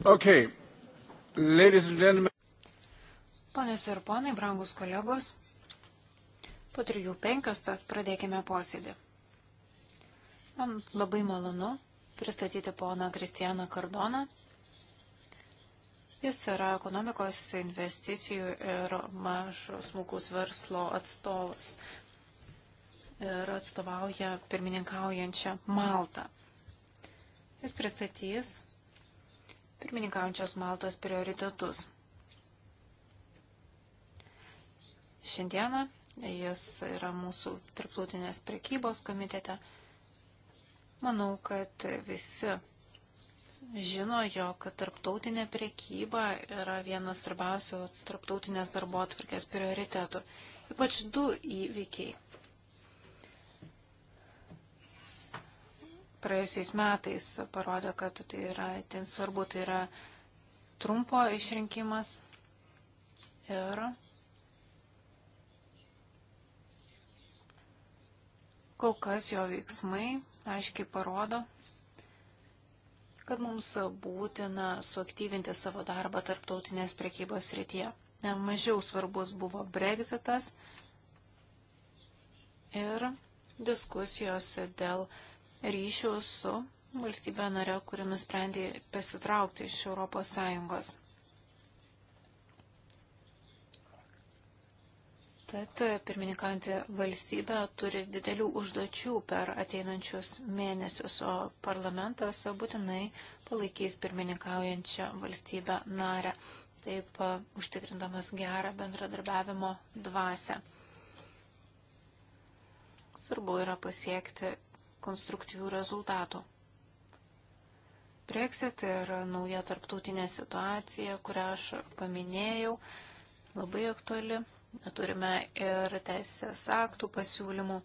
Okay. Ladies and gentlemen. Ponios ir ponai, brangus kolegos, po trijų penkias, tad pradėkime posėdį. Man labai malonu pristatyti poną Kristijaną Kardoną. Jis yra ekonomikos investicijų ir mažo smulkus verslo atstovas ir atstovauja pirmininkaujančią Maltą. Jis pristatys pirmininkaujančios Maltos prioritetus. Šiandieną jis yra mūsų tarptautinės prekybos komitete. Manau, kad visi žino, jog tarptautinė prekyba yra vienas svarbiausių tarptautinės darbo atvarkės prioritetų. Ypač du įvykiai praėjusiais metais parodė, kad tai yra ten svarbu, tai yra trumpo išrinkimas ir kol kas jo veiksmai aiškiai parodo, kad mums būtina suaktyvinti savo darbą tarptautinės prekybos rytyje. Mažiau svarbus buvo Brexitas ir diskusijos dėl uh, ryšių su valstybė nare, kuri nusprendė pasitraukti iš Europos Sąjungos. Tad pirmininkanti valstybė turi didelių užduočių per ateinančius mėnesius, o parlamentas būtinai palaikys pirmininkaujančią valstybę narę, taip užtikrindamas gerą bendradarbiavimo dvasę. Svarbu yra pasiekti konstruktyvių rezultatų. Brexit ir nauja tarptautinė situacija, kurią aš paminėjau, labai aktuali. Turime ir teisės aktų pasiūlymų.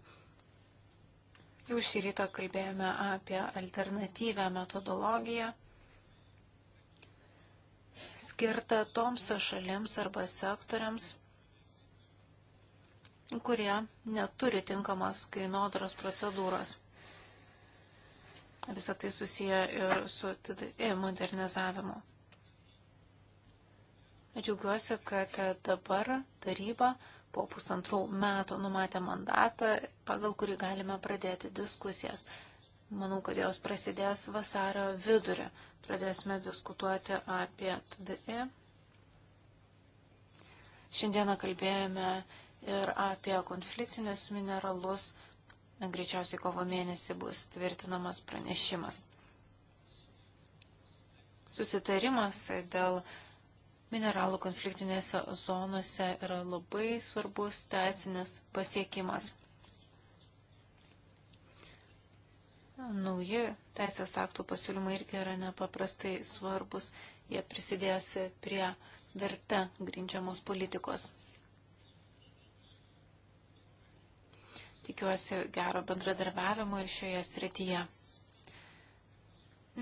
Jau šį rytą kalbėjome apie alternatyvę metodologiją skirtą toms šalims arba sektoriams, kurie neturi tinkamas kainodaros procedūros. Visą tai susiję ir su TDI e, modernizavimu. Džiaugiuosi, kad dabar taryba po pusantrų metų numatė mandatą, pagal kurį galime pradėti diskusijas. Manau, kad jos prasidės vasario vidurį. Pradėsime diskutuoti apie TDI. E. Šiandieną kalbėjome ir apie konfliktinius mineralus greičiausiai kovo mėnesį bus tvirtinamas pranešimas. Susitarimas dėl mineralų konfliktinėse zonose yra labai svarbus teisinis pasiekimas. Nauji teisės aktų pasiūlymai irgi yra nepaprastai svarbus. Jie prisidės prie verta grindžiamos politikos. Tikiuosi gero bendradarbiavimo ir šioje srityje.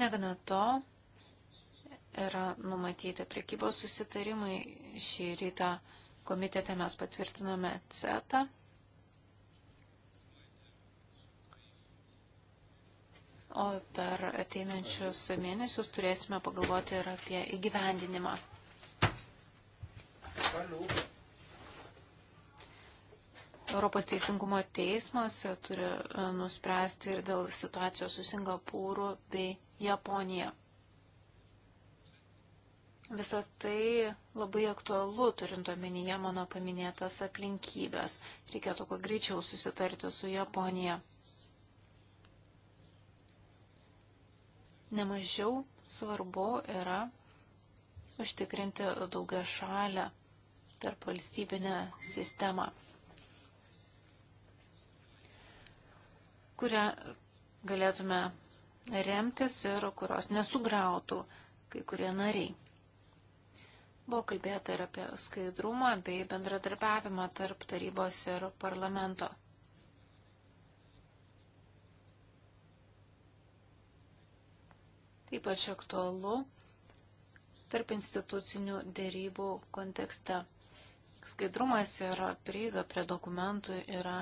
Negana to, yra numatyti prekybos susitarimai. Šį rytą komitete mes patvirtinome CETA. O per ateinančius mėnesius turėsime pagalvoti ir apie įgyvendinimą. Paliuk. Europos teisingumo teismas turi e, nuspręsti ir dėl situacijos su Singapūru bei Japonija. Visą tai labai aktualu, turint omenyje mano paminėtas aplinkybės. Reikėtų kuo greičiau susitarti su Japonija. Nemažiau svarbu yra užtikrinti daugia šalę tarp valstybinę sistemą. kurią galėtume remtis ir kurios nesugrautų kai kurie nariai. Buvo kalbėta ir apie skaidrumą bei bendradarbiavimą tarp tarybos ir parlamento. Ypač aktualu tarp institucinių dėrybų kontekste. Skaidrumas ir prieiga prie dokumentų yra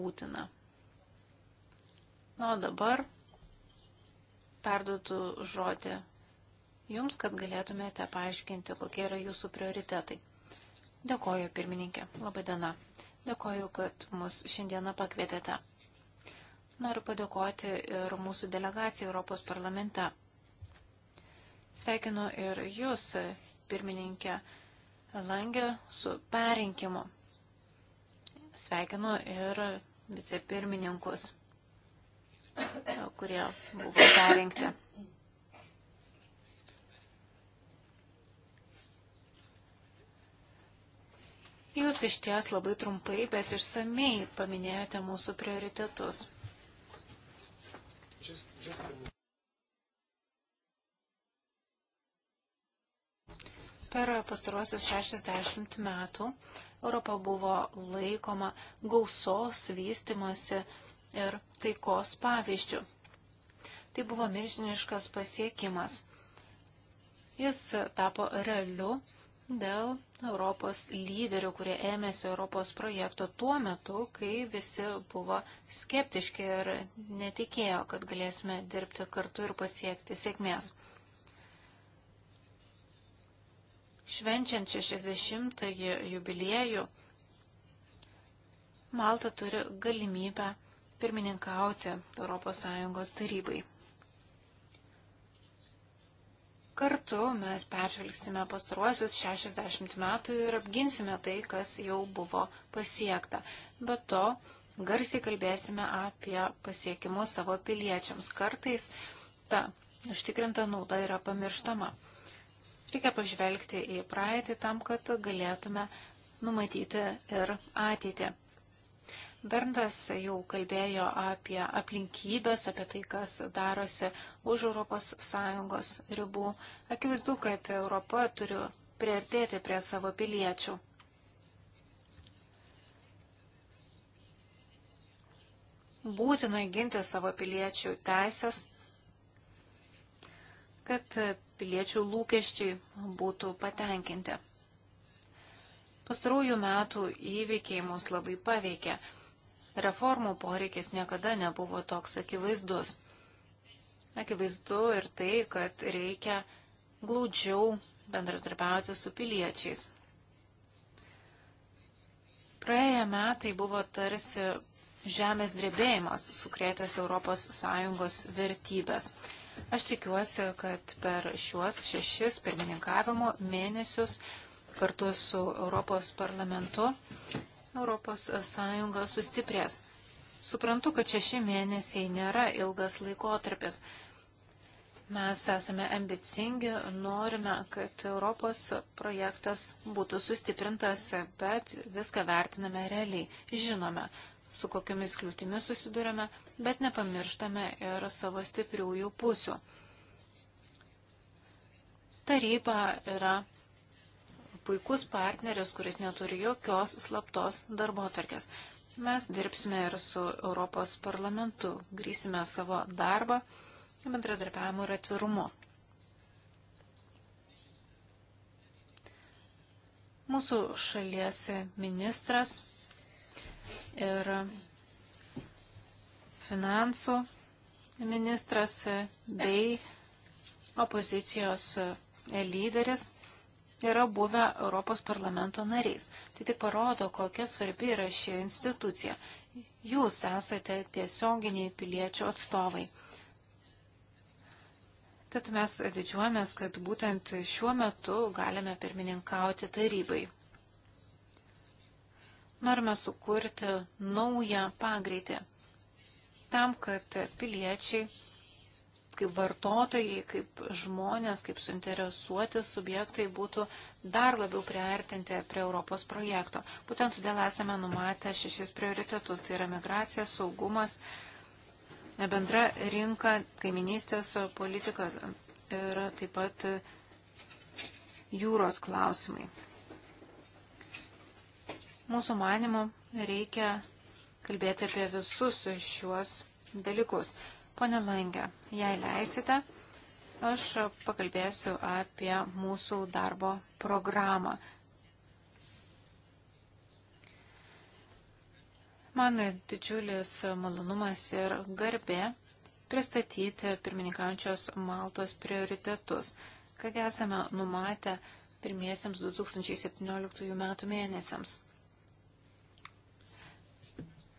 būtina. Na, nu, o dabar perduotų žodį jums, kad galėtumėte paaiškinti, kokie yra jūsų prioritetai. Dėkoju, pirmininkė. Labai diena. Dėkoju, kad mus šiandieną pakvietėte. Noriu padėkoti ir mūsų delegacijai Europos parlamente. Sveikinu ir jūs, pirmininkė Langė, su perinkimu. Sveikinu ir vicepirmininkus kurie buvo perinkti. Jūs iš ties labai trumpai, bet išsamei paminėjote mūsų prioritetus. Just, just... Per pastarosius 60 metų Europa buvo laikoma gausos vystimosi ir taikos pavyzdžių. Tai buvo milžiniškas pasiekimas. Jis tapo realiu dėl Europos lyderių, kurie ėmėsi Europos projekto tuo metu, kai visi buvo skeptiški ir netikėjo, kad galėsime dirbti kartu ir pasiekti sėkmės. Švenčiant 60-ąjį jubiliejų, Malta turi galimybę pirmininkauti ES tarybai. Kartu mes peržvelgsime pastaruosius 60 metų ir apginsime tai, kas jau buvo pasiekta. Be to, garsiai kalbėsime apie pasiekimus savo piliečiams. Kartais ta užtikrinta nauda yra pamirštama. Reikia pažvelgti į praeitį tam, kad galėtume numatyti ir ateitį. Berndas jau kalbėjo apie aplinkybės, apie tai, kas darosi už ES ribų. Akivaizdu, kad Europa turi priartėti prie savo piliečių. Būtina ginti savo piliečių teisės, kad piliečių lūkesčiai būtų patenkinti. Pastarųjų metų įvykiai mus labai paveikė reformų poreikis niekada nebuvo toks akivaizdus. Akivaizdu ir tai, kad reikia glaudžiau bendradarbiauti su piliečiais. Praėję metai buvo tarsi žemės drebėjimas sukrėtęs ES vertybės. Aš tikiuosi, kad per šiuos šešis pirmininkavimo mėnesius kartu su Europos parlamentu ES sustiprės. Suprantu, kad šeši mėnesiai nėra ilgas laikotarpis. Mes esame ambicingi, norime, kad Europos projektas būtų sustiprintas, bet viską vertiname realiai. Žinome, su kokiamis kliūtimis susidurime, bet nepamirštame ir savo stipriųjų pusių. Taryba yra puikus partneris, kuris neturi jokios slaptos darbo tarkės. Mes dirbsime ir su Europos parlamentu, grįsime savo darbą bendradarbiavimu ir atvirumu. Mūsų šalies ministras ir finansų ministras bei opozicijos lyderis yra buvę Europos parlamento nariais. Tai tik parodo, kokia svarbi yra ši institucija. Jūs esate tiesioginiai piliečių atstovai. Tad mes didžiuojamės, kad būtent šiuo metu galime pirmininkauti tarybai. Norime sukurti naują pagreitį tam, kad piliečiai kaip vartotojai, kaip žmonės, kaip suinteresuoti subjektai būtų dar labiau priartinti prie Europos projekto. Būtent todėl esame numatę šešis prioritetus, tai yra migracija, saugumas, bendra rinka, kaiminystės politika ir taip pat jūros klausimai. Mūsų manimo reikia kalbėti apie visus šiuos dalykus. Pone Langė, jei leisite, aš pakalbėsiu apie mūsų darbo programą. Man didžiulis malonumas ir garbė pristatyti pirmininkančios Maltos prioritetus, kad esame numatę pirmiesiams 2017 metų mėnesiams.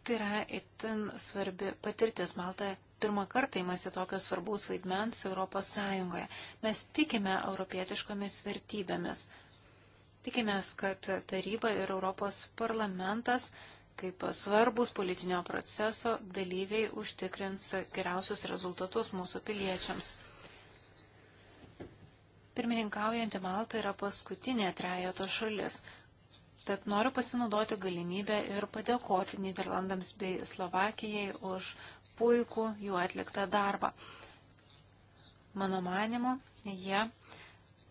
Tai yra itin svarbi patirtis Malta pirmą kartą įmasi tokio svarbaus vaidmens Europos Sąjungoje. Mes tikime europietiškomis vertybėmis. Tikimės, kad taryba ir Europos parlamentas kaip svarbus politinio proceso dalyviai užtikrins geriausius rezultatus mūsų piliečiams. Pirmininkaujanti Malta yra paskutinė trejato šalis. Tad noriu pasinaudoti galimybę ir padėkoti Niderlandams bei Slovakijai už puikų jų atliktą darbą. Mano manimo, jie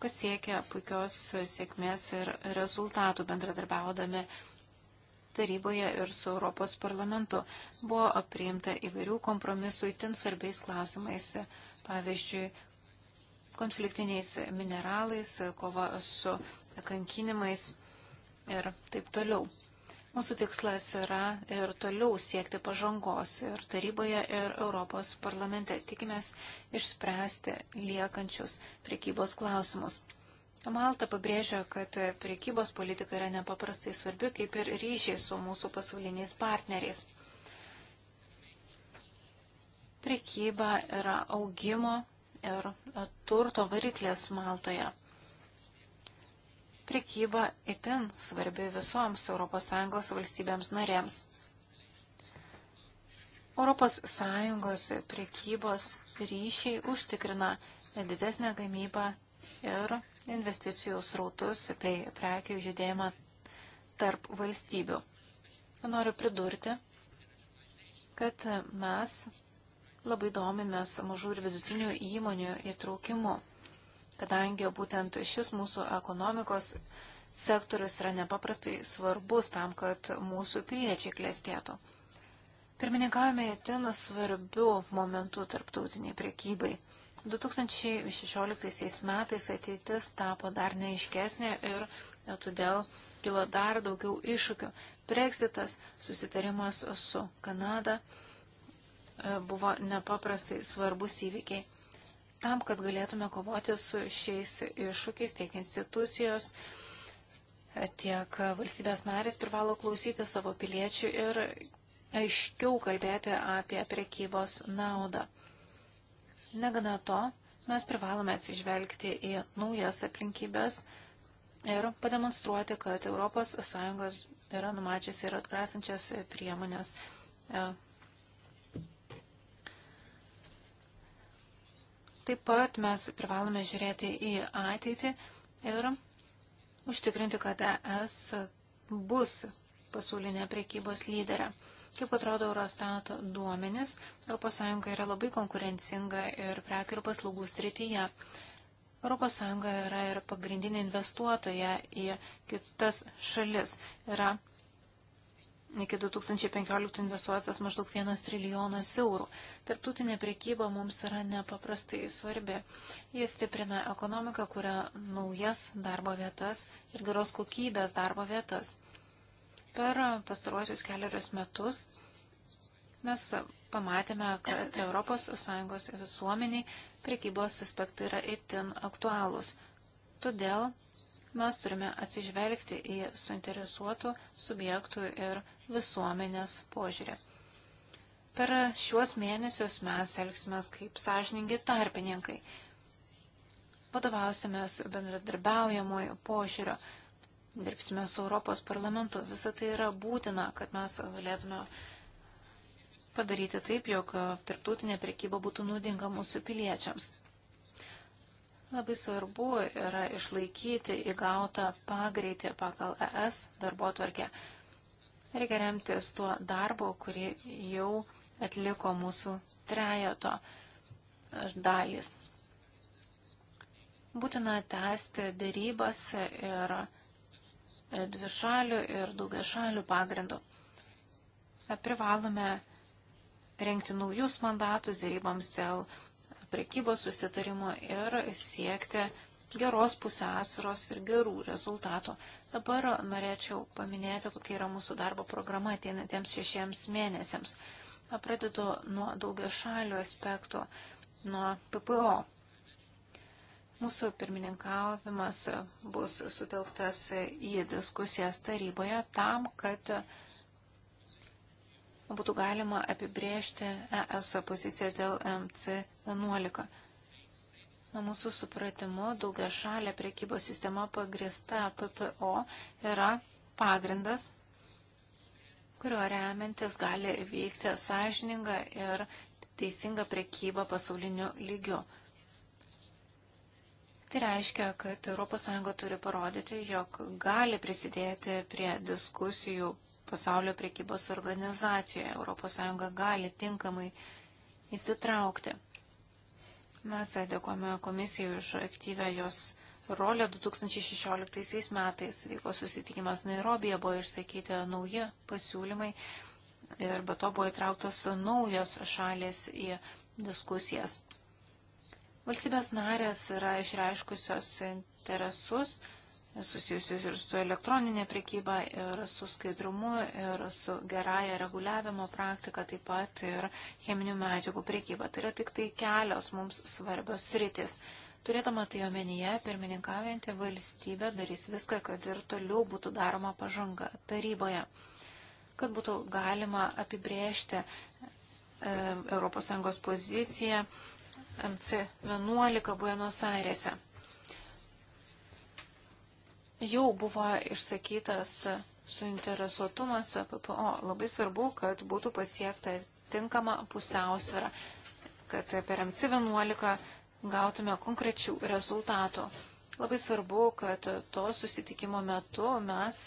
pasiekė puikios sėkmės ir rezultatų bendradarbiaudami taryboje ir su Europos parlamentu. Buvo apriimta įvairių kompromisų įtin svarbiais klausimais, pavyzdžiui, konfliktiniais mineralais, kova su kankinimais ir taip toliau. Mūsų tikslas yra ir toliau siekti pažangos ir taryboje, ir Europos parlamente. Tikimės išspręsti liekančius priekybos klausimus. Malta pabrėžia, kad priekybos politika yra nepaprastai svarbi, kaip ir ryšiai su mūsų pasauliniais partneriais. Priekyba yra augimo ir turto variklis Maltoje. Prekyba itin svarbi visoms ES valstybėms narėms. ES prekybos ryšiai užtikrina didesnę gamybą ir investicijų srautus bei prekių judėjimą tarp valstybių. Noriu pridurti, kad mes labai domimės mažų ir vidutinių įmonių įtraukimu kadangi būtent šis mūsų ekonomikos sektorius yra nepaprastai svarbus tam, kad mūsų piliečiai klėstėtų. Pirmininkavome įtin svarbių momentų tarptautiniai priekybai. 2016 metais ateitis tapo dar neiškesnė ir todėl kilo dar daugiau iššūkių. Brexitas, susitarimas su Kanada e, buvo nepaprastai svarbus įvykiai tam, kad galėtume kovoti su šiais iššūkiais, tiek institucijos, tiek valstybės narės privalo klausyti savo piliečių ir aiškiau kalbėti apie prekybos naudą. Negana to, mes privalome atsižvelgti į naujas aplinkybės ir pademonstruoti, kad ES yra numačiusi ir atgrasančias priemonės e, Taip pat mes privalome žiūrėti į ateitį ir užtikrinti, kad ES bus pasaulinė prekybos lyderė. Kaip atrodo Eurostato duomenis, ES yra labai konkurencinga ir prekių ir paslaugų srityje. ES yra ir pagrindinė investuotoja į kitas šalis, yra Iki 2015 investuotas maždaug 1 trilijonas eurų. Tarptautinė priekyba mums yra nepaprastai svarbi. Jis stiprina ekonomiką, kuria naujas darbo vietas ir geros kokybės darbo vietas. Per pastaruosius keliarius metus mes pamatėme, kad ES visuomeniai priekybos aspektai yra itin aktualūs. Todėl mes turime atsižvelgti į suinteresuotų subjektų ir visuomenės požiūrį. Per šiuos mėnesius mes elgsime kaip sąžiningi tarpininkai. Vadovausimės bendradarbiaujamui požiūrio, dirbsime su Europos parlamentu. Visą tai yra būtina, kad mes galėtume padaryti taip, jog tarptautinė prekyba būtų naudinga mūsų piliečiams. Labai svarbu yra išlaikyti įgautą pagreitį pagal ES darbo tvarkę. Reikia remtis tuo darbu, kurį jau atliko mūsų trejato dalys. Būtina tęsti dėrybas ir dvišalių ir daugiašalių pagrindų. Privalome renkti naujus mandatus dėryboms dėl prekybos susitarimo ir siekti geros pusęsros ir gerų rezultatų. Dabar norėčiau paminėti, kokia yra mūsų darbo programa ateinantiems šešiems mėnesiams. Pradedu nuo daugia šalių aspektų, nuo PPO. Mūsų pirmininkavimas bus sutelktas į diskusijas taryboje tam, kad būtų galima apibrėžti ES poziciją dėl MC11. Na, mūsų supratimu, daugia šalia priekybos sistema pagrįsta PPO yra pagrindas, kurio remiantis gali vykti sąžininga ir teisinga priekyba pasauliniu lygiu. Tai reiškia, kad ES turi parodyti, jog gali prisidėti prie diskusijų pasaulio priekybos organizacijoje. ES gali tinkamai įsitraukti. Mes dėkojame komisijai už aktyvę jos rolę 2016 metais. Vyko susitikimas Nairobija, buvo išsakyti nauji pasiūlymai ir be to buvo įtrauktos naujos šalis į diskusijas. Valstybės narės yra išreiškusios interesus susijusius ir su elektroninė prekyba, ir su skaidrumu, ir su gerąją reguliavimo praktika, taip pat ir cheminių medžiagų prekyba. Tai yra tik tai kelios mums svarbios sritis. Turėdama tai omenyje, pirmininkaujantį valstybę darys viską, kad ir toliau būtų daroma pažanga taryboje, kad būtų galima apibriežti e, ES poziciją MC11 Buenos Airėse. Jau buvo išsakytas suinteresuotumas PPO. Labai svarbu, kad būtų pasiekta tinkama pusiausvėra, kad per MC11 gautume konkrečių rezultatų. Labai svarbu, kad to susitikimo metu mes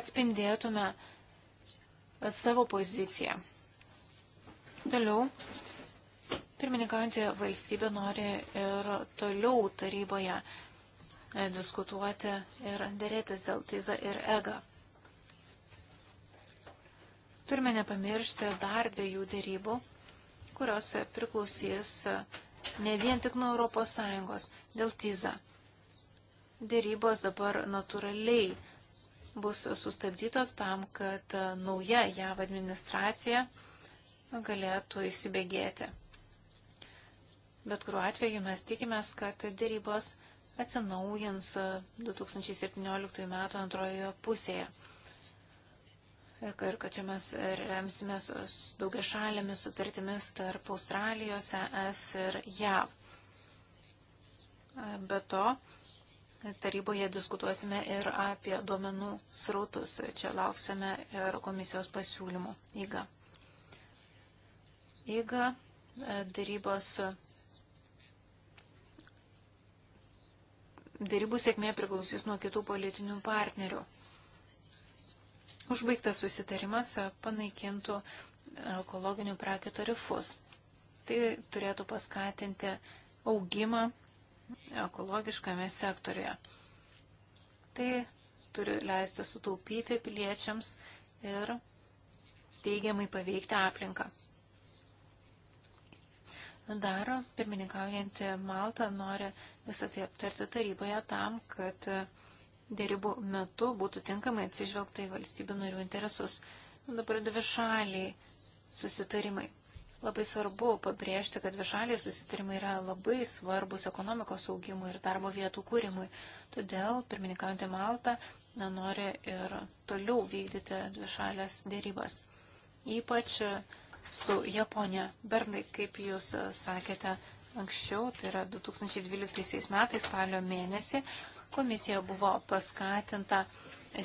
atspindėtume savo poziciją. Toliau, pirmininkaujantį valstybę nori ir toliau taryboje E, diskutuoti ir dėrėtis dėl Tiza ir Ega. Turime nepamiršti dar dviejų dėrybų, kurios priklausys e, ne vien tik nuo ES dėl Tiza. Dėrybos dabar natūraliai bus sustabdytos tam, kad e, nauja JAV administracija galėtų įsibėgėti. Bet kuriuo atveju mes tikimės, kad dėrybos atsinaujins 2017 e, metų antrojoje pusėje. E, ir kad čia mes remsimės daugia šalėmis sutartimis tarp Australijos, ES ir JAV. E, be to, taryboje diskutuosime ir apie duomenų srautus. Čia lauksime ir komisijos pasiūlymų. Įga. Įga darybos Darybų sėkmė priklausys nuo kitų politinių partnerių. Užbaigtas susitarimas panaikintų ekologinių prekių tarifus. Tai turėtų paskatinti augimą ekologiškame sektoriuje. Tai turi leisti sutaupyti piliečiams ir teigiamai paveikti aplinką daro. Pirmininkaujantį Maltą nori visą tai aptarti taryboje tam, kad dėrybų metu būtų tinkamai atsižvelgta į valstybių narių interesus. Dabar dvi šaliai susitarimai. Labai svarbu pabrėžti, kad višaliai susitarimai yra labai svarbus ekonomikos augimui ir darbo vietų kūrimui. Todėl pirmininkaujantį Maltą nenori ir toliau vykdyti dvišalės dėrybas. Ypač su Japonija. Bernai, kaip jūs e, sakėte anksčiau, tai yra 2012 metais spalio mėnesį, komisija buvo paskatinta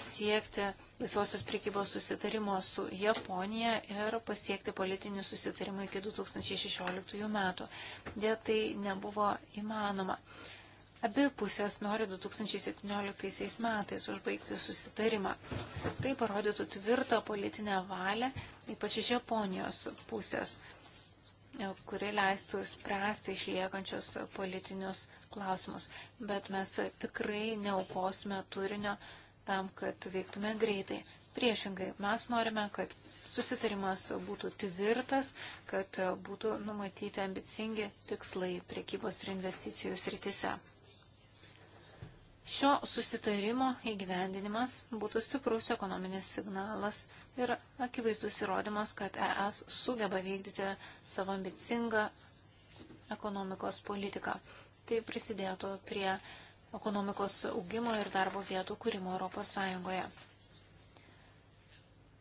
siekti laisvosios prekybos susitarimo su Japonija ir pasiekti politinių susitarimų iki 2016 metų. Dėl tai nebuvo įmanoma. Abi pusės nori 2017 metais užbaigti susitarimą. Tai parodytų tvirtą politinę valią, ypač iš Japonijos pusės, kuri leistų spręsti išliekančius politinius klausimus. Bet mes tikrai neaukosime turinio tam, kad veiktume greitai. Priešingai, mes norime, kad susitarimas būtų tvirtas, kad būtų numatyti ambicingi tikslai priekybos ir investicijų srityse. Šio susitarimo įgyvendinimas būtų stiprus ekonominis signalas ir akivaizdus įrodymas, kad ES sugeba vykdyti savo ambicingą ekonomikos politiką. Tai prisidėtų prie ekonomikos augimo ir darbo vietų kūrimo Europos Sąjungoje.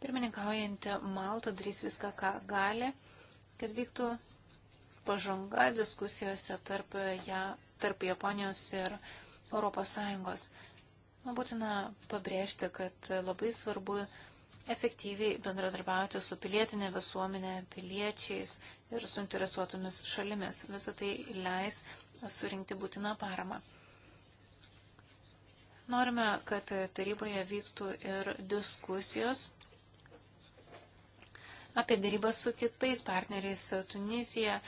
Pirmininkaujantį Maltą darys viską, ką gali, kad vyktų pažanga diskusijose tarp, ja, tarp Japonijos ir Japonijos ES. Būtina pabrėžti, kad labai svarbu efektyviai bendradarbiauti su pilietinė visuomenė, piliečiais ir suinteresuotomis šalimis. Visą tai leis surinkti būtiną paramą. Norime, kad taryboje vyktų ir diskusijos apie darybas su kitais partneriais Tunisija,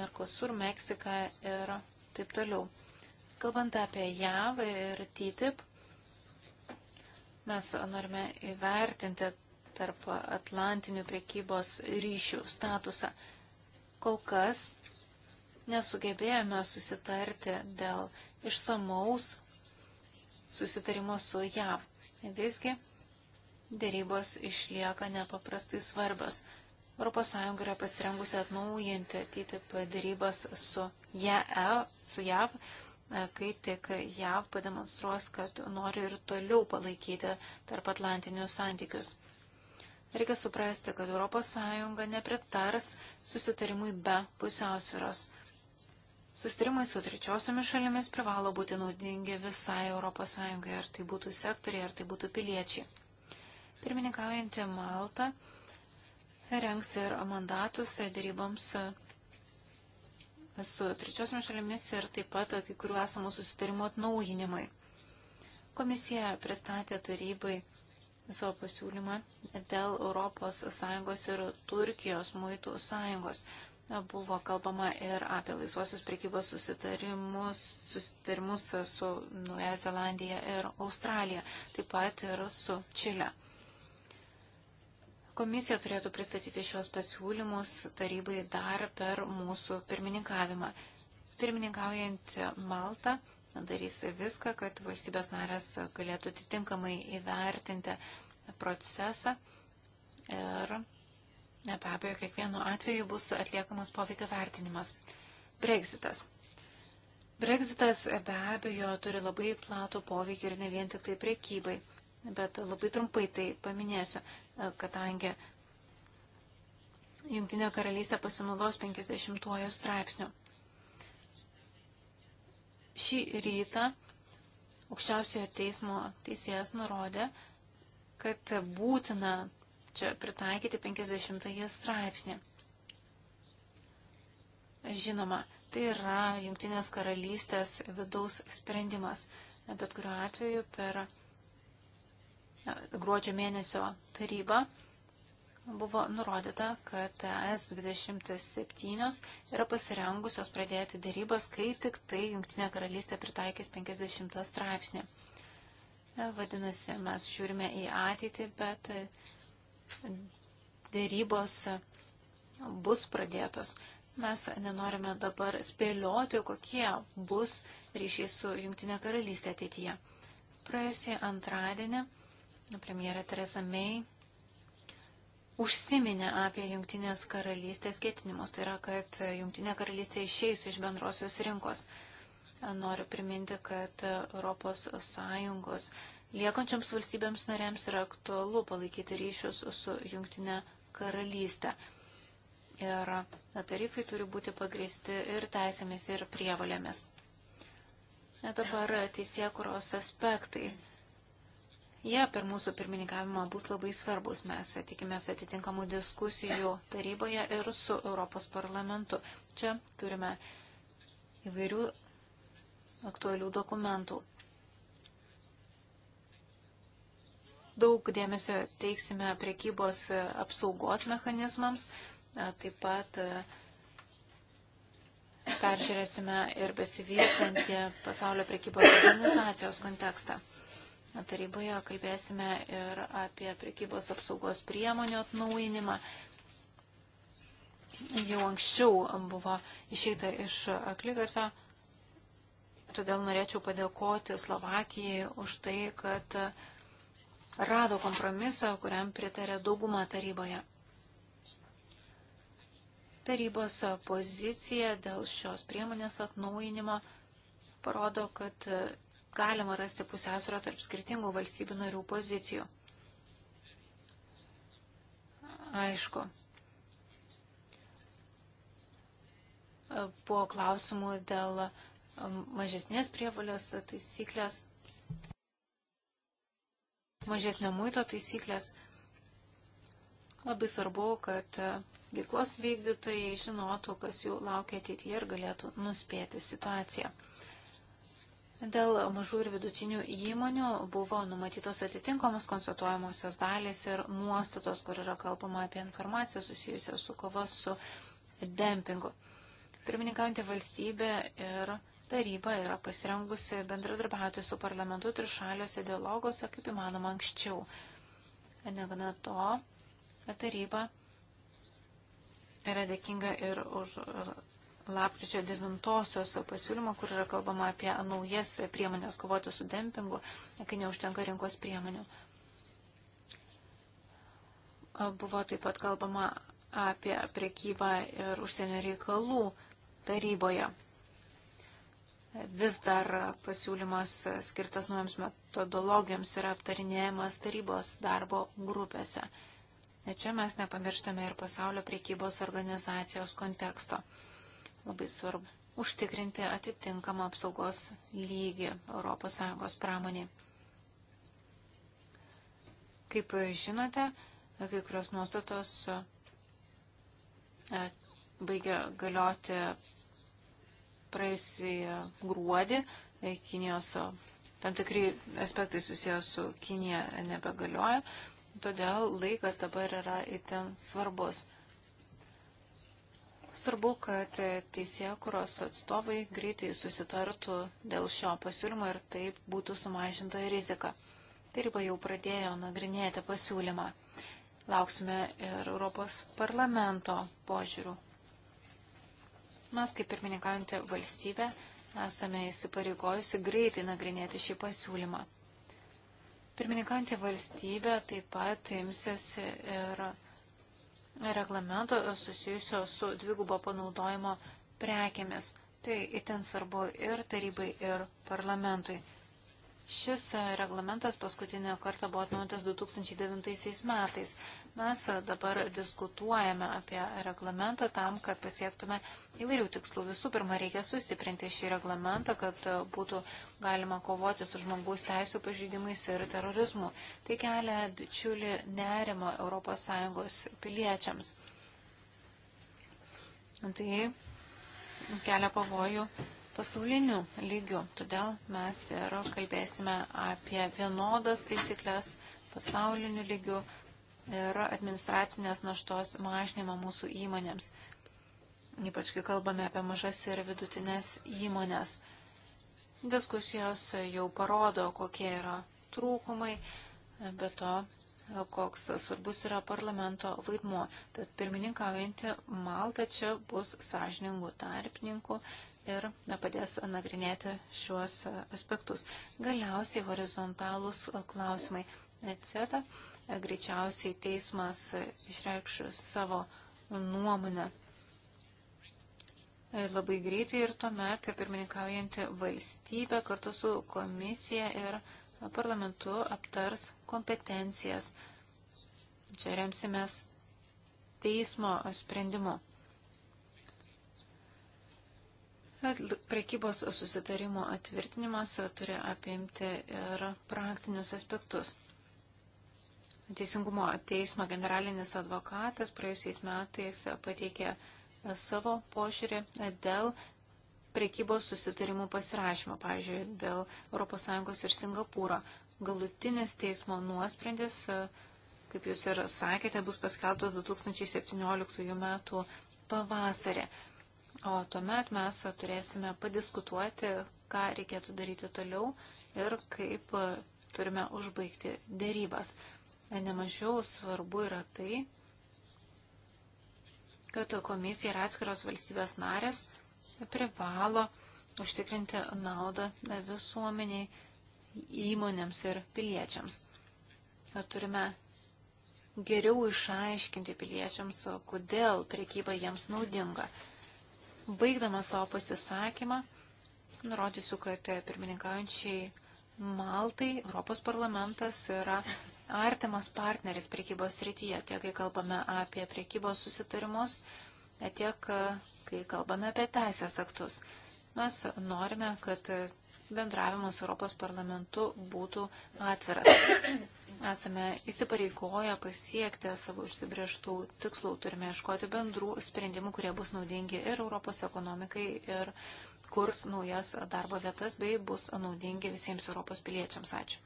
Merkosur, Meksika ir taip toliau. Kalbant apie JAV ir TTIP, mes norime įvertinti tarp Atlantinių priekybos ryšių statusą. Kol kas nesugebėjome susitarti dėl išsamaus susitarimo su JAV. Visgi dėrybos išlieka nepaprastai svarbios. ES yra pasirengusi atnaujinti TTIP dėrybas su JAV, su JAV kai tik JAV pademonstruos, kad nori ir toliau palaikyti tarp Atlantinius santykius. Reikia suprasti, kad ES nepritars susitarimui be pusiausviros. Sustarimai su trečiosiomis šalimis privalo būti naudingi visai ES, ar tai būtų sektoriai, ar tai būtų piliečiai. Pirmininkaujantį Maltą rengs ir mandatus dėryboms su trečiosiomis šalimis ir taip pat kai kurių esamų susitarimų atnaujinimai. Komisija pristatė tarybai savo pasiūlymą dėl ES ir Turkijos muitų sąjungos. Buvo kalbama ir apie laisvosios prekybos susitarimus, susitarimus su Nuoja Zelandija ir Australija, taip pat ir su Čile. Komisija turėtų pristatyti šios pasiūlymus tarybai dar per mūsų pirmininkavimą. Pirmininkaujant Malta darys viską, kad valstybės narės galėtų atitinkamai įvertinti procesą ir be abejo kiekvienu atveju bus atliekamas poveikio vertinimas. Brexitas. Brexitas be abejo turi labai platų poveikį ir ne vien tik tai priekybai bet labai trumpai tai paminėsiu, e, kadangi Junktinė karalystė pasinaudos 50-ojo straipsniu. Šį rytą aukščiausiojo teismo teisėjas nurodė, kad būtina čia pritaikyti 50-ąjį straipsnį. Žinoma, tai yra Junktinės karalystės vidaus sprendimas, bet kuriuo atveju per gruodžio mėnesio taryba buvo nurodyta, kad e S27 yra pasirengusios pradėti darybas, kai tik tai Junktinė karalystė pritaikys 50 straipsnį. E, vadinasi, mes žiūrime į ateitį, bet darybos bus pradėtos. Mes nenorime dabar spėlioti, kokie bus ryšiai su Junktinė karalystė ateityje. Praėjusį antradienį premjerė Teresa May užsiminė apie Junktinės karalystės ketinimus, tai yra, kad Junktinė karalystė išeis iš bendrosios rinkos. Noriu priminti, kad ES liekančiams valstybėms narėms yra aktualu palaikyti ryšius su Junktinė karalystė. Ir tarifai turi būti pagristi ir teisėmis, ir prievalėmis. Dabar teisėkuros aspektai. Jie per mūsų pirmininkavimą bus labai svarbus. Mes tikimės atitinkamų diskusijų taryboje ir su Europos parlamentu. Čia turime įvairių aktualių dokumentų. Daug dėmesio teiksime priekybos apsaugos mechanizmams, taip pat e, peržiūrėsime ir besivystantį pasaulio priekybos organizacijos kontekstą. Taryboje kalbėsime ir apie prekybos apsaugos priemonių atnaujinimą. Jau anksčiau buvo išeita iš aklygatvę, todėl norėčiau padėkoti Slovakijai už tai, kad rado kompromisą, kuriam pritarė dauguma taryboje tarybos pozicija dėl šios priemonės atnaujinimo parodo, kad galima rasti pusiausvyrą tarp skirtingų valstybių narių pozicijų. Aišku. Buvo klausimų dėl um, mažesnės prievalės taisyklės, mažesnio muito taisyklės. Labai svarbu, kad uh, veiklos vykdytojai žinotų, kas jų laukia ateityje ir galėtų nuspėti situaciją. Dėl mažų ir vidutinių įmonių buvo numatytos atitinkamos konstatuojamosios dalys ir nuostatos, kur yra kalbama apie informaciją susijusią su kova su dempingu. Pirmininkaujantį valstybę ir taryba yra pasirengusi bendradarbiauti su parlamentu trišaliuose dialoguose kaip įmanoma anksčiau. Negana to, taryba yra dėkinga ir už lapkričio 9-osios pasiūlymo, kur yra kalbama apie naujas priemonės kovoti su dempingu, kai neužtenka rinkos priemonių. Buvo taip pat kalbama apie priekybą ir užsienio reikalų taryboje. Vis dar pasiūlymas skirtas naujams metodologijoms yra aptarinėjamas tarybos darbo grupėse. Čia mes nepamirštame ir pasaulio priekybos organizacijos konteksto. Labai svarbu užtikrinti atitinkamą apsaugos lygį ES pramoniai. Kaip žinote, kai kurios nuostatos e, baigia galioti praėjusį gruodį e, Kinijos, e, tam tikri aspektai susijęs su Kinija nebegalioja, todėl laikas dabar yra itin svarbus. Svarbu, kad teisėjo kuros atstovai greitai susitartų dėl šio pasiūlymo ir taip būtų sumažinta rizika. Taryba jau pradėjo nagrinėti pasiūlymą. Lauksime ir Europos parlamento požiūrių. Mes kaip pirmininkaujantį valstybę esame įsipareigojusi greitai nagrinėti šį pasiūlymą. Pirmininkantį valstybę taip pat imsiasi ir reglamento susijusio su dvigubo panaudojimo prekėmis. Tai itin svarbu ir tarybai, ir parlamentui. Šis e, reglamentas paskutinio kartą buvo atnaujintas 2009 metais. Mes e, dabar diskutuojame apie reglamentą tam, kad pasiektume įvairių tikslų. Visų pirma, reikia sustiprinti šį reglamentą, kad e, būtų galima kovoti su žmogaus teisų pažydimais ir terorizmu. Tai kelia didžiulį nerimą ES piliečiams. Tai kelia pavojų pasauliniu lygiu. Todėl mes ir kalbėsime apie vienodas taisyklės pasauliniu lygiu ir administracinės naštos mažinimą mūsų įmonėms. Ypač kai kalbame apie mažas ir vidutinės įmonės. Diskusijos jau parodo, kokie yra trūkumai, be to, koks svarbus yra parlamento vaidmuo. Tad pirmininkaujantį Maltą čia bus sąžiningų tarpininkų ir padės nagrinėti šiuos aspektus. Galiausiai horizontalūs klausimai. CETA greičiausiai teismas išreikš savo nuomonę labai greitai ir tuomet pirmininkaujanti valstybė kartu su komisija ir parlamentu aptars kompetencijas. Čia remsimės teismo sprendimu. Prekybos susitarimo atvirtinimas turi apimti ir praktinius aspektus. Teisingumo teismo generalinis advokatas praėjusiais metais pateikė savo požiūrį dėl prekybos susitarimų pasirašymo, pavyzdžiui, dėl ES ir Singapūro. Galutinis teismo nuosprendis, kaip jūs ir sakėte, bus paskelbtas 2017 m. pavasarį. O tuomet mes turėsime padiskutuoti, ką reikėtų daryti toliau ir kaip turime užbaigti dėrybas. Nemažiau svarbu yra tai, kad komisija ir atskiros valstybės narės privalo užtikrinti naudą visuomeniai, įmonėms ir piliečiams. Turime geriau išaiškinti piliečiams, kodėl priekyba jiems naudinga. Baigdama savo pasisakymą, nurodysiu, kad pirmininkaujančiai Maltai Europos parlamentas yra artimas partneris priekybos srityje, tiek kai kalbame apie priekybos susitarimus, tiek kai kalbame apie teisės aktus. Mes norime, kad bendravimas Europos parlamentu būtų atviras. Esame įsipareigoję pasiekti savo užsibrieštų tikslų, turime iškoti bendrų sprendimų, kurie bus naudingi ir Europos ekonomikai, ir kurs naujas darbo vietas, bei bus naudingi visiems Europos piliečiams. Ačiū.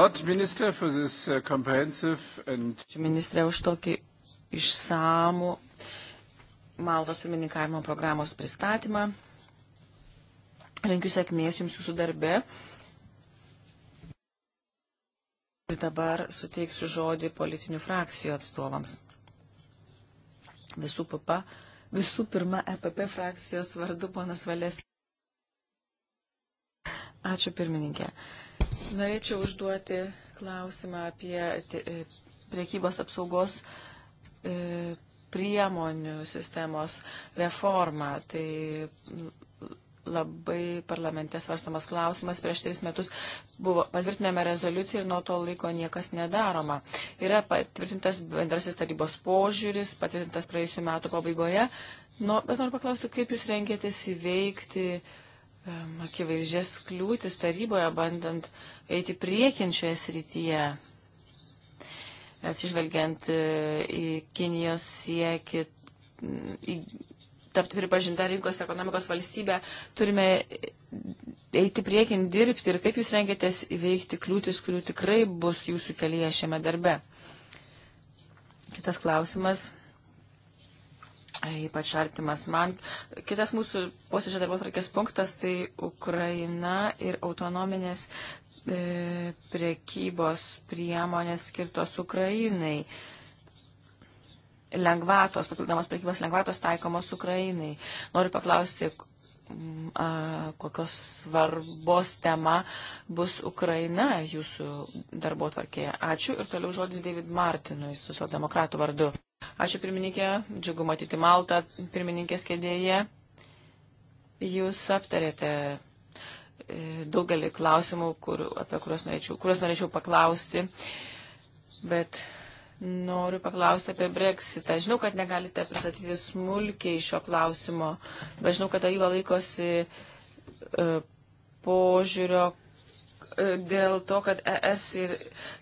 Lot, minister, uh, and... Ministrė, už tokį išsamų Maltos pirmininkavimo programos pristatymą. Linkiu sėkmės jums jūsų darbe. Ir dabar suteiksiu žodį politinių frakcijų atstovams. Visų, papa, visų pirma, EPP frakcijos vardu ponas Valės. Ačiū pirmininkė. Norėčiau užduoti klausimą apie e, priekybos apsaugos e, priemonių sistemos reformą. Tai labai parlamente svarstamas klausimas. Prieš tris metus buvo patvirtinama rezoliucija ir nuo to laiko niekas nedaroma. Yra patvirtintas bendrasis tarybos požiūris, patvirtintas praėjusiu metu pabaigoje. Nu, bet noriu paklausti, kaip jūs rengėtės įveikti um, akivaizdžias kliūtis taryboje, bandant eiti priekinčioje srityje atsižvelgiant e, į Kinijos siekį į tapti pripažinta rinkos ekonomikos valstybė, turime eiti priekin dirbti ir kaip jūs rengėtės įveikti kliūtis, kurių tikrai bus jūsų kelyje šiame darbe. Kitas klausimas, ypač artimas man. Kitas mūsų posėdžio darbo tvarkės punktas tai Ukraina ir autonominės e, prekybos priemonės skirtos Ukrainai. E, lengvatos, papildomos prekybos lengvatos taikomos Ukrainai. Noriu paklausti, kokios svarbos tema bus Ukraina jūsų darbo tvarkėje. Ačiū ir toliau žodis David Martinui, socialdemokratų vardu. Ačiū pirmininkė, džiugu matyti Maltą pirmininkės kėdėje. Jūs aptarėte e, daugelį klausimų, kur, apie kuriuos norėčiau, kuriuos norėčiau paklausti, bet Noriu paklausti apie breksitą. Žinau, kad negalite pristatyti smulkiai šio klausimo, bet žinau, kad taryba laikosi e, požiūrio, E, dėl to, kad ES ir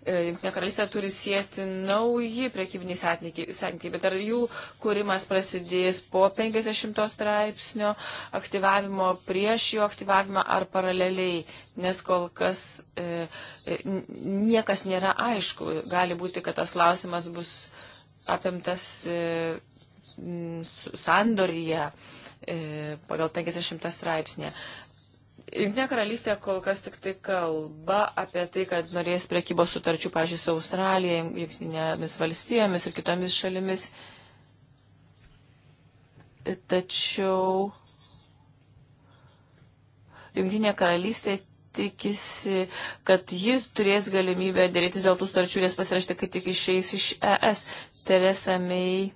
e, Junktinė karalystė turi sieti nauji prekybiniai santykiai, bet ar jų kūrimas prasidės po 50 straipsnio aktyvavimo, prieš jų aktyvavimą ar paraleliai, nes kol kas e, e niekas nėra aišku. Gali būti, kad tas klausimas bus apimtas e, sandoryje pagal 50 straipsnį. Junktinė karalystė kol kas tik tai kalba apie tai, kad norės prekybos sutarčių, pažiūrėjau, su Australija, Junktinėmis valstijomis ir kitomis šalimis. Tačiau Junktinė karalystė tikisi, kad jis turės galimybę dėrėtis dėl tų sutarčių, jas pasirašyti, kai tik išeis iš ES. Teresa May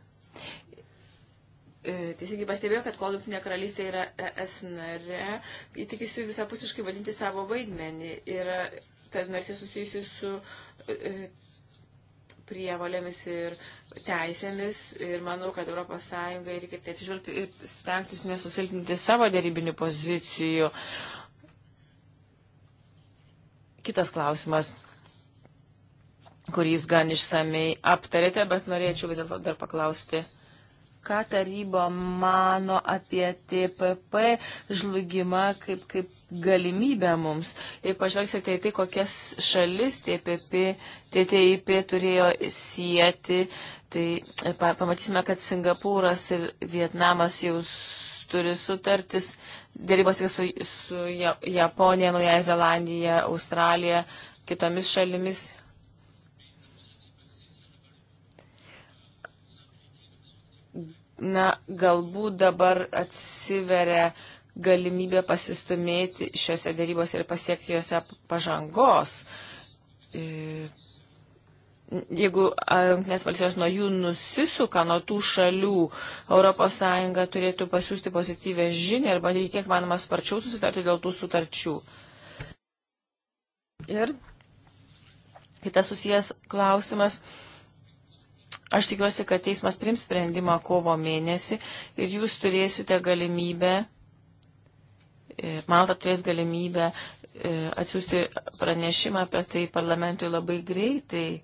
E, teisingai pastebėjo, kad kol Junktinė karalystė yra ES nare, įtikisi visapusiškai vadinti savo vaidmenį ir tas narsiai susijusi su e, e prievalėmis ir teisėmis ir manau, kad ES reikia tai atsižvelgti ir stengtis nesusilpninti savo dėrybinių pozicijų. Kitas klausimas kurį jūs gan išsamei aptarėte, bet norėčiau vis dėlto dar paklausti ką taryba mano apie TPP žlugimą kaip, kaip galimybę mums. Jei pažvelgsite į tai, kokias šalis TPP, TTIP turėjo sieti, tai pamatysime, kad Singapūras ir Vietnamas jau turi sutartis, dėrybos su, su Japonija, Naujaja Zelandija, Australija, kitomis šalimis na, galbūt dabar atsiveria galimybė pasistumėti šiuose darybose ir pasiekti juose pažangos. E, jeigu Junktinės valstijos nuo jų nusisuka, nuo tų šalių, ES turėtų pasiūsti pozityvę žinią ir bandyti kiek manoma sparčiau susitarti dėl tų sutarčių. Ir kitas susijęs klausimas Aš tikiuosi, kad teismas prims sprendimą kovo mėnesį ir jūs turėsite galimybę, Malta turės galimybę e, atsiųsti pranešimą apie tai parlamentui labai greitai.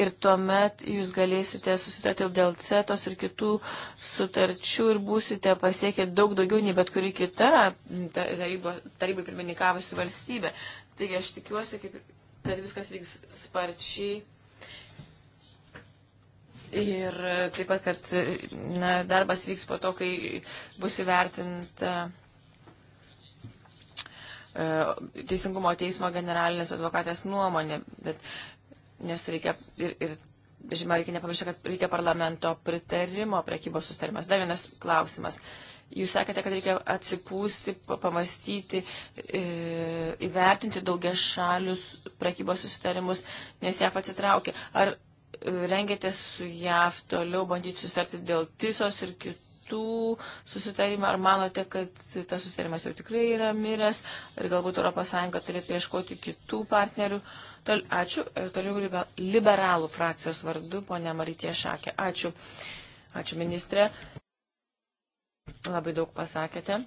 Ir tuomet jūs galėsite susitarti dėl CETOS ir kitų sutarčių ir būsite pasiekę daug daugiau nei bet kuri kita tarybo, tarybai pirmininkavusi valstybė. Taigi aš tikiuosi, kaip, kad viskas vyks sparčiai Ir taip pat, kad na, darbas vyks po to, kai bus įvertinta e, Teisingumo teismo generalinės advokatės nuomonė, bet nes reikia ir, ir žinoma, reikia nepamiršti, kad reikia parlamento pritarimo prekybos sustarimas. Dar vienas klausimas. Jūs sakėte, kad reikia atsipūsti, pamastyti, e, įvertinti daugia šalius prekybos sustarimus, nes jav atsitraukė. Ar rengėtės su JAV toliau bandyti susitarti dėl TISOS ir kitų susitarimų, ar manote, kad tas susitarimas jau tikrai yra miręs ir galbūt ES turėtų ieškoti kitų partnerių. Tol, ačiū. Ir toliau liberalų frakcijos vardu, ponia Marytė Šakė. Ačiū. Ačiū, ministrė. Labai daug pasakėte.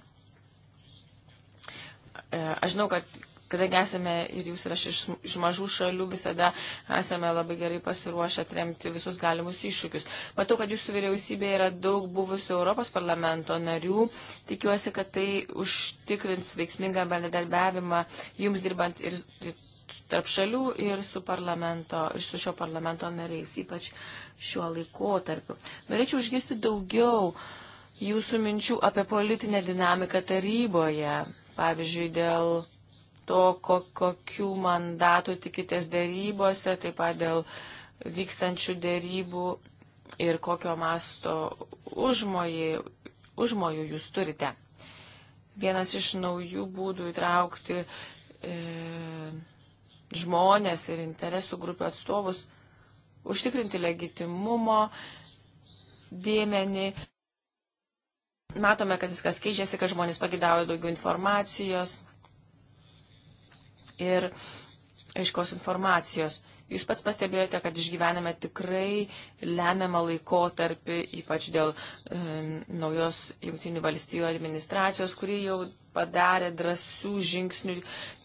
E, aš žinau, kad kadangi esame ir jūs ir aš iš, iš mažų šalių, visada esame labai gerai pasiruošę atremti visus galimus iššūkius. Matau, kad jūsų vyriausybėje yra daug buvusių Europos parlamento narių. Tikiuosi, kad tai užtikrins veiksmingą bendradarbiavimą jums dirbant ir tarp šalių ir su, ir su šio parlamento nariais, ypač šiuo laikotarpiu. Norėčiau išgirsti daugiau jūsų minčių apie politinę dinamiką taryboje, pavyzdžiui, dėl to, ko, kokių mandatų tikitės dėrybose, taip pat dėl vykstančių dėrybų ir kokio masto užmojai, užmojų jūs turite. Vienas iš naujų būdų įtraukti e, žmonės ir interesų grupių atstovus, užtikrinti legitimumo dėmenį. Matome, kad viskas keičiasi, kad žmonės pagidavo daugiau informacijos ir aiškos informacijos. Jūs pats pastebėjote, kad išgyvename tikrai lemiamą laikotarpį, ypač dėl e, naujos Junktinių valstybių administracijos, kuri jau padarė drąsių žingsnių,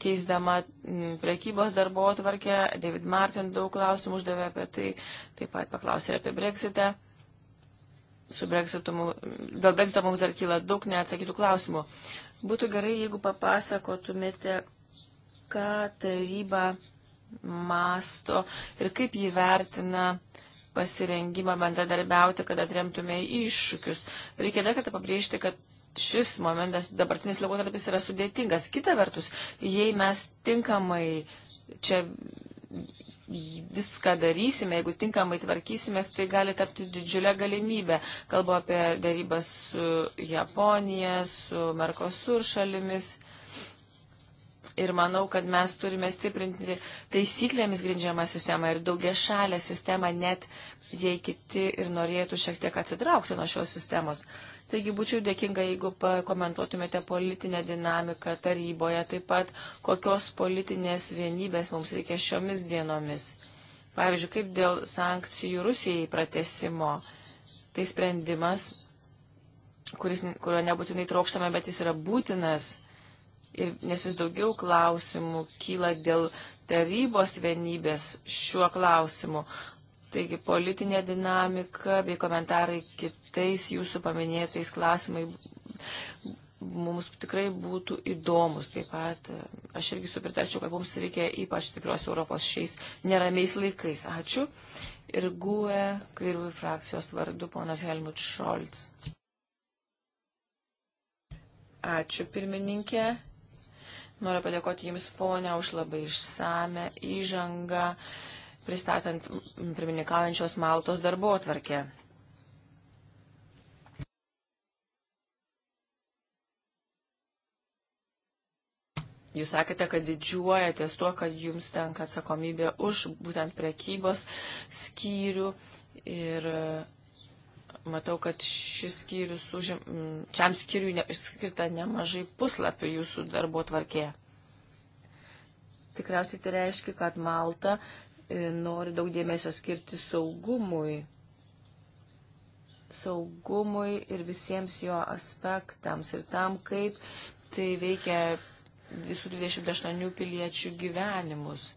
keisdama prekybos darbo atvarkę. David Martin daug klausimų uždavė apie tai, taip pat paklausė apie Brexitą. Su Brexitu, dėl Brexito mums dar kyla daug neatsakytų klausimų. Būtų gerai, jeigu papasakotumėte, ką taryba masto ir kaip jį vertina pasirengimą bendradarbiauti, kad atremtume iššūkius. Reikia dar kartą pabrėžti, kad šis momentas, dabartinis laikotarpis yra sudėtingas. Kita vertus, jei mes tinkamai čia viską darysime, jeigu tinkamai tvarkysimės, tai gali tapti didžiulę galimybę. Kalbu apie darybas su Japonija, su Merkosur šalimis Ir manau, kad mes turime stiprinti taisyklėmis grindžiamą sistemą ir daugia šalę sistemą, net jei kiti ir norėtų šiek tiek atsitraukti nuo šios sistemos. Taigi būčiau dėkinga, jeigu pakomentuotumėte politinę dinamiką taryboje, taip pat kokios politinės vienybės mums reikia šiomis dienomis. Pavyzdžiui, kaip dėl sankcijų Rusijai pratesimo. Tai sprendimas, kuris, kurio nebūtinai trokštame, bet jis yra būtinas Ir, nes vis daugiau klausimų kyla dėl tarybos vienybės šiuo klausimu. Taigi politinė dinamika bei komentarai kitais jūsų paminėtais klausimai mums tikrai būtų įdomus. Taip pat e, aš irgi supritarčiau, kad mums reikia ypač stiprios Europos šiais neramiais laikais. Ačiū. Ir GUE kairiųjų frakcijos vardu ponas Helmut Scholz. Ačiū pirmininkė. Noriu padėkoti Jums, ponia, už labai išsame įžangą, pristatant pirmininkaujančios Maltos darbo atvarkę. Jūs sakėte, kad didžiuojatės tuo, kad jums tenka atsakomybė už būtent prekybos skyrių ir Matau, kad šis skyrius užim, šiam skyriui ne, skirta nemažai puslapių jūsų darbo tvarkėje. Tikriausiai tai reiškia, kad Malta e, nori daug dėmesio skirti saugumui saugumui ir visiems jo aspektams ir tam, kaip tai veikia visų 28 piliečių gyvenimus.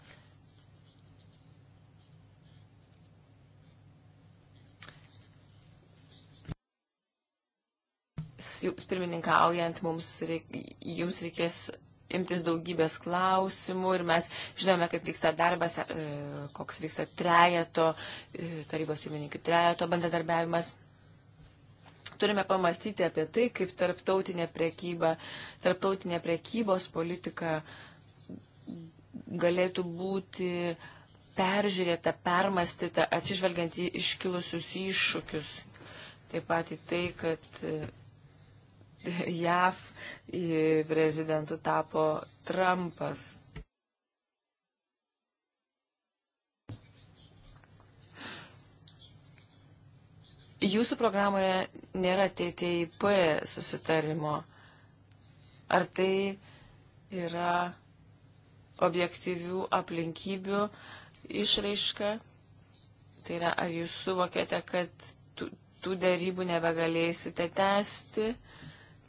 jums pirmininkaujant mums reik, jums reikės imtis daugybės klausimų ir mes žinome, kaip vyksta darbas, e, koks vyksta trejato, e, tarybos pirmininkų trejato bendradarbiavimas. Turime pamastyti apie tai, kaip tarptautinė prekyba, tarptautinė prekybos politika galėtų būti peržiūrėta, permastyta, atsižvelgiant į iškilusius iššūkius. Taip pat į tai, kad JAV prezidentu tapo Trumpas. Jūsų programoje nėra TTIP susitarimo. Ar tai yra objektyvių aplinkybių išraiška? Tai yra, ar jūs suvokėte, kad tų, tų darybų nebegalėsite tęsti?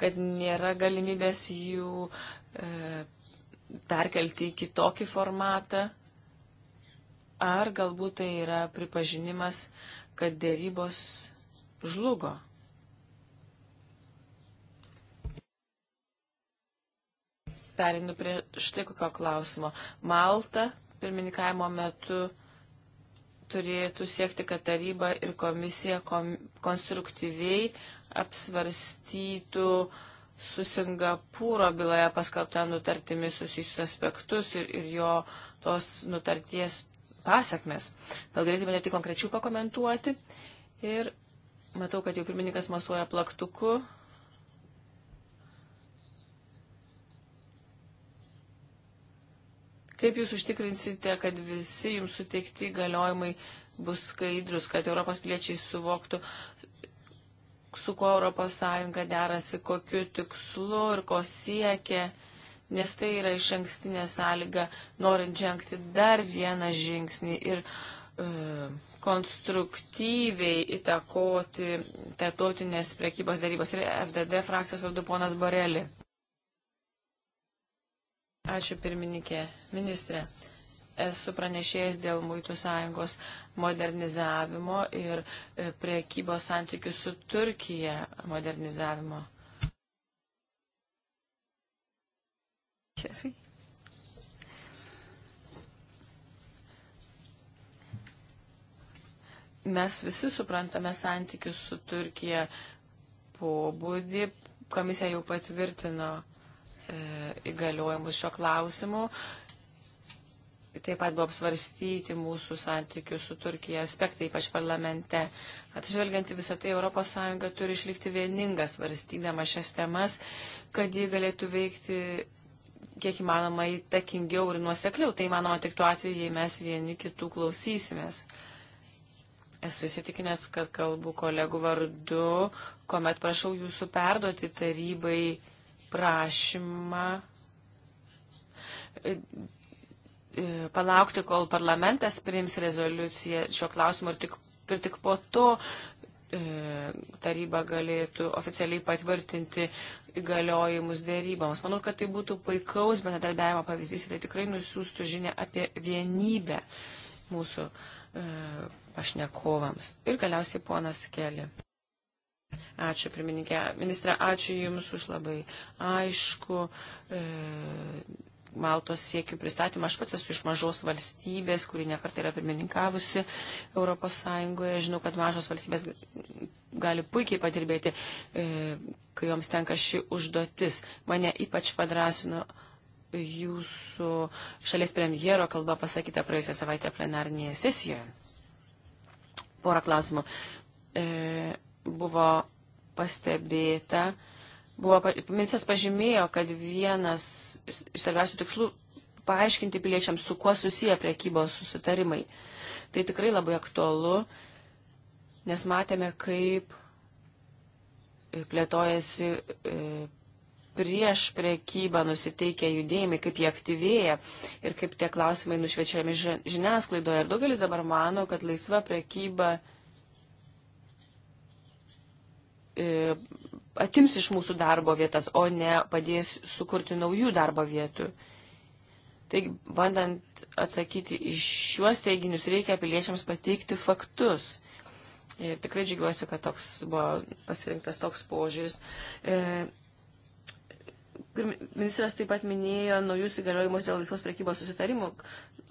kad nėra galimybės jų e, perkelti į kitokį formatą, ar galbūt tai yra pripažinimas, kad dėrybos žlugo. Perinu prie štai kokio klausimo. Malta pirmininkavimo metu turėtų siekti, kad taryba ir komisija kom konstruktyviai apsvarstytų su Singapūro byloje paskelbtą nutartimi susijusius aspektus ir, ir jo tos nutarties pasakmes. Gal galėtume ne tik konkrečių pakomentuoti. Ir matau, kad jau pirmininkas masuoja plaktuku. Kaip jūs užtikrinsite, kad visi jums suteikti galiojimai bus skaidrus, kad Europos piliečiai suvoktų, su kuo ES derasi, kokiu tikslu ir ko siekia, nes tai yra iš ankstinė sąlyga, norint žengti dar vieną žingsnį ir e, konstruktyviai įtakoti tarptautinės prekybos darybos. Ir FDD frakcijos vardu ponas Borelį. Ačiū pirmininkė, ministrė. E, esu pranešėjęs dėl Muitų sąjungos modernizavimo ir e, priekybos santykių su Turkija modernizavimo. Mes visi suprantame santykius su Turkija pobūdį. Komisija jau patvirtino e, įgaliojimus šio klausimu Taip pat buvo apsvarstyti mūsų santykių su Turkija aspektai, ypač parlamente. Atžvelgiant į visą tai, ES turi išlikti vieningas varstydama šias temas, kad ji galėtų veikti kiek įmanoma įtakingiau ir nuosekliau. Tai įmanoma tik tuo atveju, jei mes vieni kitų klausysimės. Esu įsitikinęs, kad kalbu kolegų vardu, kuomet prašau jūsų perduoti tarybai prašymą E, palaukti, kol parlamentas priims rezoliuciją šio klausimu ir tik, ir tik po to e, taryba galėtų oficialiai patvirtinti įgaliojimus dėryboms. Manau, kad tai būtų puikaus bendradarbiavimo pavyzdys ir tai tikrai nusiųstų žinia apie vienybę mūsų e, pašnekovams. Ir galiausiai ponas Keli. Ačiū, pirmininkė. Ministra, ačiū Jums už labai aišku. E, Maltos siekių pristatymą. Aš pats esu iš mažos valstybės, kuri nekartai yra pirmininkavusi Europos Sąjungoje. Žinau, kad mažos valstybės gali puikiai padirbėti, e, kai joms tenka ši užduotis. Mane ypač padrasino jūsų šalies premjero kalba pasakyta praėjusią savaitę plenarnėje sesijoje. Porą klausimų. E, buvo pastebėta, e, Buvo, ministras pažymėjo, kad vienas iš svarbiausių tikslų paaiškinti piliečiams, su kuo susiję priekybos susitarimai. Tai tikrai labai aktualu, nes matėme, kaip e, plėtojasi e, prieš priekybą nusiteikę judėjimai, kaip jie aktyvėja ir kaip tie klausimai nušvečiami žiniasklaidoje. Ir daugelis dabar mano, kad laisva priekyba e, atims iš mūsų darbo vietas, o ne padės sukurti naujų darbo vietų. Taigi, bandant atsakyti iš šiuos teiginius, reikia piliečiams pateikti faktus. Ir tikrai džiugiuosi, kad toks buvo pasirinktas toks požiūris. E, Ministras taip pat minėjo naujus įgaliojimus dėl laisvos prekybos susitarimų.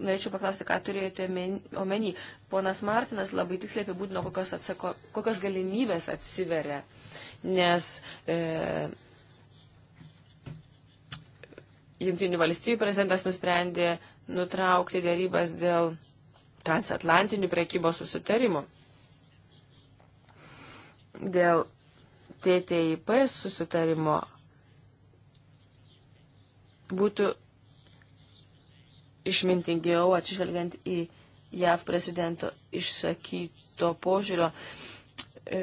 Norėčiau paklausti, ką turėjote omeny. Ponas Martinas labai tiksliai apibūdino, kokios, atsako, kokios galimybės atsiveria, nes e, Junktinių valstybių prezidentas nusprendė nutraukti dėrybas dėl transatlantinių prekybos susitarimų. Dėl TTIP susitarimo būtų išmintingiau atsižvelgiant į JAV prezidento išsakyto požiūrio. E,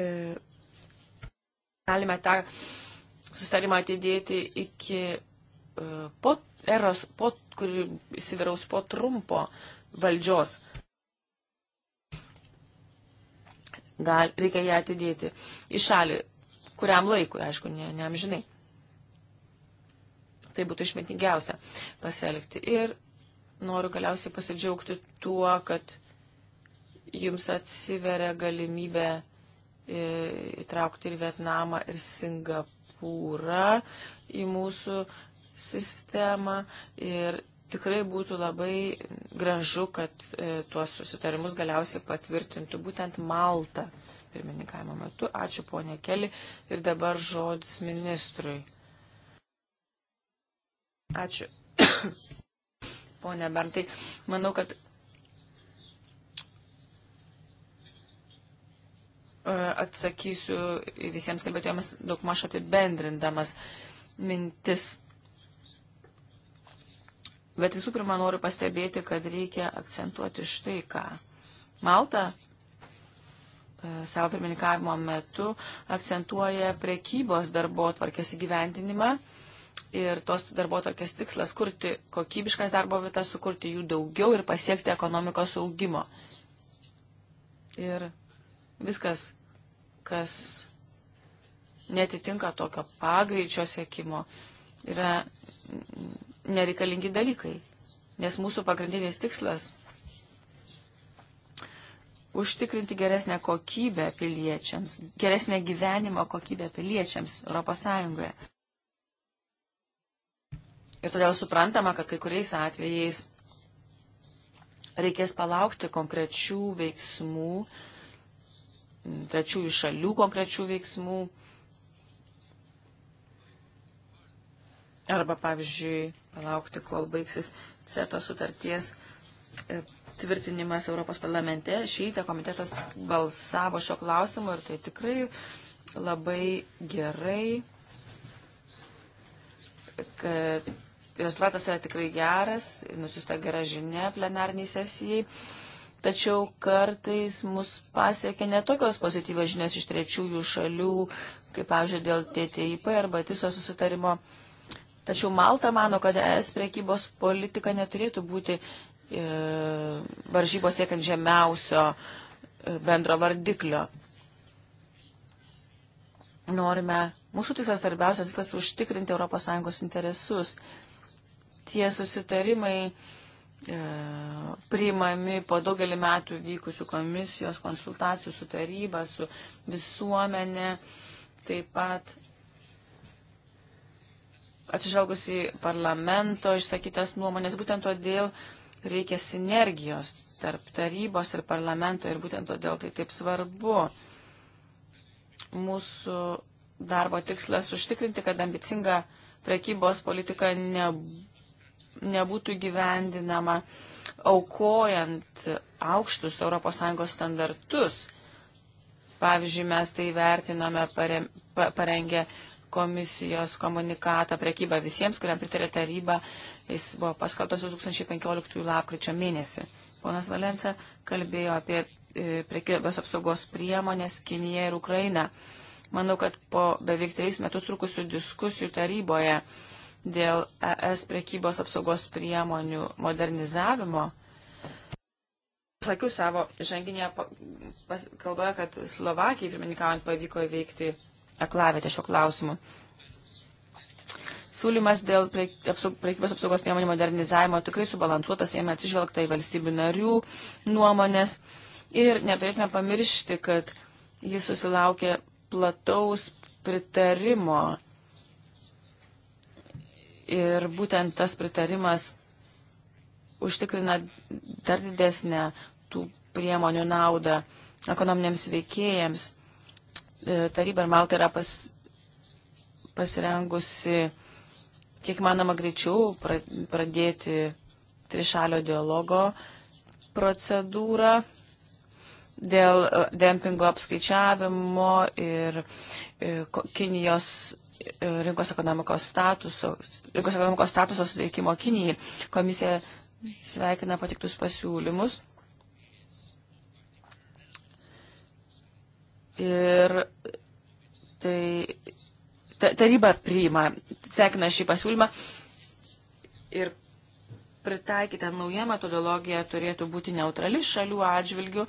galime tą sustarimą atidėti iki e, po eros, po, kuri įsivyraus po trumpo valdžios. Gal, reikia ją atidėti į šalį, kuriam laikui, aišku, ne, neamžinai. Tai būtų išmintingiausia pasielgti. Ir noriu galiausiai pasidžiaugti tuo, kad jums atsiveria galimybė e, įtraukti ir Vietnamą, ir Singapūrą į mūsų sistemą. Ir tikrai būtų labai gražu, kad e, tuos susitarimus galiausiai patvirtintų būtent Malta pirmininkavimo metu. Ačiū ponė Keli ir dabar žodis ministrui. Ačiū. Pone Bertai, manau, kad e, atsakysiu visiems kalbėtojams daugmaž apibendrindamas mintis. Bet visų pirma, noriu pastebėti, kad reikia akcentuoti štai ką. Malta e, savo pirmininkavimo metu akcentuoja prekybos darbo atvarkės įgyvendinimą ir tos darbo tarkės tikslas kurti kokybiškas darbo vietas, sukurti jų daugiau ir pasiekti ekonomikos augimo. Ir viskas, kas netitinka tokio pagreičio sėkimo, yra nereikalingi dalykai. Nes mūsų pagrindinis tikslas - užtikrinti geresnę kokybę piliečiams, geresnę gyvenimo kokybę piliečiams ES. Ir todėl suprantama, kad kai kuriais atvejais reikės palaukti konkrečių veiksmų, trečiųjų šalių konkrečių veiksmų. Arba, pavyzdžiui, palaukti, kol baigsis CETO sutarties e, tvirtinimas Europos parlamente. Šįtą komitetas balsavo šio klausimu ir tai tikrai labai gerai, kad rezultatas yra tikrai geras, nusista gera žinia plenarniai sesijai, tačiau kartais mus pasiekia netokios pozityvos žinios iš trečiųjų šalių, kaip, pavyzdžiui, dėl TTIP arba TISO susitarimo. Tačiau Malta mano, kad ES priekybos politika neturėtų būti e, varžybos siekiant žemiausio e, bendro vardiklio. Norime, mūsų tikslas svarbiausias tikslas užtikrinti ES interesus tie susitarimai e, priimami po daugelį metų vykusių komisijos konsultacijų su taryba, su visuomenė, taip pat atsižvelgusi parlamento išsakytas nuomonės, būtent todėl reikia sinergijos tarp tarybos ir parlamento ir būtent todėl tai taip svarbu. Mūsų darbo tikslas užtikrinti, kad ambicinga prekybos politika nebūtų nebūtų gyvendinama aukojant aukštus ES standartus. Pavyzdžiui, mes tai vertinome parengę komisijos komunikatą prekybą visiems, kuriam pritarė taryba. Jis buvo paskaltas 2015 lapkričio mėnesį. Ponas Valensa kalbėjo apie e, prekybos apsaugos priemonės Kiniją ir Ukrainą. Manau, kad po beveik trejus metus trukusių diskusijų taryboje dėl ES prekybos apsaugos priemonių modernizavimo. Sakiau savo žanginėje kalboje, kad Slovakijai pirmininkaujant pavyko įveikti aklavietę šio klausimu. Siūlymas dėl prekybos apsaugos priemonių modernizavimo tikrai subalansuotas, jame atsižvelgta į valstybių narių nuomonės ir neturėtume pamiršti, kad jis susilaukė plataus pritarimo Ir būtent tas pritarimas užtikrina dar didesnę tų priemonių naudą ekonominiams veikėjams. E, taryba ir Malta yra pas, pasirengusi, kiek manoma, greičiau pradėti trišalio dialogo procedūrą dėl e, dempingo apskaičiavimo ir e, Kinijos E, rinkos ekonomikos statuso, rinkos ekonomikos statuso suteikimo Kinijai. Komisija sveikina patiktus pasiūlymus. Ir tai taryba priima, sveikina šį pasiūlymą ir pritaikyta nauja metodologija turėtų būti neutrali šalių atžvilgių,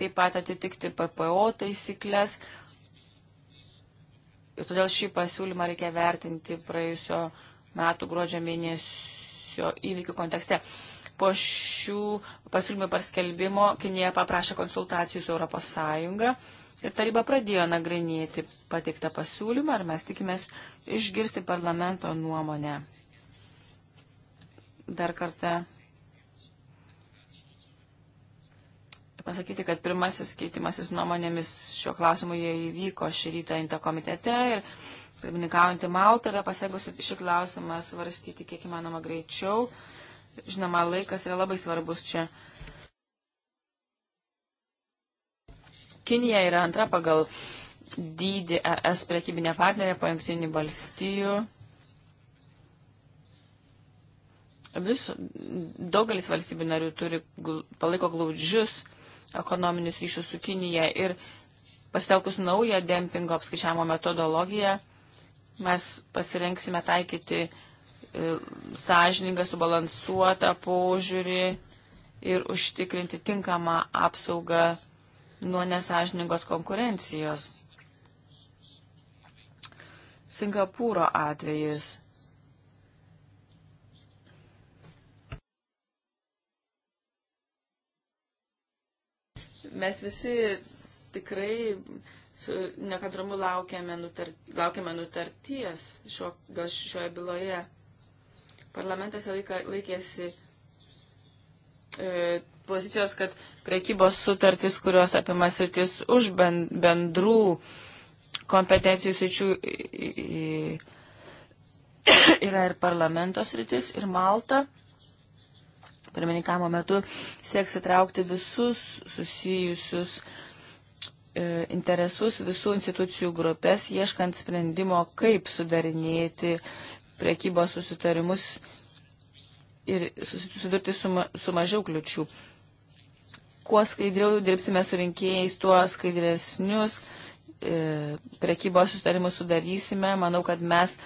taip pat atitikti PPO taisyklės. Uh, Ir todėl šį pasiūlymą reikia vertinti praėjusio metų gruodžio mėnesio įvykių kontekste. Po šių pasiūlymų paskelbimo Kinėje paprašė konsultacijų su Europos Sąjunga ir taryba pradėjo nagrinėti pateiktą pasiūlymą ir mes tikimės išgirsti parlamento nuomonę. Dar kartą pasakyti, kad pirmasis keitimasis nuomonėmis šiuo klausimu jie įvyko šį rytą Inta komitete ir pirmininkaujantį Maltą yra pasiegusi šį klausimą svarstyti kiek įmanoma greičiau. Žinoma, laikas yra labai svarbus čia. Kinija yra antra pagal dydį ES prekybinė partnerė po jungtinių valstijų. Vis, daugelis valstybių narių turi, palaiko glaudžius ekonominius ryšius su Kinija ir pasitelkus naują dempingo apskaičiavimo metodologiją, mes pasirinksime taikyti e, sąžiningą, subalansuotą požiūrį ir užtikrinti tinkamą apsaugą nuo nesažiningos konkurencijos. Singapūro atvejis Mes visi tikrai su nekantrumu laukiame, nutar, laukiame nutarties šio, gal šioje byloje. Parlamentas laiką, laikėsi e, pozicijos, kad prekybos sutartys, kurios apima sritis už bendrų kompetencijų sričių, yra ir parlamentos sritis, ir Malta pirmininkamo metu sieks įtraukti visus susijusius e, interesus visų institucijų grupės, ieškant sprendimo, kaip sudarinėti priekybos susitarimus ir susidurti su, ma su mažiau kliučių. Kuo skaidriau dirbsime su rinkėjais, tuo skaidresnius e, priekybos susitarimus sudarysime. Manau, kad mes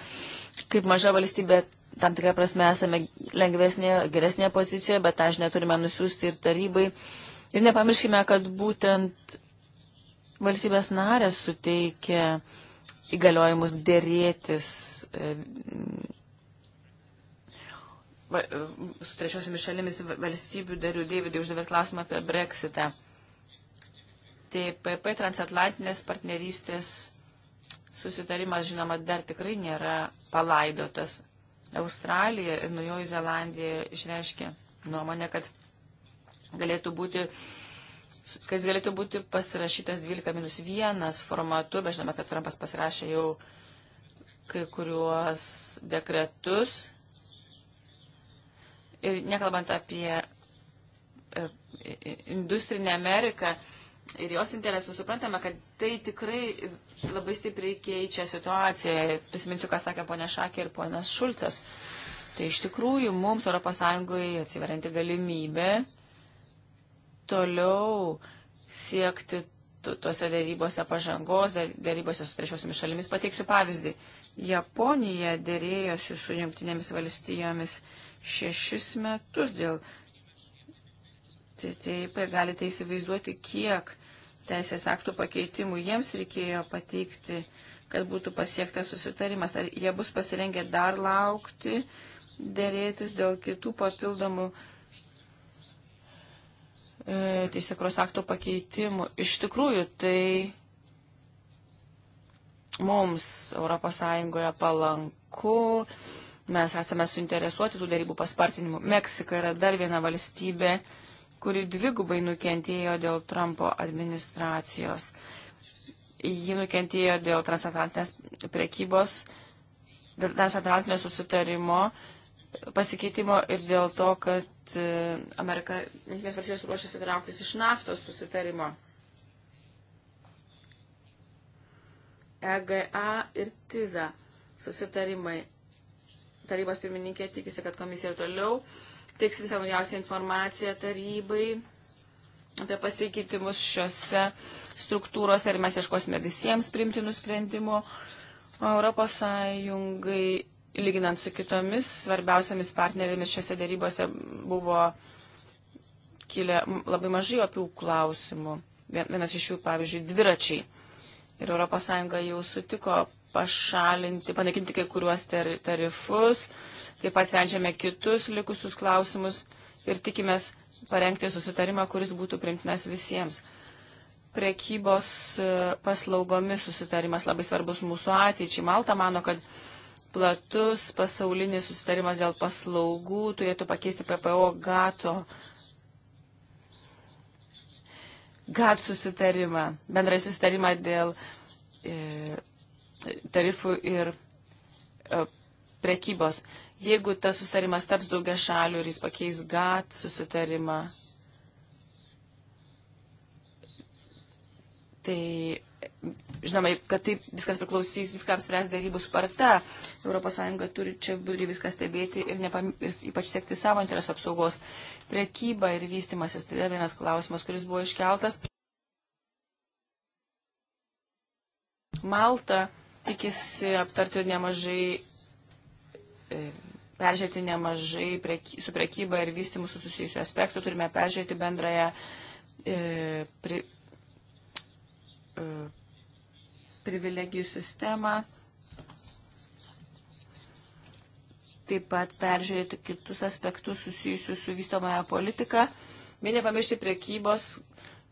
kaip maža valstybė tam tikrą prasme esame lengvesnėje, geresnėje pozicijoje, bet tą žinę turime nusiųsti ir tarybai. Ir nepamirškime, kad būtent valstybės narės suteikia įgaliojimus dėrėtis e, e, su trečiosiomis šalimis valstybių darių. Davidai uždavėt klausimą apie Brexitą. TPP transatlantinės partnerystės susitarimas, žinoma, dar tikrai nėra palaidotas. Australija ir Naujoji Zelandija išreiškė nuomonę, kad galėtų būti kad galėtų būti pasirašytas 12 minus 1 formatu, bet žinome, kad Trumpas pasirašė jau kai kuriuos dekretus. Ir nekalbant apie e, industrinę Ameriką ir jos interesus, suprantame, kad tai tikrai labai stipriai keičia situaciją. Prisiminsiu, ką sakė ponia Šakė ir ponas Šulcas. Tai iš tikrųjų mums ES atsiverinti galimybė toliau siekti tuose dėrybose pažangos, dėrybose su trečiosiomis šalimis. Pateiksiu pavyzdį. Japonija dėrėjosi su jungtinėmis valstijomis šešis metus dėl. Tai taip, galite įsivaizduoti, kiek uh, teisės aktų pakeitimų jiems reikėjo pateikti, kad būtų pasiektas susitarimas. Ar jie bus pasirengę dar laukti, dėrėtis dėl kitų papildomų e, teisėkros aktų pakeitimų. Iš tikrųjų, tai mums ES palanku. Mes esame suinteresuoti tų darybų paspartinimu. Meksika yra dar viena valstybė, kuri dvigubai nukentėjo dėl Trumpo administracijos. Ji nukentėjo dėl transatlantinės prekybos, dėl transatlantinio susitarimo pasikeitimo ir dėl to, kad e, Amerika, Jungtinės valstybės ruošiasi trauktis iš naftos susitarimo. EGA ir TIZA susitarimai. Tarybos pirmininkė tikisi, kad komisija ir toliau uh, teiks visą naujausią informaciją tarybai apie pasikeitimus šiuose struktūrose ir mes ieškosime visiems primtinų sprendimų. Europos Sąjungai, lyginant su kitomis svarbiausiamis partnerėmis šiuose darybose, buvo kilę labai mažai opių klausimų. Vienas iš jų, pavyzdžiui, dviračiai. Ir ES jau sutiko pašalinti, panaikinti kai kuriuos tarifus, Taip pat sprendžiame kitus likusius klausimus ir tikimės parengti susitarimą, kuris būtų primtinas visiems. Prekybos e, paslaugomis susitarimas labai svarbus mūsų ateičiai. Malta mano, kad platus pasaulinis susitarimas dėl paslaugų turėtų pakeisti PPO gato GAT susitarimą, bendrai susitarimą dėl e, tarifų ir e, prekybos. Jeigu tas susitarimas taps daugia šalių ir jis pakeis GAT susitarimą, tai žinoma, kad taip viskas priklausys, viską apspręs darybų sparta. ES turi čia būti viską stebėti ir nepam, ypač siekti savo interesų apsaugos. Prekyba ir vystimasis tai yra vienas klausimas, kuris buvo iškeltas. Malta tikisi aptarti nemažai e, peržiūrėti nemažai preky, su prekyba ir vystimu susijusių aspektų, turime peržiūrėti bendrąją e, pri, e, privilegijų sistemą, taip pat peržiūrėti kitus aspektus susijusius su vystomąją politiką, bei nepamiršti prekybos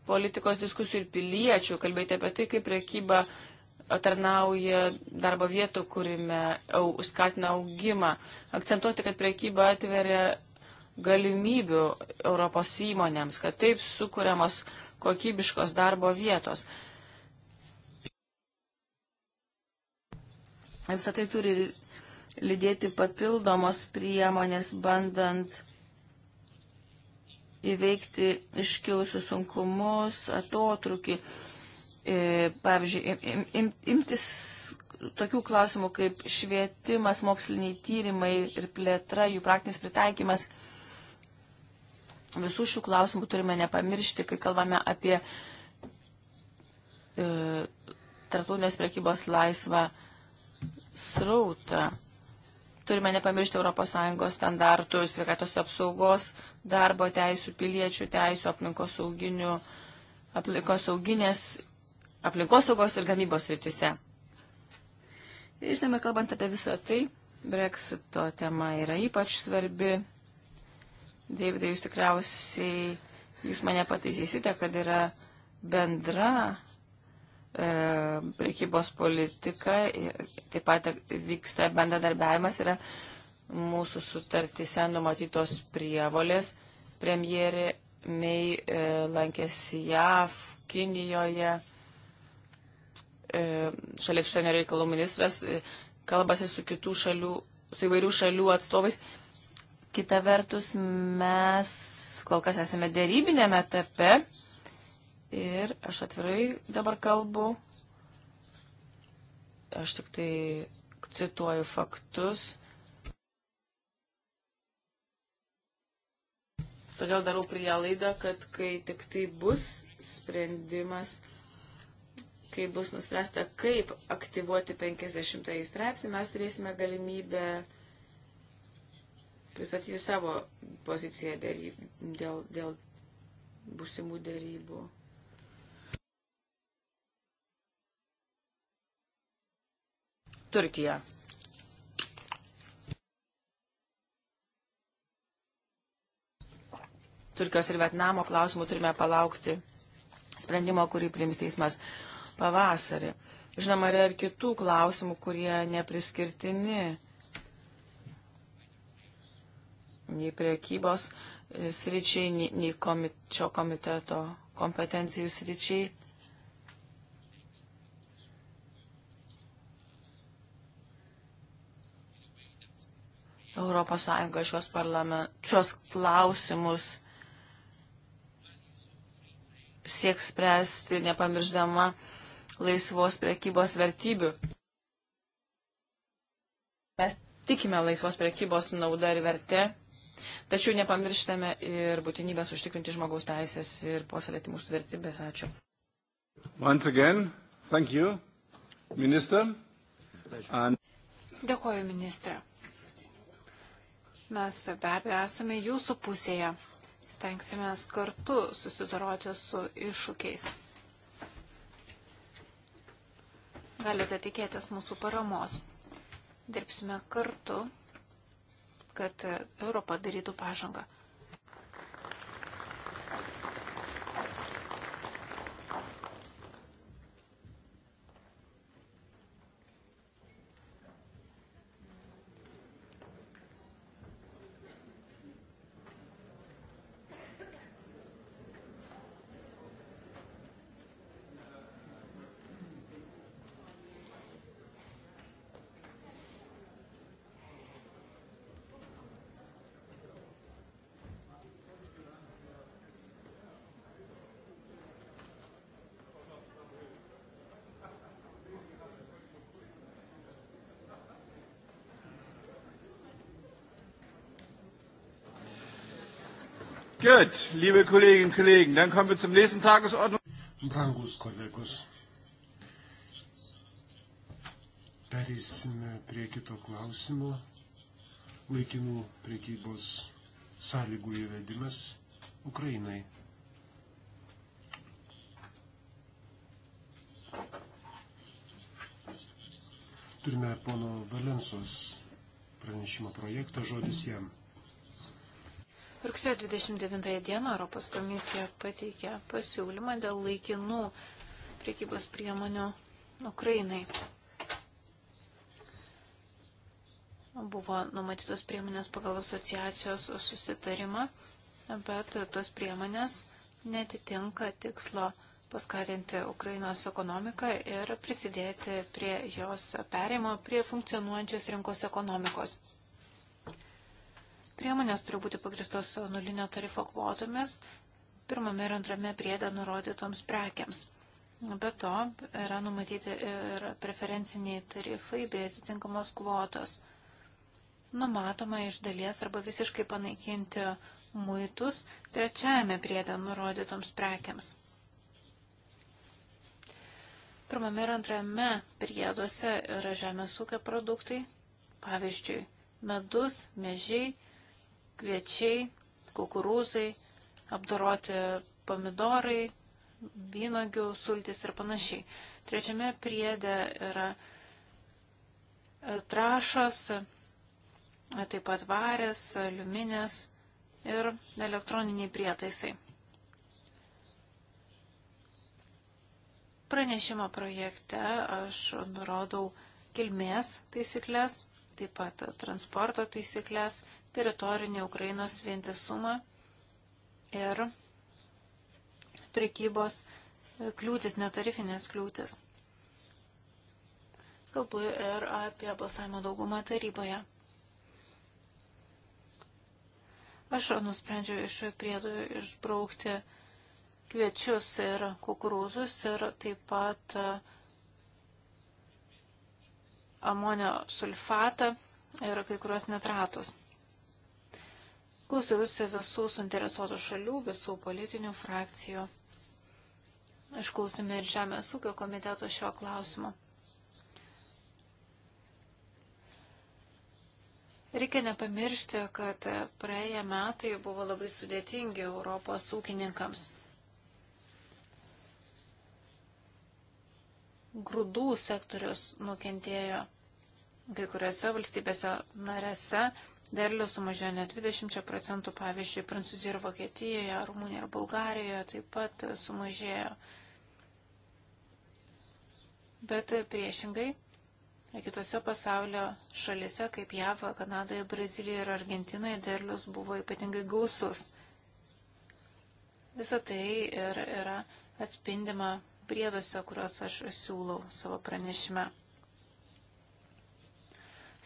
politikos diskusijų ir piliečių, kalbėti apie tai, kaip prekyba tarnauja darbo vietų kūrime, skatina augimą. Akcentuoti, kad priekyba atveria galimybių Europos įmonėms, kad taip sukūriamos kokybiškos darbo vietos. Visą tai turi lydėti papildomos priemonės, bandant įveikti iškilusius sunkumus, atotrukį. E, pavyzdžiui, im, im, imtis tokių klausimų kaip švietimas, moksliniai tyrimai ir plėtra, jų praktinis pritaikymas. Visų šių klausimų turime nepamiršti, kai kalbame apie e, tartūnės prekybos laisvą srautą. Turime nepamiršti ES standartų, sveikatos apsaugos, darbo teisų, piliečių teisų, aplinkos sauginių aplinkosauginės aplinkosaugos ir gamybos rytise. Ir žinoma, kalbant apie visą tai, Brexito tema yra ypač svarbi. Davidai, jūs tikriausiai, jūs mane pataisysite, kad yra bendra e, prekybos politika, taip pat vyksta bendradarbiavimas, yra mūsų sutartise numatytos prievolės. Premjerė Mei e, lankėsi JAV, Kinijoje E, šalies užsienio reikalų ministras e, kalbasi su kitų šalių, su įvairių šalių atstovais. Kita vertus, mes kol kas esame dėrybinėme etape ir aš atvirai dabar kalbu, aš tik tai cituoju faktus. Todėl darau prielaidą, kad kai tik tai bus sprendimas kai bus nuspręsta, kaip aktyvuoti 50 straipsnį, mes turėsime galimybę pristatyti savo poziciją dėl, dėl būsimų dėrybų. Turkija. Turkijos ir Vietnamo klausimų turime palaukti sprendimo, kurį priims teismas pavasarį. Žinoma, yra ir kitų klausimų, kurie nepriskirtini nei priekybos sričiai, nei, nei komit, šio komiteto kompetencijų sričiai. Europos Sąjunga šios, šios klausimus sieks spręsti, nepamirždama uh, laisvos priekybos vertybių. Mes tikime laisvos priekybos nauda ir verte, tačiau nepamirštame ir būtinybės užtikrinti žmogaus teisės ir puoselėti mūsų vertybės. Ačiū. Once again, thank you, Minister. And... Dėkoju, ministrė. Mes be abejo esame jūsų pusėje. Stengsime kartu susidoroti su iššūkiais. galite tikėtis mūsų paramos. Dirbsime kartu, kad Europa darytų pažangą. Gut, liebe Kolleginnen und Kollegen, dann kommen wir zum nächsten Tagesordnung. Brangus kolegos, pereisime prie kito klausimo. Laikinų priekybos sąlygų įvedimas Ukrainai. Turime pono Valensos pranešimo projektą, žodis jam. Mm. Rugsėjo 29 dieną Europos komisija pateikė pasiūlymą dėl laikinų priekybos priemonių Ukrainai. Buvo numatytos priemonės pagal asociacijos susitarimą, bet tos priemonės netitinka tikslo paskatinti Ukrainos ekonomiką ir prisidėti prie jos perėjimo prie funkcionuojančios rinkos ekonomikos. Priemonės turi būti pagristos nulinio tarifo kvotomis pirmame ir antrame priedė nurodytoms prekiams. Be to yra numatyti ir preferenciniai tarifai bei atitinkamos kvotos. Numatoma iš dalies arba visiškai panaikinti muitus trečiajame priedė nurodytoms prekiams. Pirmame ir antrame prieduose yra žemės ūkio produktai, pavyzdžiui, medus, mėžiai, kviečiai, kukurūzai, apdoroti pomidorai, vynogių sultis ir panašiai. Trečiame priedė yra e, trašos, e, taip pat varės, aliuminės ir elektroniniai prietaisai. Pranešimo projekte aš nurodau kilmės taisyklės, taip pat transporto taisyklės teritorinį Ukrainos vientisumą ir prekybos e, kliūtis, netarifinės kliūtis. Kalbu ir apie balsavimo daugumą taryboje. Aš nusprendžiau iš priedų išbraukti kviečius ir kukurūzus ir taip pat e, amonio sulfatą ir kai kurios nitratus. Klausiausi visų suinteresuotų šalių, visų politinių frakcijų. Išklausime ir Žemės ūkio komiteto šio klausimo. Reikia nepamiršti, kad praėję metai buvo labai sudėtingi Europos ūkininkams. Grūdų sektorius nukentėjo kai kuriuose valstybėse narėse derlius sumažėjo net 20 procentų, pavyzdžiui, Prancūzijoje ir Vokietijoje, Rumunijoje ir Bulgarijoje taip pat sumažėjo. Bet priešingai, kitose pasaulio šalise, kaip JAV, Kanadoje, Brazilijoje ir Argentinoje, derlius buvo ypatingai gausus. Visą tai ir yra atspindima prieduose, kuriuos aš siūlau savo pranešime.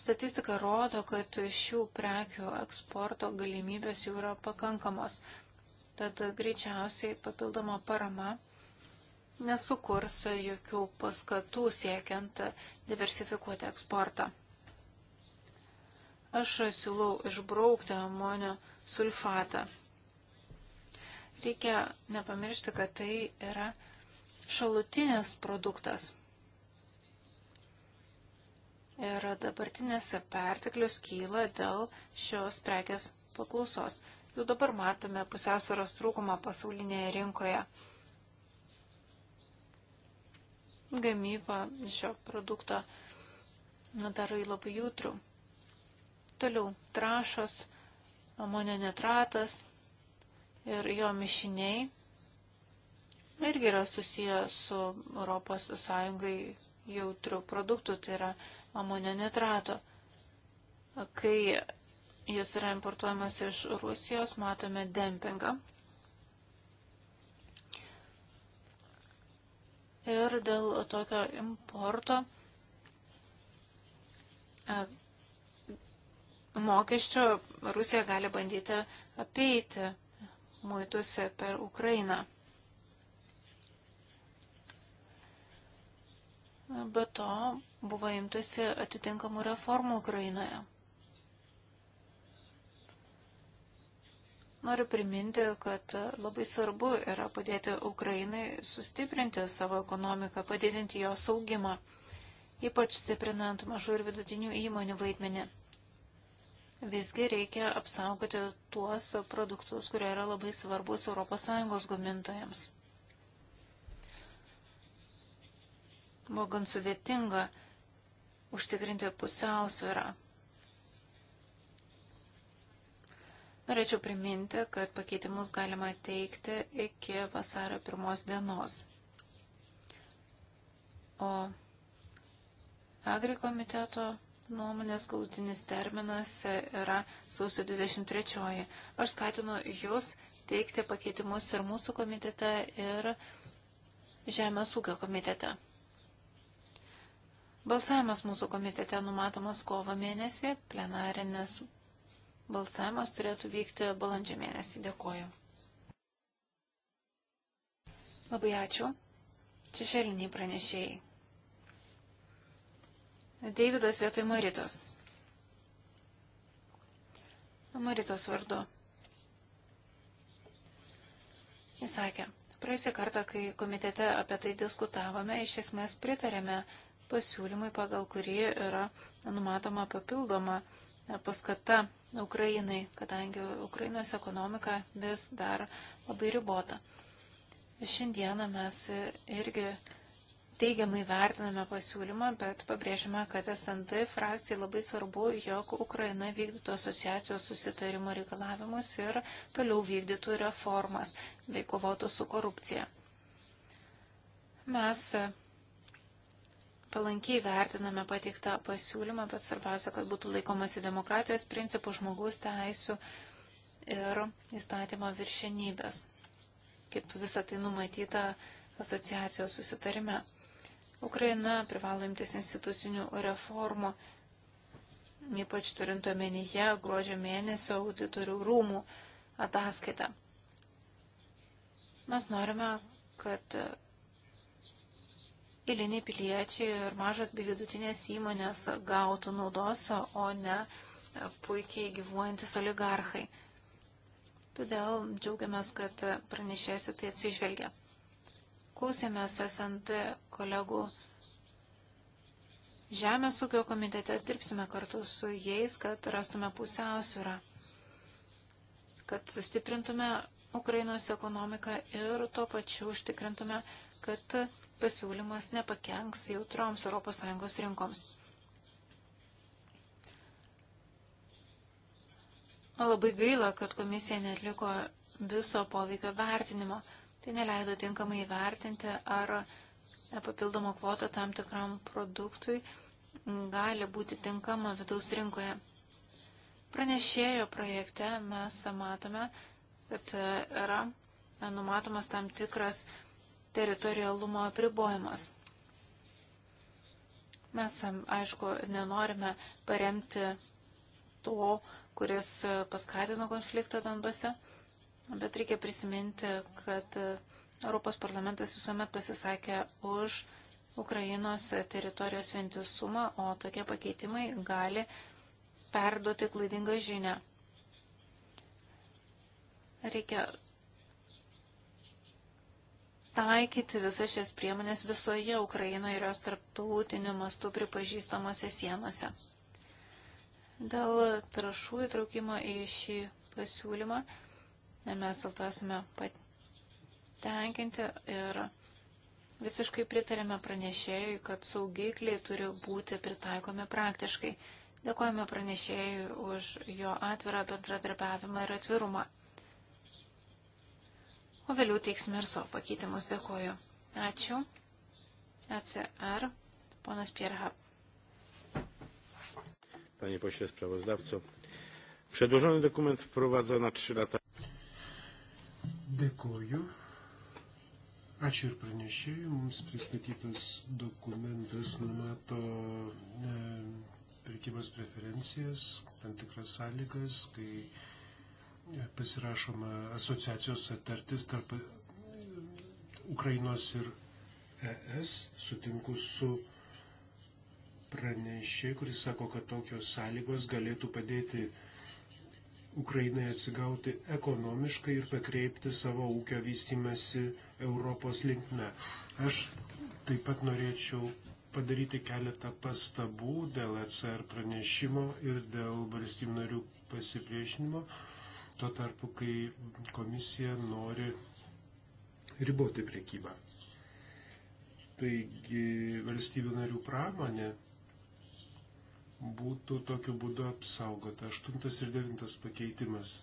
Statistika rodo, kad šių prekių eksporto galimybės jau yra pakankamos, tad greičiausiai papildoma parama nesukurs jokių paskatų siekiant diversifikuoti eksportą. Aš siūlau išbraukti amonio sulfatą. Reikia nepamiršti, kad tai yra šalutinis produktas. Ir dabartinis perteklius kyla dėl šios prekės paklausos. Jau dabar matome pusiausvėros trūkumą pasaulinėje rinkoje. Gamyba šio produkto daro jį labai jautrų. Toliau trašos, amonio nitratas ir jo mišiniai irgi yra susiję su ES jautrių produktų, tai yra amonio nitrato. Kai jis yra importuojamas iš Rusijos, matome dempingą. Ir dėl tokio importo e, mokesčio Rusija gali bandyti apeiti muitusi per Ukrainą. Be to, buvo imtasi atitinkamų reformų Ukrainoje. Noriu priminti, kad labai svarbu yra padėti Ukrainai sustiprinti savo ekonomiką, padidinti jos augimą, ypač stiprinant mažų ir vidutinių įmonių vaidmenį. Visgi reikia apsaugoti tuos produktus, kurie yra labai svarbus ES gamintojams. Buvo gan sudėtinga užtikrinti pusiausvyrą. Norėčiau priminti, kad pakeitimus galima teikti iki vasario pirmos dienos. O agri komiteto nuomonės galutinis terminas yra sausio 23. Aš skatinu jūs teikti pakeitimus ir mūsų komitete, ir Žemės ūkio komitete. Balsavimas mūsų komitete numatomas kovo mėnesį, plenarinis balsavimas turėtų vykti balandžio mėnesį. Dėkoju. Labai ačiū. Šešėliniai pranešėjai. Deividas vietoj Maritos. Maritos vardu. Jis sakė, praėjusią kartą, kai komitete apie tai diskutavome, iš esmės pritarėme pasiūlymai, pagal kurį yra numatoma papildoma paskata Ukrainai, kadangi Ukrainos ekonomika vis dar labai ribota. Šiandieną mes irgi teigiamai vertiname pasiūlymą, bet pabrėžime, kad SND frakcijai labai svarbu, jog Ukraina vykdytų asociacijos susitarimo reikalavimus ir toliau vykdytų reformas bei kovotų su korupcija. Mes palankiai vertiname pateiktą pasiūlymą, bet svarbiausia, kad būtų laikomasi demokratijos principų, žmogaus teisų ir įstatymo viršenybės, kaip visą tai numatyta asociacijos susitarime. Ukraina privalo imtis institucinių reformų, ypač turint omenyje gruodžio mėnesio auditorių rūmų ataskaitą. Mes norime, kad eiliniai piliečiai ir mažas bei vidutinės įmonės gautų naudos, o ne puikiai gyvuojantis oligarchai. Todėl džiaugiamės, kad pranešėsi tai atsižvelgia. Klausėmės SNT kolegų Žemės ūkio komitete dirbsime kartu su jais, kad rastume pusiausvyrą, kad sustiprintume Ukrainos ekonomiką ir tuo pačiu užtikrintume, kad pasiūlymas nepakenks jautroms ES rinkoms. Labai gaila, kad komisija netliko viso poveikio vertinimo. Tai neleido tinkamai įvertinti, ar papildoma kvota tam tikram produktui gali būti tinkama vidaus rinkoje. Pranešėjo projekte mes matome, kad yra numatomas tam tikras teritorialumo apribojimas. Mes, aišku, nenorime paremti to, kuris paskatino konfliktą Donbase, bet reikia prisiminti, kad Europos parlamentas visuomet pasisakė už Ukrainos teritorijos vientisumą, o tokie pakeitimai gali perduoti klaidingą žinę. Reikia taikyti visas šias priemonės visoje Ukrainoje ir jos tarptautiniu mastu pripažįstamose sienose. Dėl trašų įtraukimo į šį pasiūlymą mes dėl to esame patenkinti ir visiškai pritarėme pranešėjui, kad saugikliai turi būti pritaikomi praktiškai. Dėkojame pranešėjui už jo atvirą bendradarbiavimą ir atvirumą o vėliau teiksime ir savo pakeitimus. Dėkoju. Ačiū. ECR, ponas Pierhap. Panie pośle sprawozdawco, przedłożony dokument wprowadza na 3 lata. Dėkoju. Ačiū ir pranešėjui. Mums pristatytas dokumentas numato e, prekybos preferencijas, tam tikras sąlygas, kai e, pasirašoma asociacijos atartis tarp e, Ukrainos ir ES. Sutinku su pranešė, kuris sako, kad tokios sąlygos galėtų padėti Ukrainai atsigauti ekonomiškai ir pakreipti savo ūkio vystimasi Europos linkme. Aš taip pat norėčiau padaryti keletą pastabų dėl ECR pranešimo ir dėl valstybių narių pasipriešinimo tuo tarpu, kai komisija nori riboti priekybą. Taigi valstybių narių pramonė būtų tokiu būdu apsaugota. Aštuntas ir devintas pakeitimas.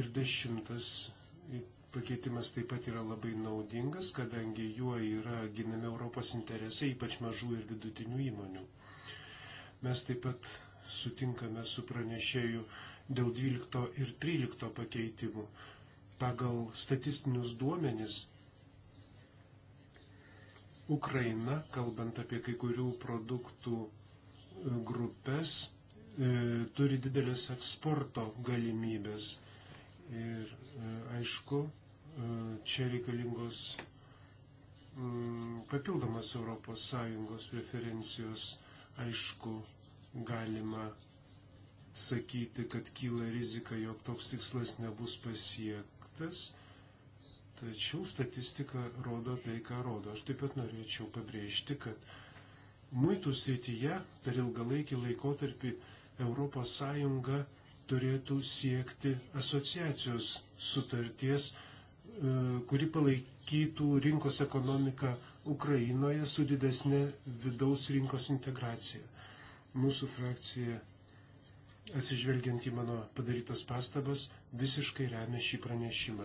Ir dešimtas pakeitimas taip pat yra labai naudingas, kadangi juo yra ginami Europos interesai, ypač mažų ir vidutinių įmonių. Mes taip pat sutinkame su pranešėju dėl 12 ir 13 pakeitimų. Pagal statistinius duomenis Ukraina, kalbant apie kai kurių produktų e, grupės, e, turi didelės eksporto galimybės. Ir e, aišku, čia reikalingos mm, papildomas ES preferencijos, aišku, galima sakyti, kad kyla rizika, jog toks tikslas nebus pasiektas. Tačiau statistika rodo tai, ką rodo. Aš taip pat norėčiau pabrėžti, kad muitų srityje per ilgalaikį laikotarpį ES turėtų siekti asociacijos sutarties, e, kuri palaikytų rinkos ekonomiką Ukrainoje su didesnė vidaus rinkos integracija. Mūsų frakcija atsižvelgiant į mano padarytas pastabas, visiškai remia šį pranešimą.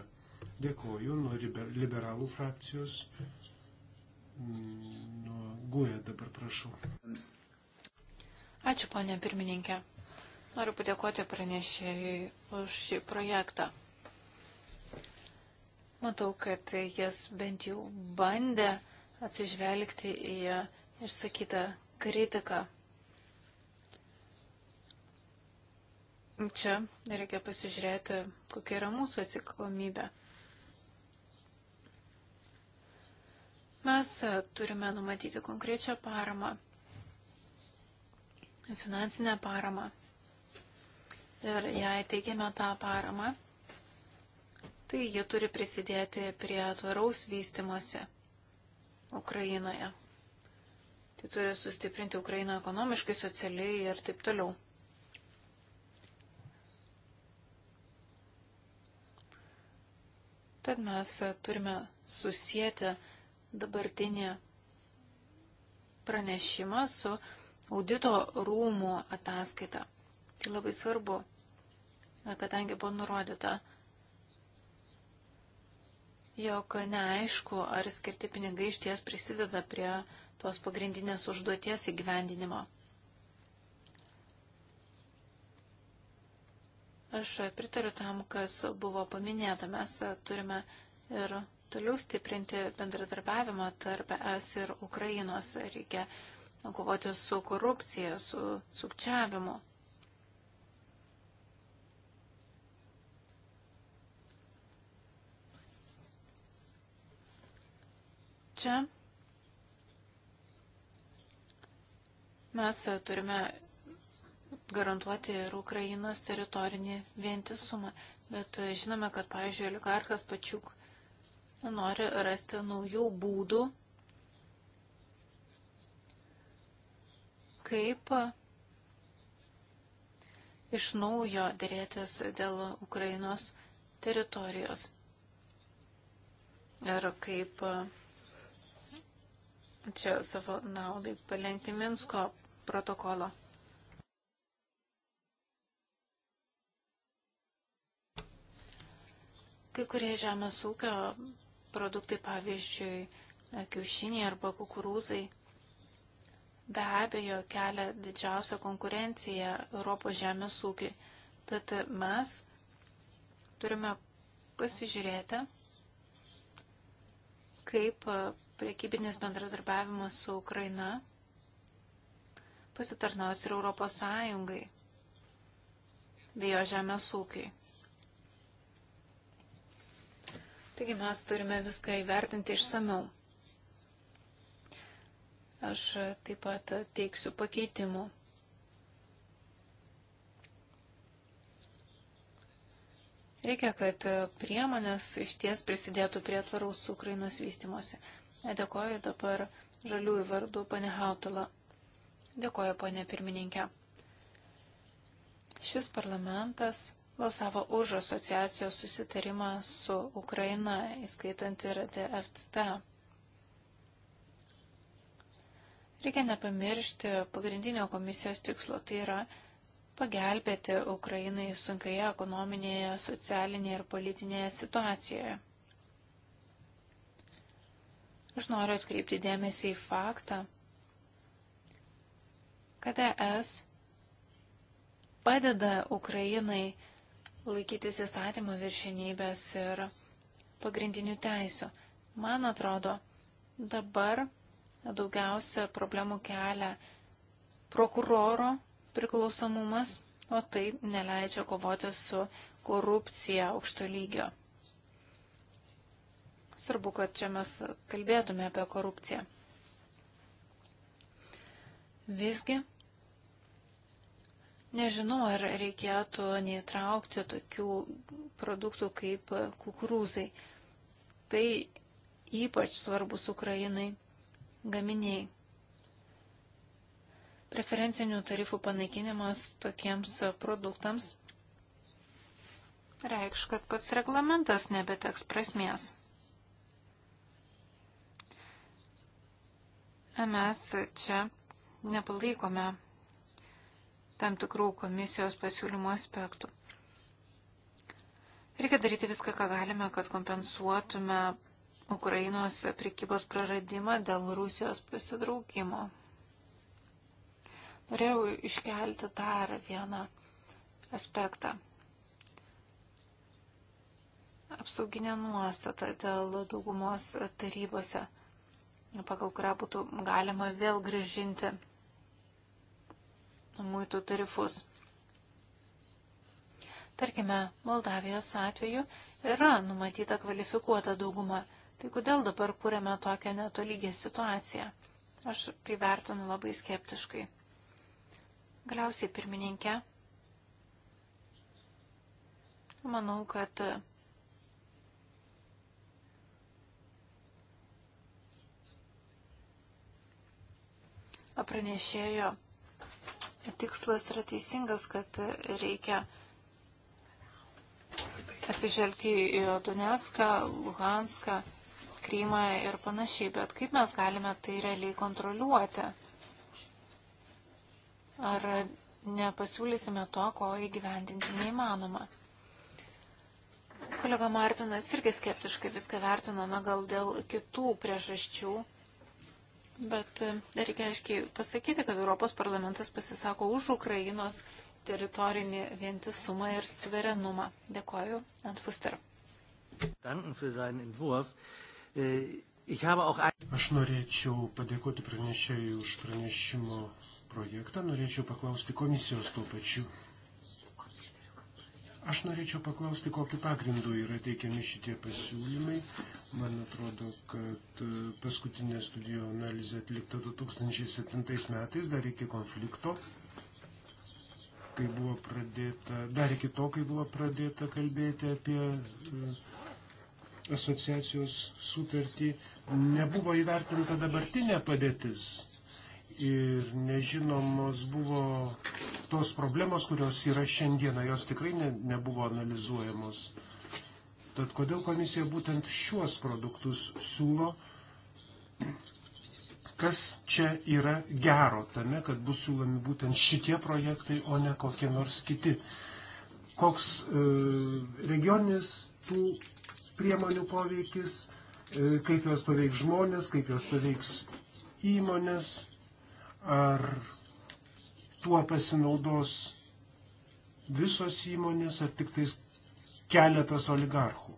Dėkoju nuo liberalų frakcijos. Mm, nuo Guja dabar prašau. Ačiū, ponė pirmininkė. Noriu padėkoti pranešėjai už šį projektą. Matau, kad jis bent jau bandė atsižvelgti į išsakytą kritiką Čia reikia pasižiūrėti, kokia yra mūsų atsakomybė. Mes e, turime numatyti konkrečią paramą, finansinę paramą. Ir jei teikiame tą paramą, tai jie turi prisidėti prie tvaraus vystimosi Ukrainoje. Tai turi sustiprinti Ukrainą ekonomiškai, socialiai ir taip toliau. Tad mes turime susijęti dabartinį pranešimą su audito rūmų ataskaita. Tai labai svarbu, kadangi buvo nurodyta, jog neaišku, ar skirti pinigai iš ties prisideda prie tos pagrindinės užduoties įgyvendinimo. Aš pritariu tam, kas buvo paminėta. Mes turime ir toliau stiprinti bendradarbiavimą tarp ES ir Ukrainos. Reikia kovoti su korupcija, su sukčiavimu. Čia mes turime garantuoti ir Ukrainos teritorinį vientisumą. Bet e, žinome, kad, pavyzdžiui, oligarkas pačiuk nori rasti naujų būdų, kaip iš naujo dėrėtis dėl Ukrainos teritorijos ir kaip e, čia savo naudai palengti Minsko protokolo Kai kurie žemės ūkio produktai, pavyzdžiui, kiaušiniai arba kukurūzai, be abejo kelia didžiausią konkurenciją Europos žemės ūkiui. Tad mes turime pasižiūrėti, kaip priekybinis bendradarbiavimas su Ukraina pasitarnaus ir Europos Sąjungai bei jo žemės ūkiai. Taigi mes turime viską įvertinti išsameu. Aš taip pat teiksiu pakeitimų. Reikia, kad priemonės iš ties prisidėtų prie tvaraus Ukrainos vystimosi. E, dėkoju dabar žaliųjų vardų pane Hautala. Dėkoju pane pirmininkė. Šis parlamentas balsavo už asociacijos susitarimą su Ukraina, įskaitant ir DFCT. Reikia nepamiršti pagrindinio komisijos tikslo, tai yra pagelbėti Ukrainai sunkioje ekonominėje, socialinėje ir politinėje situacijoje. Aš noriu atkreipti dėmesį į faktą, kad ES padeda Ukrainai laikytis įstatymo viršinybės ir pagrindinių teisų. Man atrodo, dabar daugiausia problemų kelia prokuroro priklausomumas, o tai neleidžia kovoti su korupcija aukšto lygio. Svarbu, kad čia mes kalbėtume apie korupciją. Visgi Nežinau, ar reikėtų neįtraukti tokių produktų kaip kukurūzai. Tai ypač svarbus Ukrainai gaminiai. Preferencinių tarifų panaikinimas tokiems produktams reikš, kad pats reglamentas nebeteks prasmės. Mes čia nepalaikome tam tikrų komisijos pasiūlymo aspektų. Reikia daryti viską, ką galime, kad kompensuotume Ukrainos prekybos praradimą dėl Rusijos pasidraukimo. Norėjau iškelti dar vieną aspektą. Apsauginė nuostata dėl daugumos tarybose, pagal kurią būtų galima vėl gražinti muitų tarifus. Tarkime, Moldavijos atveju yra numatyta kvalifikuota dauguma. Tai kodėl dabar kūrėme tokią netolygę situaciją? Aš tai vertinu labai skeptiškai. Galiausiai pirmininkė, manau, kad pranešėjo tikslas yra teisingas, kad reikia atsižvelgti į Donetską, Luhanską, Krymą ir panašiai, bet kaip mes galime tai realiai kontroliuoti? Ar nepasiūlysime to, ko įgyvendinti neįmanoma? Kolega Martinas irgi skeptiškai viską vertino, na gal dėl kitų priežasčių Bet e, reikia aiškiai pasakyti, kad Europos parlamentas pasisako už Ukrainos teritorinį vientisumą ir suverenumą. Dėkoju, Ant Fuster. Äh, Aš norėčiau padėkoti pranešėjui už pranešimo projektą, norėčiau paklausti komisijos tuo pačiu. Aš norėčiau paklausti, kokiu pagrindu yra teikiami šitie pasiūlymai. Man atrodo, kad e, paskutinė studijų analizė atlikta 2007 metais, dar iki konflikto, kai buvo pradėta, dar iki to, kai buvo pradėta kalbėti apie e, asociacijos sutartį, nebuvo įvertinta dabartinė padėtis ir nežinomos buvo tos problemos, kurios yra šiandieną, jos tikrai ne, nebuvo analizuojamos. Tad kodėl komisija būtent šiuos produktus siūlo? Kas čia yra gero tame, kad bus siūlomi būtent šitie projektai, o ne kokie nors kiti? Koks e, regioninis tų priemonių poveikis, e, kaip jos paveiks žmonės, kaip jos paveiks įmonės, ar tuo pasinaudos visos įmonės ar tik tais keletas oligarchų.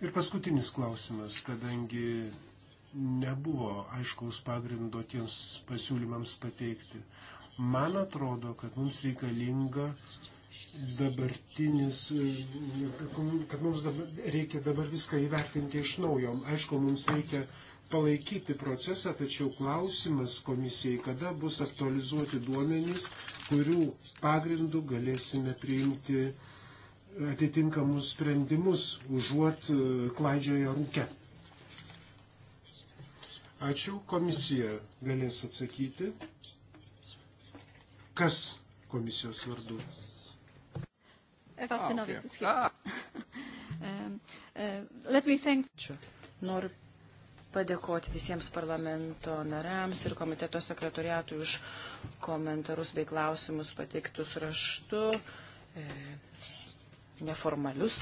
Ir paskutinis klausimas, kadangi nebuvo aiškaus pagrindo tiems pasiūlymams pateikti. Man atrodo, kad mums reikalinga dabartinis, kad mums dabar, reikia dabar viską įvertinti iš naujo. Aišku, mums reikia uh, palaikyti procesą, tačiau klausimas komisijai, kada bus aktualizuoti duomenys, kurių pagrindų galėsime priimti atitinkamus sprendimus, užuot e, klaidžioje rūke. Ačiū, komisija galės atsakyti. Kas komisijos vardu? Evasinovicas. Ah, okay. um, uh, let me thank you. Noriu padėkoti visiems parlamento nariams ir komiteto sekretoriatui už komentarus bei klausimus pateiktus raštu, e, neformalius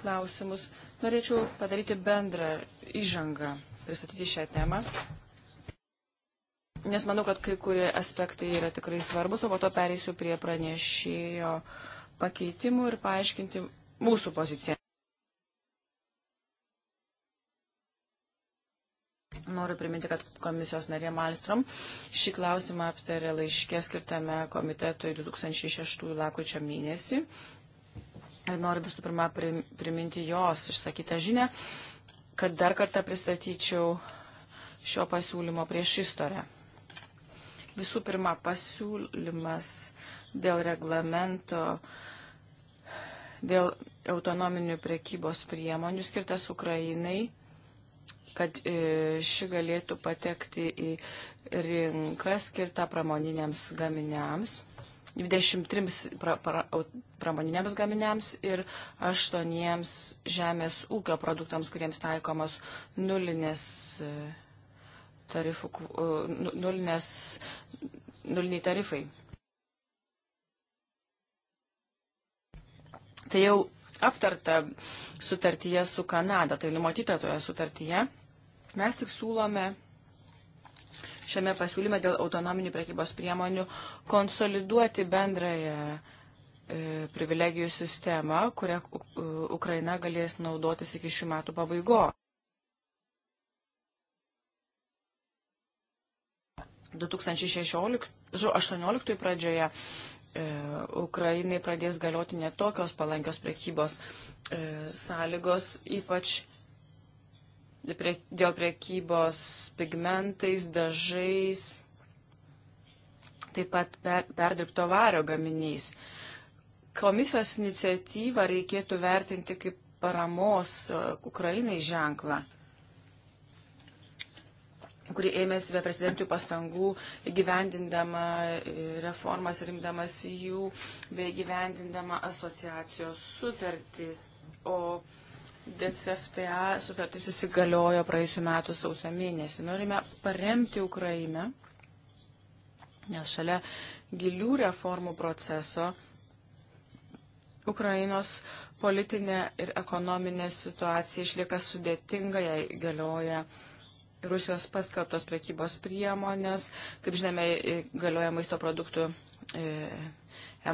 klausimus. Norėčiau padaryti bendrą įžangą, pristatyti šią temą, nes manau, kad kai kurie aspektai yra tikrai svarbus, o po to pereisiu prie pranešėjo pakeitimų ir paaiškinti mūsų poziciją. Noriu priminti, kad komisijos narė Malstrom šį klausimą aptarė laiškė skirtame komitetui 2006 lakučio mėnesį. Noriu visų pirma priminti jos išsakytą žinę, kad dar kartą pristatyčiau šio pasiūlymo prieš istorę. Visų pirma, pasiūlymas dėl reglamento, dėl autonominių prekybos priemonių skirtas Ukrainai kad e, ši galėtų patekti į rinką skirtą pramoniniams gaminiams, 23 pra, pra, pramoniniams gaminiams ir 8 žemės ūkio produktams, kuriems taikomos nulinės e, tarifų, e, nu, nulinės, nuliniai tarifai. Tai jau aptarta sutartyje su Kanada, tai numatyta toje sutartyje. Mes tik siūlome šiame pasiūlyme dėl autonominių prekybos priemonių konsoliduoti bendrąją e, privilegijų sistemą, kurią Ukraina galės naudotis iki šių metų pabaigos. 2018 pradžioje e, Ukrainai pradės galioti netokios palankios prekybos e, sąlygos, ypač prie, dėl priekybos pigmentais, dažais, taip pat per, perdirbto vario gaminiais. Komisijos iniciatyvą reikėtų vertinti kaip paramos e, Ukrainai ženklą kuri ėmėsi be prezidentinių pastangų gyvendindama e, reformas rimdamas jų bei gyvendindama asociacijos sutartį. O DCFTA sutartis įsigaliojo praėjusiu metu sausio mėnesį. Norime paremti Ukrainą, nes šalia gilių reformų proceso Ukrainos politinė ir ekonominė situacija išlieka sudėtinga, jai galioja Rusijos paskelbtos prekybos priemonės, kaip žinome, galioja maisto produktų e,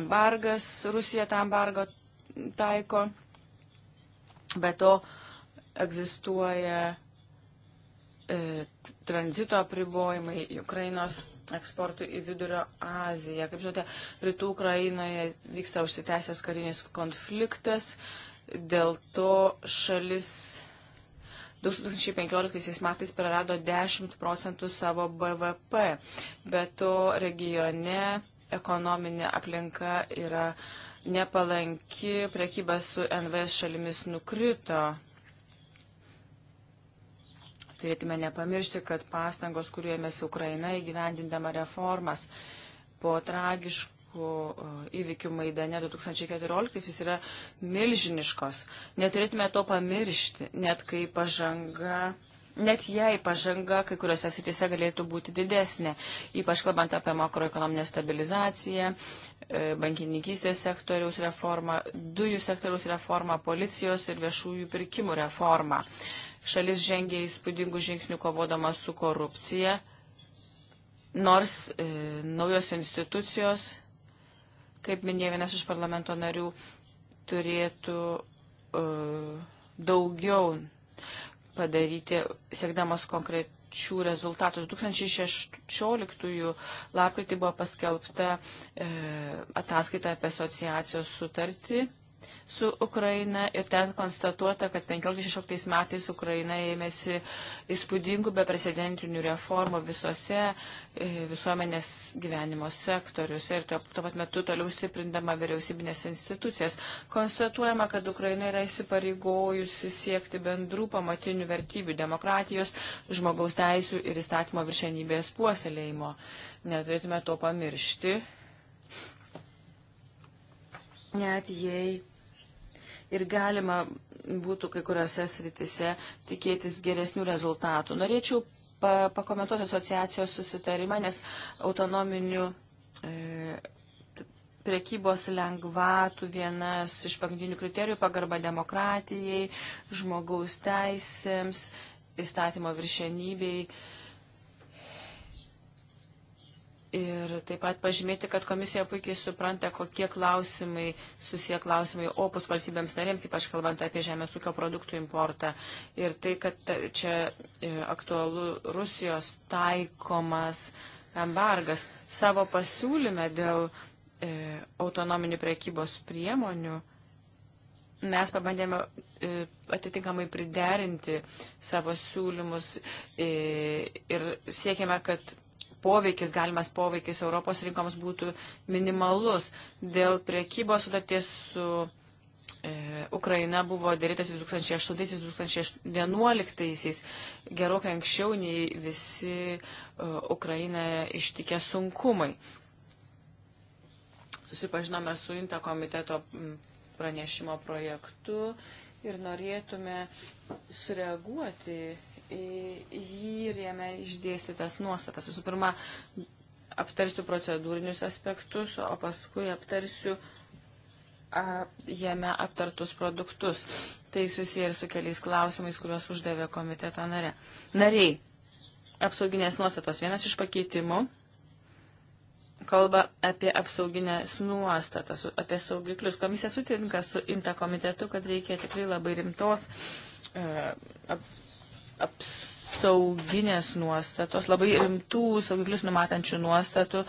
embargas, Rusija tą embargo taiko. Be to egzistuoja e, tranzito apribojimai Ukrainos eksportui į Vidurio Aziją. Kaip žinote, rytų Ukrainoje vyksta užsitęsęs karinis konfliktas, dėl to šalis 2015 metais prarado 10 procentų savo BVP. Be to regione ekonominė aplinka yra uh, nepalanki prekyba su NVS šalimis nukrito. Turėtume nepamiršti, kad pastangos, kuriuo ėmėsi Ukraina įgyvendindama reformas po tragiškų įvykių Maidane 2014 jis yra milžiniškos. Neturėtume to pamiršti, net kai pažanga. Net jei pažanga kai kuriuose srityse galėtų būti didesnė, ypač kalbant apie makroekonominę stabilizaciją, E, bankininkystės sektoriaus reformą, dujų sektoriaus reformą, policijos ir viešųjų pirkimų reformą. Šalis žengė įspūdingų žingsnių kovodama su korupcija, nors e, naujos institucijos, kaip minėjo vienas iš parlamento narių, turėtų e, daugiau padaryti, siekdamos konkret, šių rezultatų. 2016 lapkritį buvo paskelbta e, ataskaita apie asociacijos sutartį su Ukraina ir ten konstatuota, kad 15-16 metais Ukraina ėmėsi įspūdingų beprecedentinių reformų visose E, visuomenės gyvenimo sektorius ir tuo, tuo pat metu toliau stiprindama vyriausybinės institucijas. Konstatuojama, kad Ukraina yra įsipareigojusi siekti bendrų pamatinių vertybių - demokratijos, žmogaus teisų ir įstatymo viršenybės puoselėjimo. Neturėtume to pamiršti. Net jei ir galima būtų kai kuriuose sritise tikėtis geresnių rezultatų. Norėčiau pa, pakomentuoti asociacijos susitarimą, nes autonominių e, priekybos lengvatų vienas iš pagrindinių kriterijų pagarba demokratijai, žmogaus teisėms, įstatymo viršenybei. E, Ir taip pat pažymėti, kad komisija puikiai supranta, kokie klausimai, susiję klausimai opus valstybėms narėms, ypač kalbant apie žemės ūkio produktų importą. Ir tai, kad čia e, aktualu Rusijos taikomas embargas. Savo pasiūlyme dėl e, autonominių prekybos priemonių mes pabandėme e, atitinkamai priderinti savo siūlymus e, ir siekiame, kad poveikis, galimas poveikis Europos rinkoms būtų minimalus. Dėl priekybos sutarties su e, Ukraina buvo dėrytas 2008-2011, gerokai anksčiau nei visi e, Ukraina ištikė sunkumai. Susipažinome su INTA komiteto pranešimo projektu ir norėtume sureaguoti jį rėmė išdėstytas nuostatas. Visų pirma, aptarsiu procedūrinius aspektus, o paskui aptarsiu a, jame aptartus produktus. Tai susiję ir su keliais klausimais, kuriuos uždavė komiteto nare. Nariai, apsauginės nuostatos. Vienas iš pakeitimų kalba apie apsauginės nuostatas, apie saugiklius. Komisija sutinka su INTA komitetu, kad reikia tikrai labai rimtos e, ap, apsauginės nuostatos, labai rimtų saugiklius numatančių nuostatų,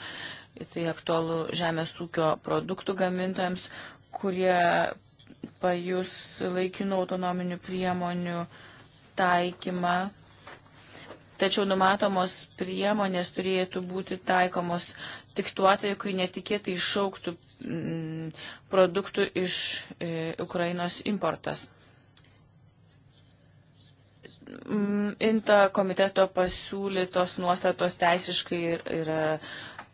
tai aktualu žemės ūkio produktų gamintojams, kurie pajus laikinų autonominių priemonių taikymą. Tačiau numatomos priemonės turėtų būti taikomos tik tuo atveju, kai netikėtai išauktų mm, produktų iš e, Ukrainos importas. Mm, Inta komiteto pasiūlytos nuostatos teisiškai yra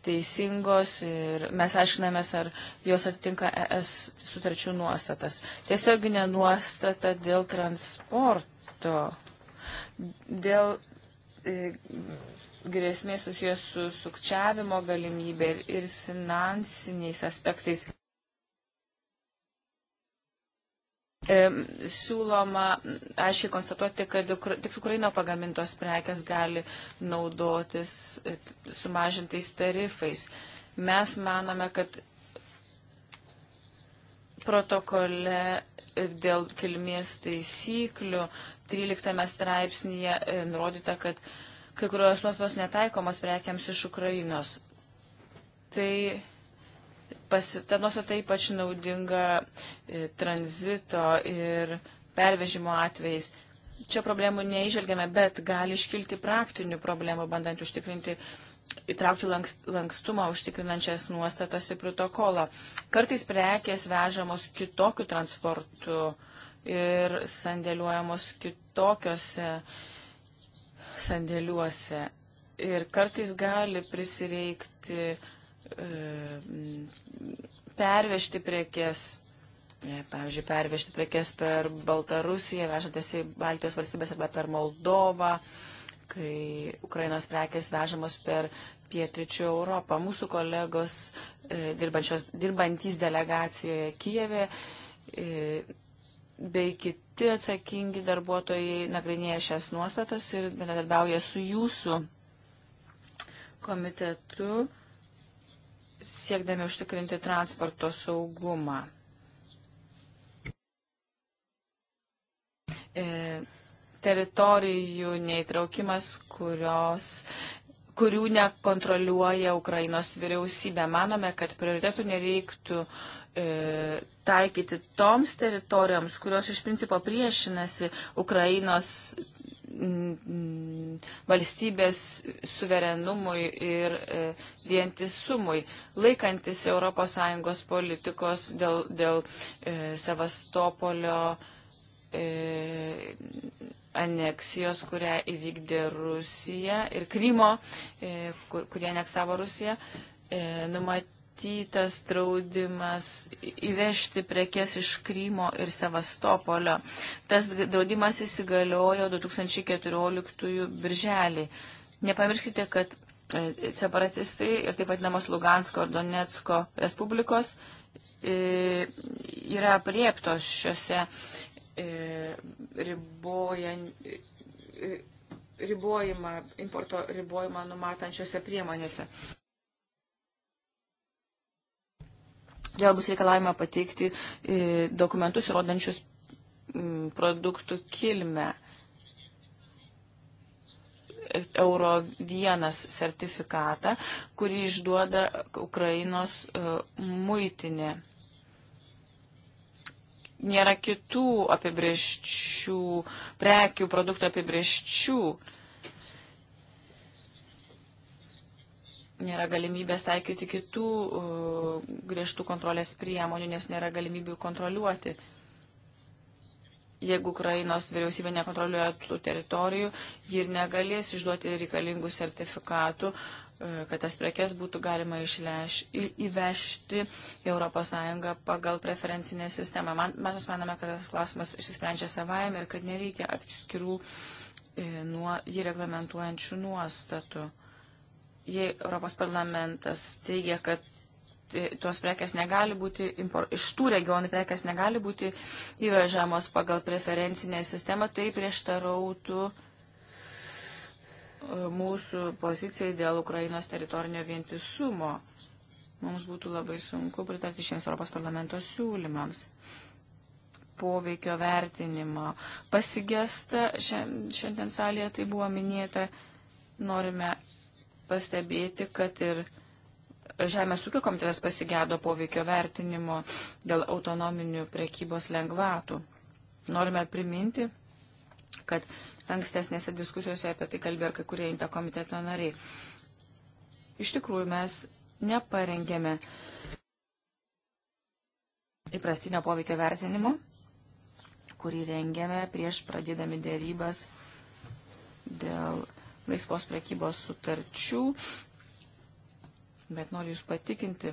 teisingos ir mes aiškinamės, ar jos atitinka ES sutarčių nuostatas. Tiesioginė nuostata dėl transporto, dėl e, grėsmės susijęs su sukčiavimo galimybė ir finansiniais aspektais. E, siūloma aiškiai konstatuoti, kad tik Ukraino pagamintos prekes gali naudotis e, sumažintais tarifais. Mes manome, kad protokole e, dėl kilmės taisyklių 13 straipsnėje nurodyta, kad kai kurios nuostatos netaikomos prekiams iš Ukrainos. Tai pasitanosi tai ypač naudinga e, tranzito ir pervežimo atvejais. Čia problemų neižvelgiame, bet gali iškilti praktinių problemų, bandant užtikrinti, įtraukti lankstumą užtikrinančias nuostatas į protokolą. Kartais prekės vežamos kitokiu transportu ir sandėliuojamos kitokiose sandėliuose. Ir kartais gali prisireikti uh, E, pervežti prekes, e, pavyzdžiui, pervežti prekes per Baltarusiją, vežantis į Baltijos valstybės arba per Moldovą, kai Ukrainos prekes vežamos per pietričių Europą. Mūsų kolegos e, dirbantys delegacijoje Kijeve bei kiti atsakingi darbuotojai nagrinėja šias nuostatas ir bendradarbiauja su jūsų komitetu siekdami užtikrinti transporto saugumą. E, teritorijų neįtraukimas, kurios kurių nekontroliuoja Ukrainos vyriausybė. Manome, kad prioritetų nereiktų e, taikyti toms teritorijoms, kurios iš principo priešinasi Ukrainos Mm, valstybės suverenumui ir e, vientisumui, laikantis ES politikos dėl, dėl e, Sevastopolio e, aneksijos, kurią įvykdė Rusija ir Krymo, kur, kurie aneksavo Rusiją, numat, numatytas draudimas įvežti prekes iš Krymo ir Sevastopolio. Tas draudimas įsigaliojo 2014 birželį. Nepamirškite, kad e, separatistai ir taip pat namos Lugansko ir Donetsko respublikos e, yra prieptos šiuose e, ribojan, ribojimą, importo ribojimą numatančiose priemonėse. vėl bus reikalavima pateikti e, dokumentus įrodančius produktų kilmę. Euro vienas sertifikatą, kurį išduoda Ukrainos e, muitinė. Nėra kitų apibrieščių, prekių, produktų apibrieščių. nėra galimybės taikyti kitų uh, griežtų kontrolės priemonių, nes nėra galimybių kontroliuoti. Jeigu Ukrainos vyriausybė nekontroliuoja tų teritorijų, ji ir negalės išduoti reikalingų sertifikatų, uh, kad tas prekes būtų galima išleš, į, įvežti į ES pagal preferencinę sistemą. Man, mes manome, kad tas klausimas išsisprendžia savaime ir kad nereikia atskirų uh, nuo jį reglamentuojančių nuostatų jei Europos parlamentas teigia, kad tos prekes negali būti, iš tų regionų prekes negali būti įvežamos pagal preferencinę sistemą, tai prieštarautų e, mūsų pozicijai dėl Ukrainos teritorinio vientisumo. Mums būtų labai sunku pritarti šiems Europos parlamento siūlymams poveikio vertinimo. Pasigesta, šiandien salėje tai buvo minėta, norime pastebėti, kad ir Žemės ūkio komitetas pasigėdo poveikio vertinimo dėl autonominių prekybos lengvatų. Norime priminti, kad ankstesnėse diskusijose apie tai kalbėjo kai kurie inta komiteto nariai. Iš tikrųjų, mes neparengėme įprastinio poveikio vertinimo, kurį rengėme prieš pradėdami dėrybas dėl laisvos prekybos sutarčių, bet noriu Jūs patikinti,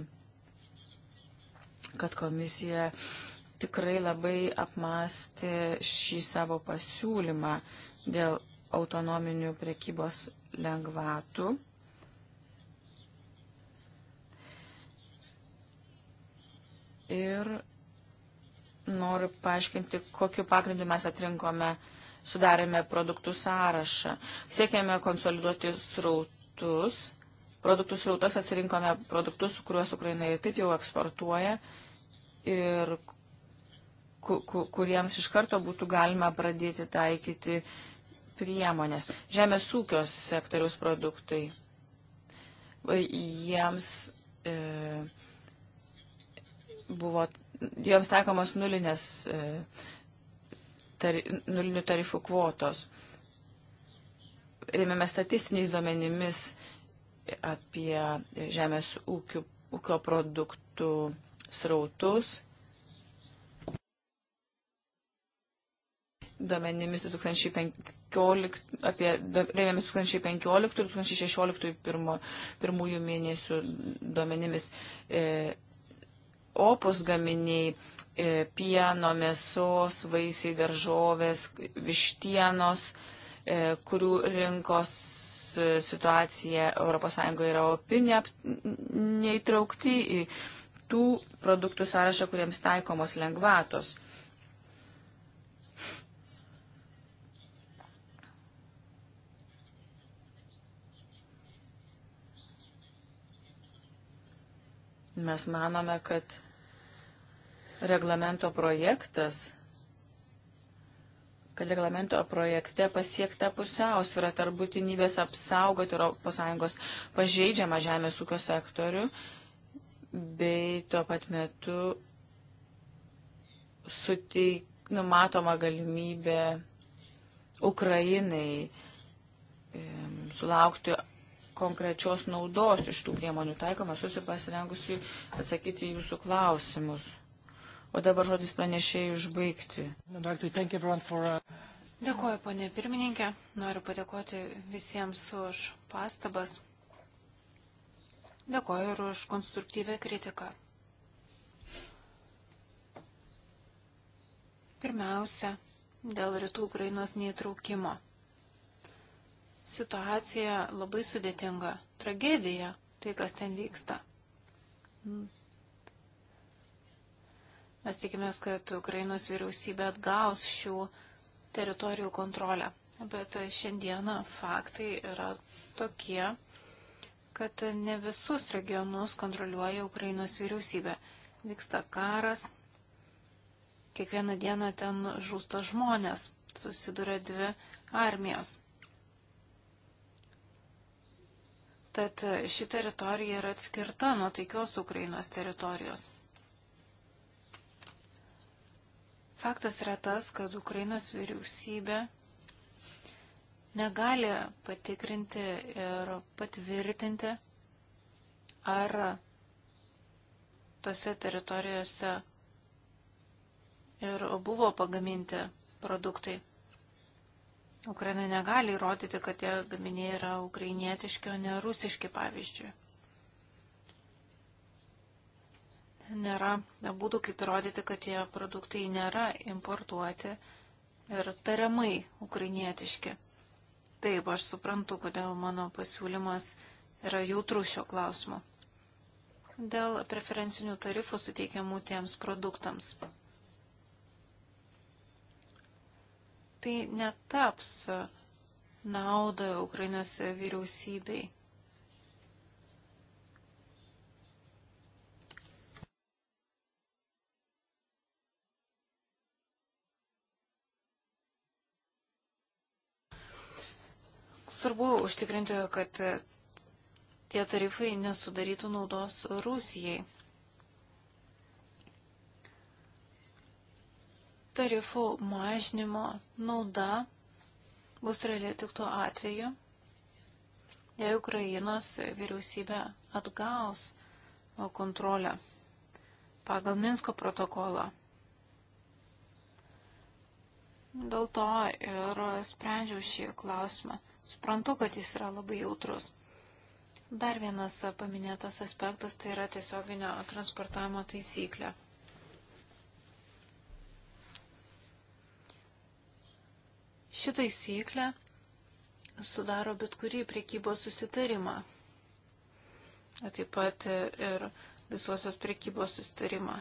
kad komisija tikrai labai apmastė šį savo pasiūlymą dėl autonominių prekybos lengvatų. Ir noriu paaiškinti, kokiu pagrindu mes atrinkome uh, sudarėme produktų sąrašą. Siekėme konsoliduoti srautus. Produktų srautas atsirinkome produktus, kuriuos Ukraina ir taip jau eksportuoja ir kuriems iš karto būtų galima pradėti taikyti priemonės. Žemės ūkio sektoriaus produktai. Jiems e, buvo, jiems taikomos nulinės e, tari, nulinių tarifų kvotos. Rėmėme statistiniais duomenimis apie žemės ūkių, ūkio produktų srautus. Duomenimis 2015, apie, rėmėmės 2015-2016 pirmo, pirmųjų mėnesių duomenimis e, opus gaminiai E, pieno, mėsos, vaisiai, daržovės, vištienos, e, kurių rinkos e, situacija ES yra opi, neįtraukti į tų produktų sąrašą, kuriems taikomos lengvatos. Mes manome, kad reglamento projektas, kad reglamento projekte pasiekta pusiausvyrą tarp būtinybės apsaugoti ES pažeidžiamą žemės ūkio sektorių bei tuo pat metu suteik, numatoma galimybė Ukrainai sulaukti konkrečios naudos iš tų priemonių taikomas, susiparengusi atsakyti jūsų klausimus. O dabar žodis pranešėjai užbaigti. Uh, Dėkuoju, ponė pirmininkė. Noriu padėkoti visiems už pastabas. Dėkuoju ir už konstruktyvę kritiką. Pirmiausia, dėl rytų Ukrainos neįtraukimo. Situacija labai sudėtinga. Tragedija, tai kas ten vyksta. Mes tikimės, kad Ukrainos vyriausybė atgaus šių teritorijų kontrolę. Bet šiandieną faktai yra tokie, kad ne visus regionus kontroliuoja Ukrainos vyriausybė. Vyksta karas, kiekvieną dieną ten žūsta žmonės, susiduria dvi armijos. Tad ši teritorija yra atskirta nuo taikios Ukrainos teritorijos. Faktas yra tas, kad Ukrainos vyriausybė negali patikrinti ir patvirtinti, ar tose teritorijose ir buvo pagaminti produktai. Ukraina negali įrodyti, kad tie gaminiai yra ukrainietiški, o ne rusiški, pavyzdžiui. nėra būdų, kaip įrodyti, kad tie produktai nėra importuoti ir tariamai ukrainietiški. Taip, aš suprantu, kodėl mano pasiūlymas yra jautrus šio klausimo. Dėl preferencinių tarifų suteikiamų tiems produktams. Tai netaps naudą Ukrainos vyriausybei. Svarbu užtikrinti, kad tie tarifai nesudarytų naudos Rusijai. Tarifų mažnimo nauda bus reali tik tuo atveju, jei Ukrainos vyriausybė atgaus kontrolę pagal Minsko protokolą. Dėl to ir sprendžiau šį klausimą. Suprantu, kad jis yra labai jautrus. Dar vienas paminėtas aspektas tai yra tiesioginio transportavimo taisyklė. Ši taisyklė sudaro bet kurį priekybos susitarimą, taip pat ir visuosios priekybos susitarimą.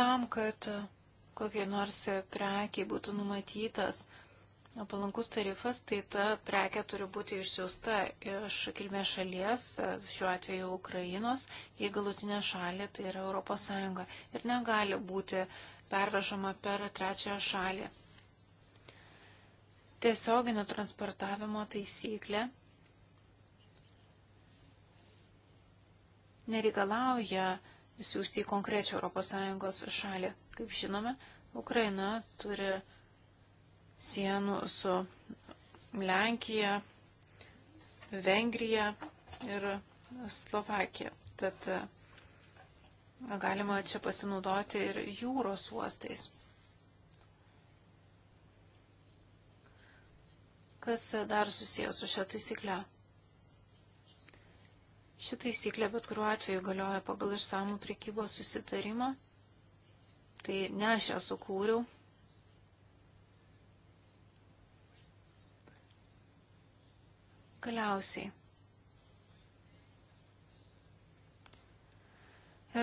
Tam, kad kokiai nors prekiai būtų numatytas palankus tarifas, tai ta prekė turi būti išsiųsta iš kilmės šalies, šiuo atveju Ukrainos, į galutinę šalį, tai yra ES, ir negali būti pervežama per trečiąją šalį. Tiesioginio transportavimo taisyklė nereikalauja siūsti į konkrečią ES šalį. Kaip žinome, Ukraina turi sienų su Lenkija, Vengrija ir Slovakija. Tad e, galima čia pasinaudoti ir jūros uostais. Kas e, dar susijęs su šia taisykle? Ši taisyklė bet kuriuo atveju galioja pagal išsamų prekybos susitarimą. Tai ne aš ją sukūriau. Galiausiai.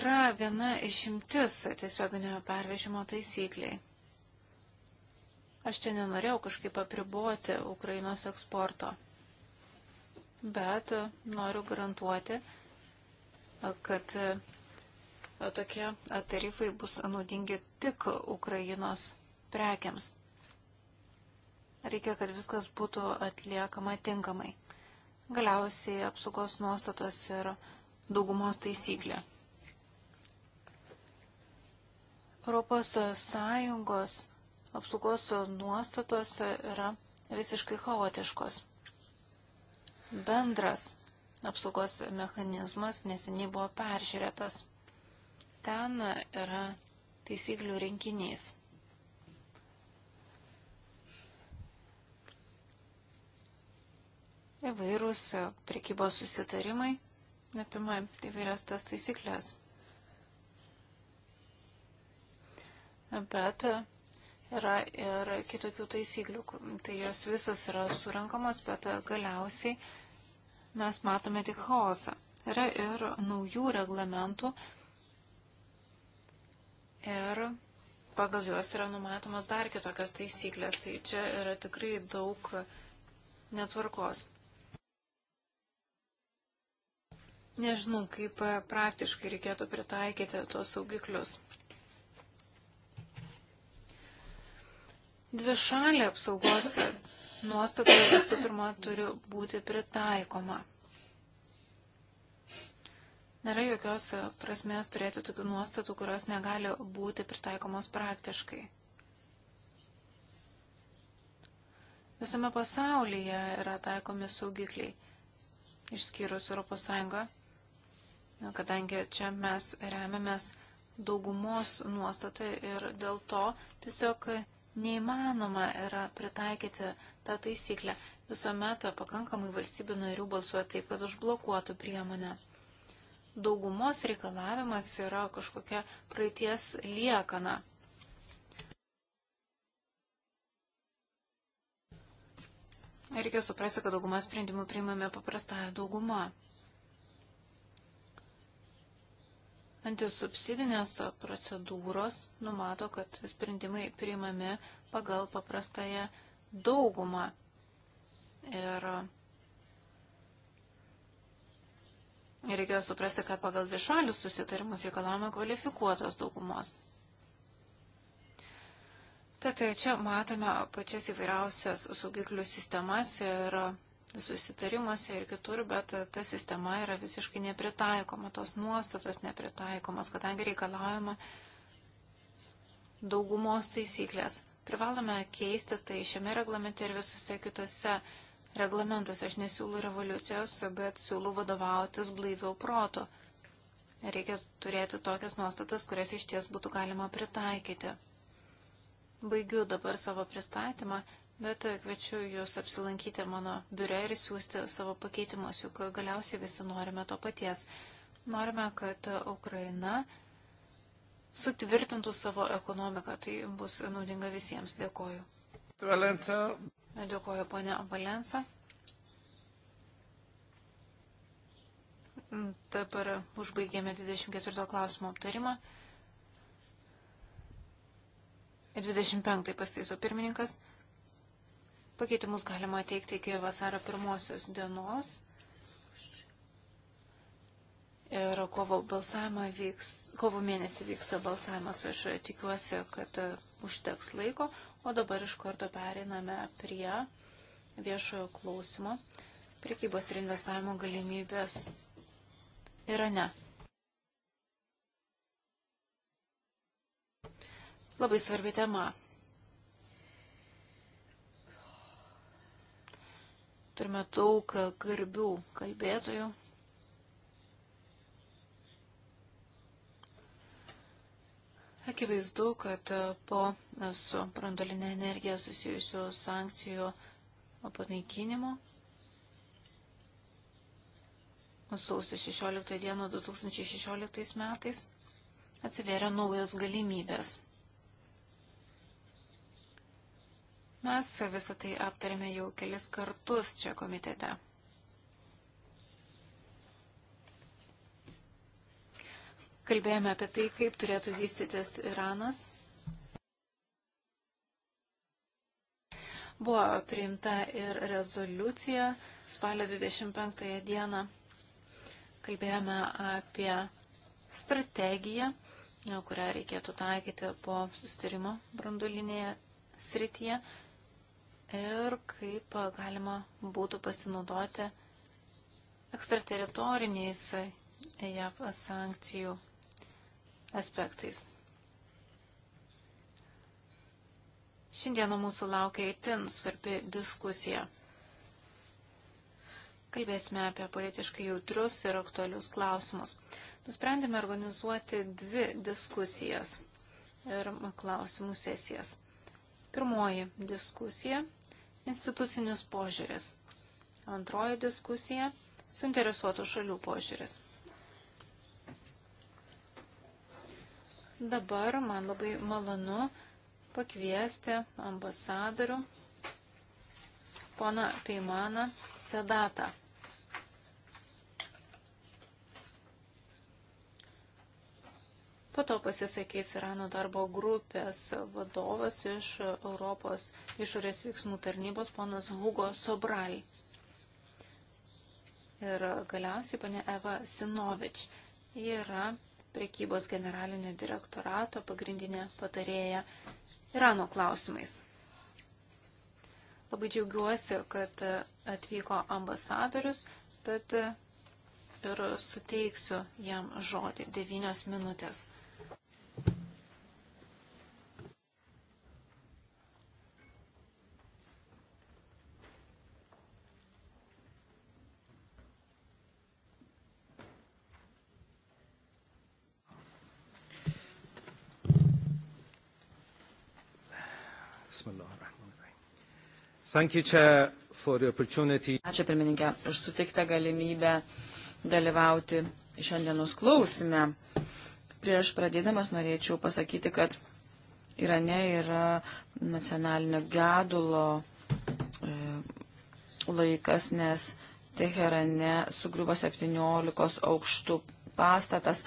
Yra viena išimtis tiesioginio pervežimo taisykliai. Aš čia nenorėjau kažkaip apriboti Ukrainos eksporto bet e, noriu garantuoti, e, kad e, tokie tarifai bus naudingi tik Ukrainos prekiams. Reikia, kad viskas būtų atliekama tinkamai. Galiausiai apsaugos nuostatos ir daugumos taisyklė. Europos Sąjungos apsaugos nuostatos yra visiškai chaotiškos. Bendras apsaugos mechanizmas neseniai buvo peržiūrėtas. Ten yra taisyklių rinkinys. Įvairūs prekybos susitarimai apima įvairias tas taisyklės. Bet yra ir kitokių taisyklių. Tai jos visos yra surinkamos, bet galiausiai mes matome tik chaosą. Yra ir naujų reglamentų ir pagal juos yra numatomas dar kitokios taisyklės. Tai čia yra tikrai daug netvarkos. Nežinau, kaip praktiškai reikėtų pritaikyti tuos saugiklius. Dvišalė apsaugos nuostata visų pirma turi būti pritaikoma. Nėra jokios prasmės turėti tokių nuostatų, kurios negali būti pritaikomos praktiškai. Visame pasaulyje yra taikomi saugikliai, išskyrus ES, kadangi čia mes remiamės daugumos nuostatą ir dėl to tiesiog neįmanoma yra pritaikyti tą taisyklę. Visuomet pakankamai valstybių narių balsuoja taip, kad užblokuotų priemonę. Daugumos reikalavimas yra kažkokia praeities liekana. Reikia suprasti, kad daugumas sprendimų priimame paprastąją daugumą. Antisubsidinės procedūros numato, kad sprendimai priimami pagal paprastąją daugumą. Ir Reikėjo suprasti, kad pagal višalius susitarimus reikalavome kvalifikuotos daugumos. Tad tai čia matome pačias įvairiausias saugiklių sistemas ir susitarimuose ir kitur, bet ta sistema yra visiškai nepritaikoma, tos nuostatos nepritaikomas, kadangi reikalaujama daugumos taisyklės. Privalome keisti tai šiame reglamente ir visose kitose reglamentuose. Aš nesiūlau revoliucijos, bet siūlau vadovautis blaiviau proto. Reikia turėti tokias nuostatas, kurias iš ties būtų galima pritaikyti. Baigiu dabar savo pristatymą Bet e, kviečiu Jūs apsilankyti mano biure ir siūsti savo pakeitimus, juk galiausiai visi norime to paties. Norime, kad Ukraina sutvirtintų savo ekonomiką. Tai bus naudinga visiems. Dėkoju. Valensa. Dėkoju, ponė Valensa. Dabar užbaigėme 24 klausimo aptarimą. 25 pastaiso pirmininkas. Pakeitimus galima teikti iki vasario pirmosios dienos. Ir kovo, vyks, kovo mėnesį vyks balsavimas, aš tikiuosi, kad e, užteks laiko, o dabar iš karto periname prie viešojo klausimo, prekybos ir investavimo galimybės Irane. Labai svarbi tema. Turime daug e, garbių kalbėtojų. Akivaizdu, kad e, po e, su brandolinė energija susijusių sankcijų panaikinimo sausio 16 dieną 2016 metais atsiveria naujos galimybės. Mes visą tai aptarėme jau kelis kartus čia komitete. Kalbėjome apie tai, kaip turėtų vystytis Iranas. Buvo priimta ir rezoliucija spalio 25 dieną. Kalbėjome apie strategiją, kurią reikėtų taikyti po sustarimo brandulinėje srityje ir kaip galima būtų pasinaudoti ekstrateritoriniais JAV sankcijų aspektais. Šiandieną mūsų laukia įtin svarbi diskusija. Kalbėsime apie politiškai jautrius ir aktualius klausimus. Nusprendėme organizuoti dvi diskusijas ir klausimų sesijas. Pirmoji diskusija institucinis požiūris. Antroji diskusija - suinteresuotų šalių požiūris. Dabar man labai malonu pakviesti ambasadorių poną Peimaną Sedatą. Po to pasisakys Irano darbo grupės vadovas iš Europos išorės veiksmų tarnybos ponas Hugo Sobral. Ir galiausiai ponė Eva Sinovič. Ji yra prekybos generalinio direktorato pagrindinė patarėja Irano klausimais. Labai džiaugiuosi, kad atvyko ambasadorius, tad ir suteiksiu jam žodį devynios minutės. Ačiū pirmininkė už sutiktą galimybę dalyvauti šiandienos klausime. Prieš pradėdamas norėčiau pasakyti, kad Irane yra nacionalinio gedulo e, laikas, nes Teherane sugriuvo 17 aukštų pastatas,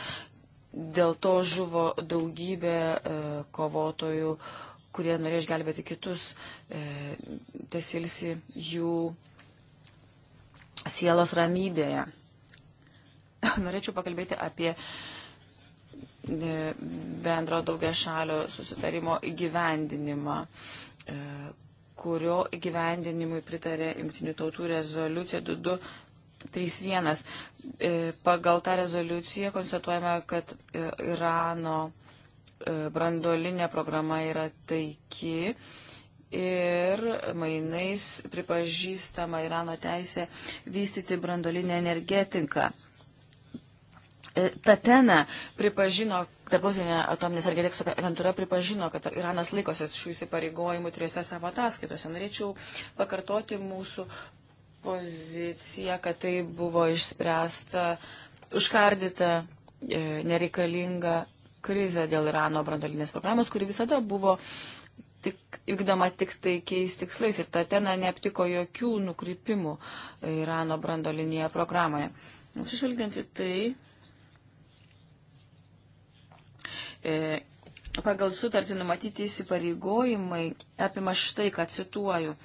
dėl to žuvo daugybė e, kovotojų kurie norėjo išgelbėti kitus, e, tesilsi jų sielos ramybėje. Norėčiau pakalbėti apie e, bendro daugia šalio susitarimo įgyvendinimą, e, kurio įgyvendinimui pritarė Junktinių tautų rezoliucija 2231. E, pagal tą rezoliuciją konstatuojame, kad Irano E, brandolinė programa yra taiki ir mainais pripažįstama Irano teisė vystyti brandolinę energetiką. E, Tatena pripažino, tarptautinė atominės energetikos agentūra pripažino, kad Iranas laikosi šių įsipareigojimų trijose savo ataskaitose. Norėčiau pakartoti mūsų poziciją, kad tai buvo išspręsta, užkardyta e, nereikalinga krizę dėl Irano brandolinės programos, kuri visada buvo tik, vykdoma tik taikiais tikslais ir Tatena neaptiko jokių nukrypimų Irano brandolinėje programoje. Atsižvelgiant į tai, e, pagal sutartį numatyti įsipareigojimai apima štai, kad cituoju,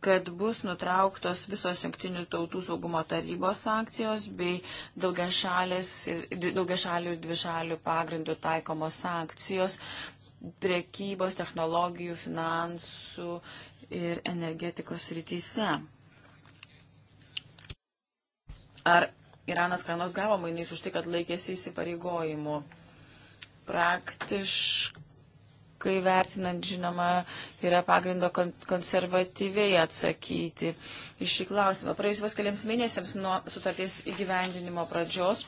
kad bus nutrauktos visos jungtinių tautų saugumo tarybos sankcijos bei daugiašalių ir dvišalių pagrindų taikomos sankcijos priekybos, technologijų, finansų ir energetikos rytise. Ar Iranas ką nors gavo mainais už tai, kad laikėsi įsipareigojimų? Praktiškai kai vertinant, žinoma, yra pagrindo konservatyviai atsakyti iš šį klausimą. Praėjus vos keliams mėnesiams nuo sutarties įgyvendinimo pradžios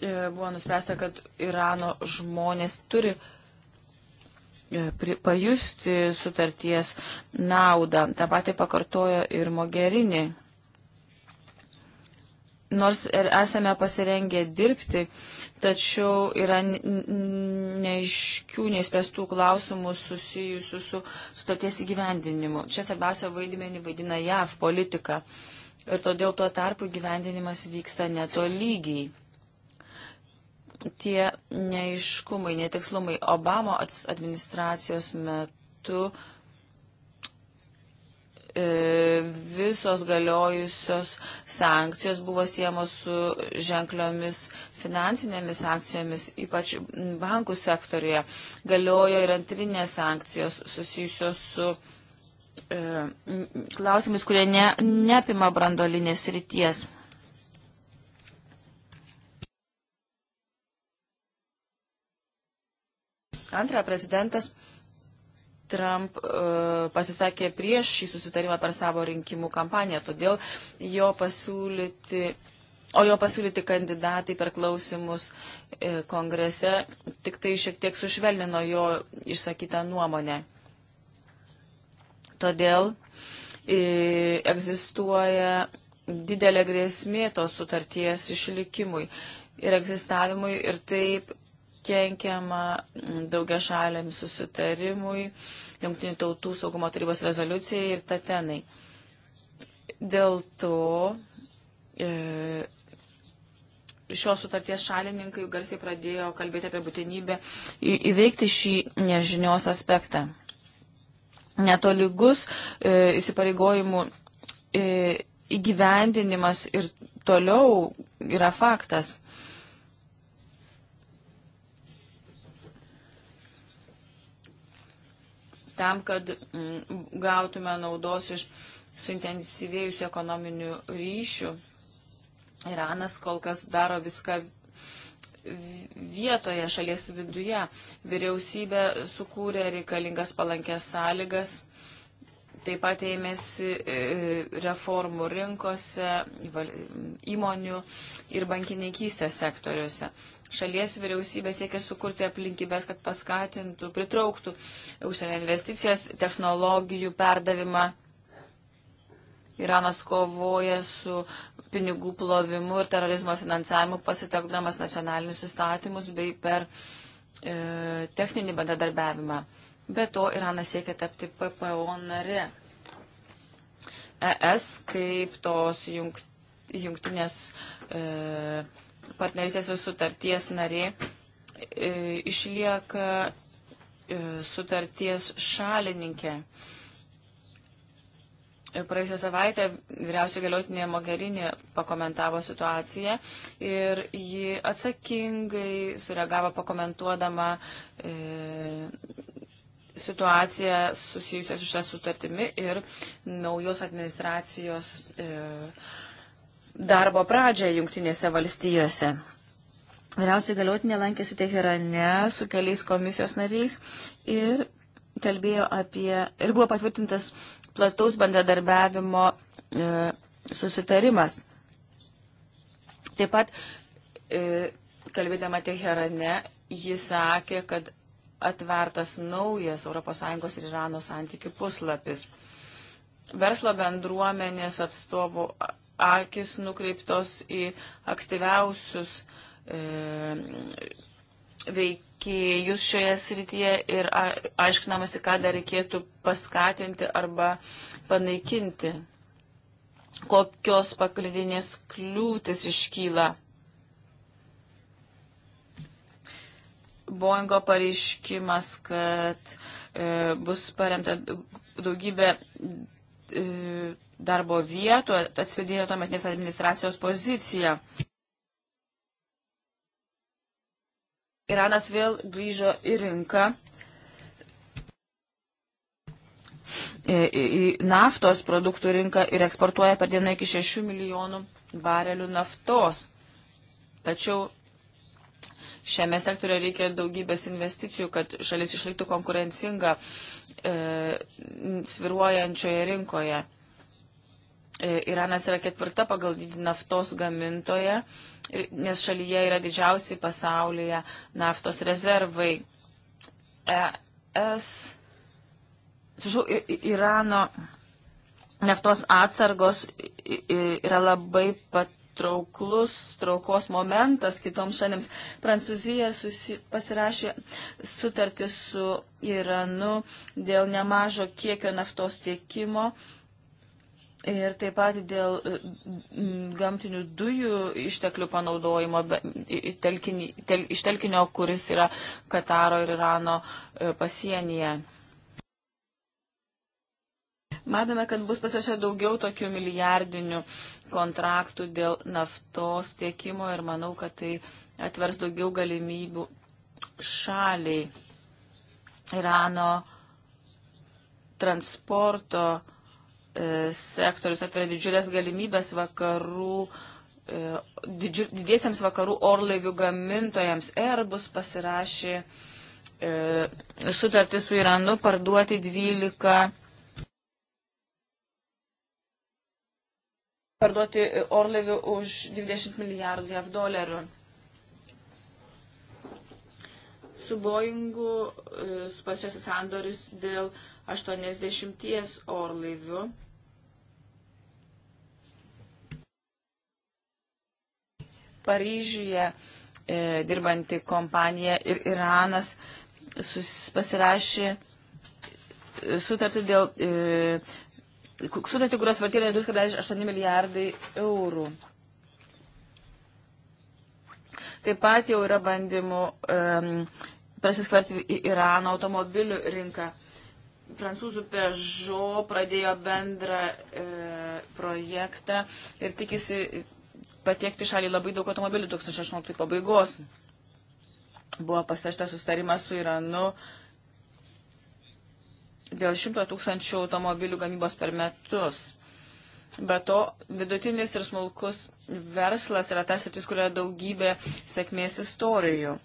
e, buvo nuspręsta, kad Irano žmonės turi e, pajusti sutarties naudą. Ta pati pakartojo ir Mogerini nors ir esame pasirengę dirbti, tačiau yra neiškių, neįspręstų klausimų susijusių su stoties įgyvendinimu. Čia svarbiausia vaidmenį vaidina JAV politika ir todėl tuo tarpu gyvendinimas vyksta netolygiai. Tie neiškumai, netikslumai Obamo administracijos metu E, visos galiojusios sankcijos buvo siemos su ženkliomis finansinėmis sankcijomis, ypač bankų sektoriuje. Galiojo ir antrinės sankcijos susijusios su e, klausimais, kurie ne, neapima brandolinės ryties. Antra, prezidentas Trump uh, pasisakė prieš šį susitarimą per savo rinkimų kampaniją, todėl jo pasiūlyti, o jo pasiūlyti kandidatai per klausimus uh, kongrese tik tai šiek tiek sušvelnino jo išsakytą nuomonę. Todėl uh, egzistuoja didelė grėsmė tos sutarties išlikimui ir egzistavimui ir taip kenkiama daugia šalėm susitarimui, jungtinių tautų saugumo tarybos rezoliucijai ir tatenai. Dėl to e, šios sutarties šalininkai garsiai pradėjo kalbėti apie būtinybę įveikti šį nežinios aspektą. Netoligus e, įsipareigojimų e, įgyvendinimas ir toliau yra faktas. E, tam, kad mm, gautume naudos iš suintensyvėjusių ekonominių ryšių. Iranas kol kas daro viską vietoje šalies viduje. Vyriausybė sukūrė reikalingas palankės sąlygas, taip pat ėmėsi e, reformų rinkose, įmonių ir bankininkystės sektoriuose. Šalies vyriausybė siekia sukurti aplinkybės, kad paskatintų, pritrauktų užsienio investicijas, technologijų perdavimą. Iranas kovoja su pinigų plovimu ir terorizmo finansavimu, pasitekdamas nacionalinius įstatymus bei per e, techninį bendradarbiavimą. Be to, Iranas siekia tapti PPO nare. ES kaip tos jungt, jungtinės e, partnerysės sutarties narė e, išlieka e, sutarties šalininkė. E, praėjusią savaitę vyriausio galiotinė Mogherini pakomentavo situaciją ir ji atsakingai sureagavo pakomentuodama e, situaciją susijusią su šią sutartimi ir naujos administracijos e, darbo pradžią Junktinėse valstijose. Vyriausiai galiotinė lankėsi Teherane su keliais komisijos nariais ir kalbėjo apie, ir buvo patvirtintas plataus bendradarbiavimo e, susitarimas. Taip pat, e, kalbėdama Teherane, jis sakė, kad atvertas naujas ES ir Irano santykių puslapis. Verslo bendruomenės atstovų akis nukreiptos į aktyviausius e, veikėjus šioje srityje ir a, aiškinamasi, ką dar reikėtų paskatinti arba panaikinti, kokios pagrindinės kliūtis iškyla. Boingo pareiškimas, kad e, bus paremta daugybė e, darbo vietų atspindėjo tuometinės administracijos poziciją. Iranas vėl grįžo į rinką, į, į naftos produktų rinką ir eksportuoja per dieną iki 6 milijonų barelių naftos. Tačiau šiame sektorio reikia daugybės investicijų, kad šalis išliktų konkurencingą e, sviruojančioje rinkoje. E, Iranas yra ketvirta pagal dydį naftos gamintoje, nes šalyje yra didžiausiai pasaulyje naftos rezervai. E, ES, atsiprašau, Irano naftos atsargos yra labai patrauklus traukos momentas kitoms šalims. Prancūzija susi, pasirašė sutartį su Iranu dėl nemažo kiekio naftos tiekimo Ir taip pat dėl e, gamtinių dujų išteklių panaudojimo telkinį, tel, iš telkinio, kuris yra Kataro ir Irano e, pasienyje. Matome, kad bus pasirašę daugiau tokių milijardinių kontraktų dėl naftos tiekimo ir manau, kad tai atvers daugiau galimybių šaliai Irano transporto E, sektorius atveria didžiulės galimybės vakarų, e, didžiu, didiesiams vakarų orlaivių gamintojams. Airbus pasirašė e, sutartį su Iranu parduoti 12. parduoti orlaivių už 20 milijardų jav dolerių. Su Boeingu e, pasiasi sandoris dėl 80 orlaivių. Paryžiuje e, dirbanti kompanija ir Iranas sus, pasirašė e, sutartį dėl e, sutartį, kurios vertė 2,8 milijardai eurų. Taip pat jau yra bandymų um, prasiskverti į Irano automobilių rinką prancūzų Pežo pradėjo bendrą e, projektą ir tikisi patiekti šaliai labai daug automobilių 2016 pabaigos. Buvo pasirašytas sustarimas su Iranu dėl 100 tūkstančių automobilių gamybos per metus. Be to, vidutinis ir smulkus verslas yra tas sritis, kurioje daugybė sėkmės istorijų.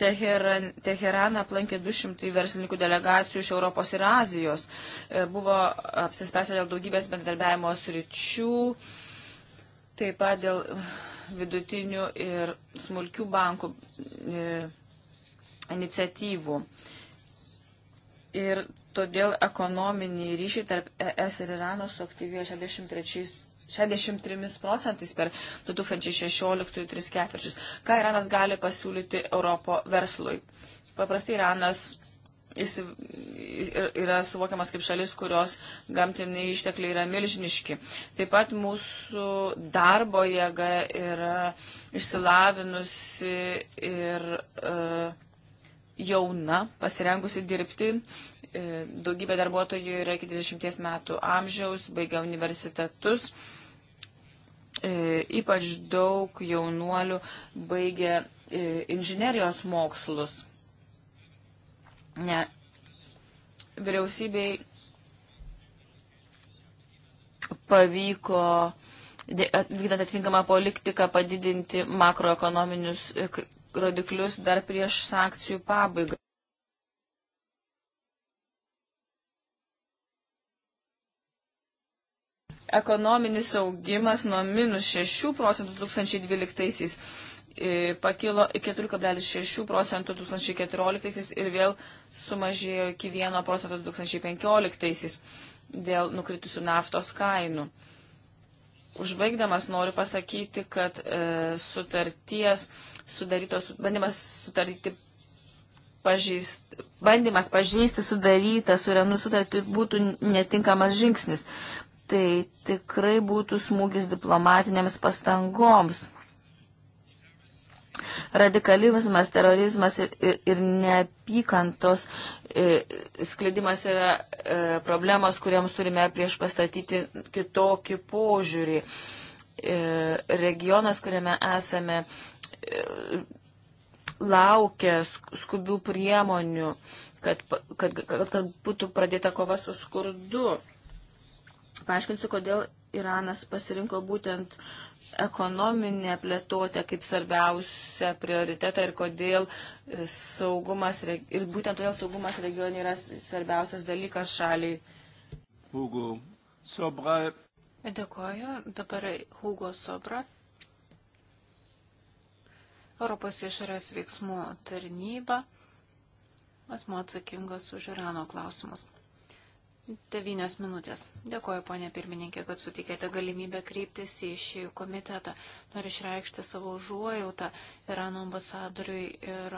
Teheran, Teheraną aplankė 200 verslininkų delegacijų iš Europos ir Azijos. E, buvo apsispręsta dėl daugybės bendradarbiavimo sričių, taip pat dėl vidutinių ir smulkių bankų e, iniciatyvų. Ir todėl ekonominiai ryšiai tarp ES ir Irano suaktyvėjo 63 63 procentais per 2016-3 ketvirčius. Ką Iranas gali pasiūlyti Europo verslui? Paprastai Iranas jis yra suvokiamas kaip šalis, kurios gamtiniai ištekliai yra milžiniški. Taip pat mūsų darbo jėga yra išsilavinusi ir uh, jauna, pasirengusi dirbti. E, daugybė darbuotojų yra iki 30 metų amžiaus, baigia universitetus. Uh, E, ypač daug jaunuolių baigia e, inžinerijos mokslus. Ne. Vyriausybei pavyko vykdant atitinkamą politiką padidinti makroekonominius e, rodiklius dar prieš sankcijų pabaigą. ekonominis augimas nuo minus 6 procentų 2012-aisiais e, pakilo iki 4,6 procentų 2014-aisiais ir vėl sumažėjo iki 1 procento 2015-aisiais dėl nukritusių naftos kainų. Užbaigdamas noriu pasakyti, kad e, sutarties sudarytos, bandymas sudaryti pažįst, bandymas pažįsti sudarytą su Renu sutartį būtų netinkamas žingsnis tai tikrai būtų smūgis diplomatinėms pastangoms. Radikalizmas, terorizmas ir, ir, ir neapykantos e, sklidimas yra e, problemos, kuriems turime prieš pastatyti kitokį požiūrį. E, regionas, kuriame esame, e, laukia skubių priemonių, kad, kad, kad, kad būtų pradėta kova su skurdu. E, Paaiškinsiu, kodėl Iranas pasirinko būtent ekonominę plėtotę kaip svarbiausią prioritetą ir kodėl saugumas, ir būtent todėl saugumas regione yra svarbiausias dalykas šaliai. Hugo Sobra. Dėkoju. Dabar Hugo Sobra. Europos išorės veiksmų tarnyba. Asmo atsakingas už Irano klausimus. Devynios minutės. Dėkoju, ponė pirmininkė, kad sutikėte galimybę kreiptis į šį komitetą. Noriu išreikšti savo užuojautą Irano ambasadoriui ir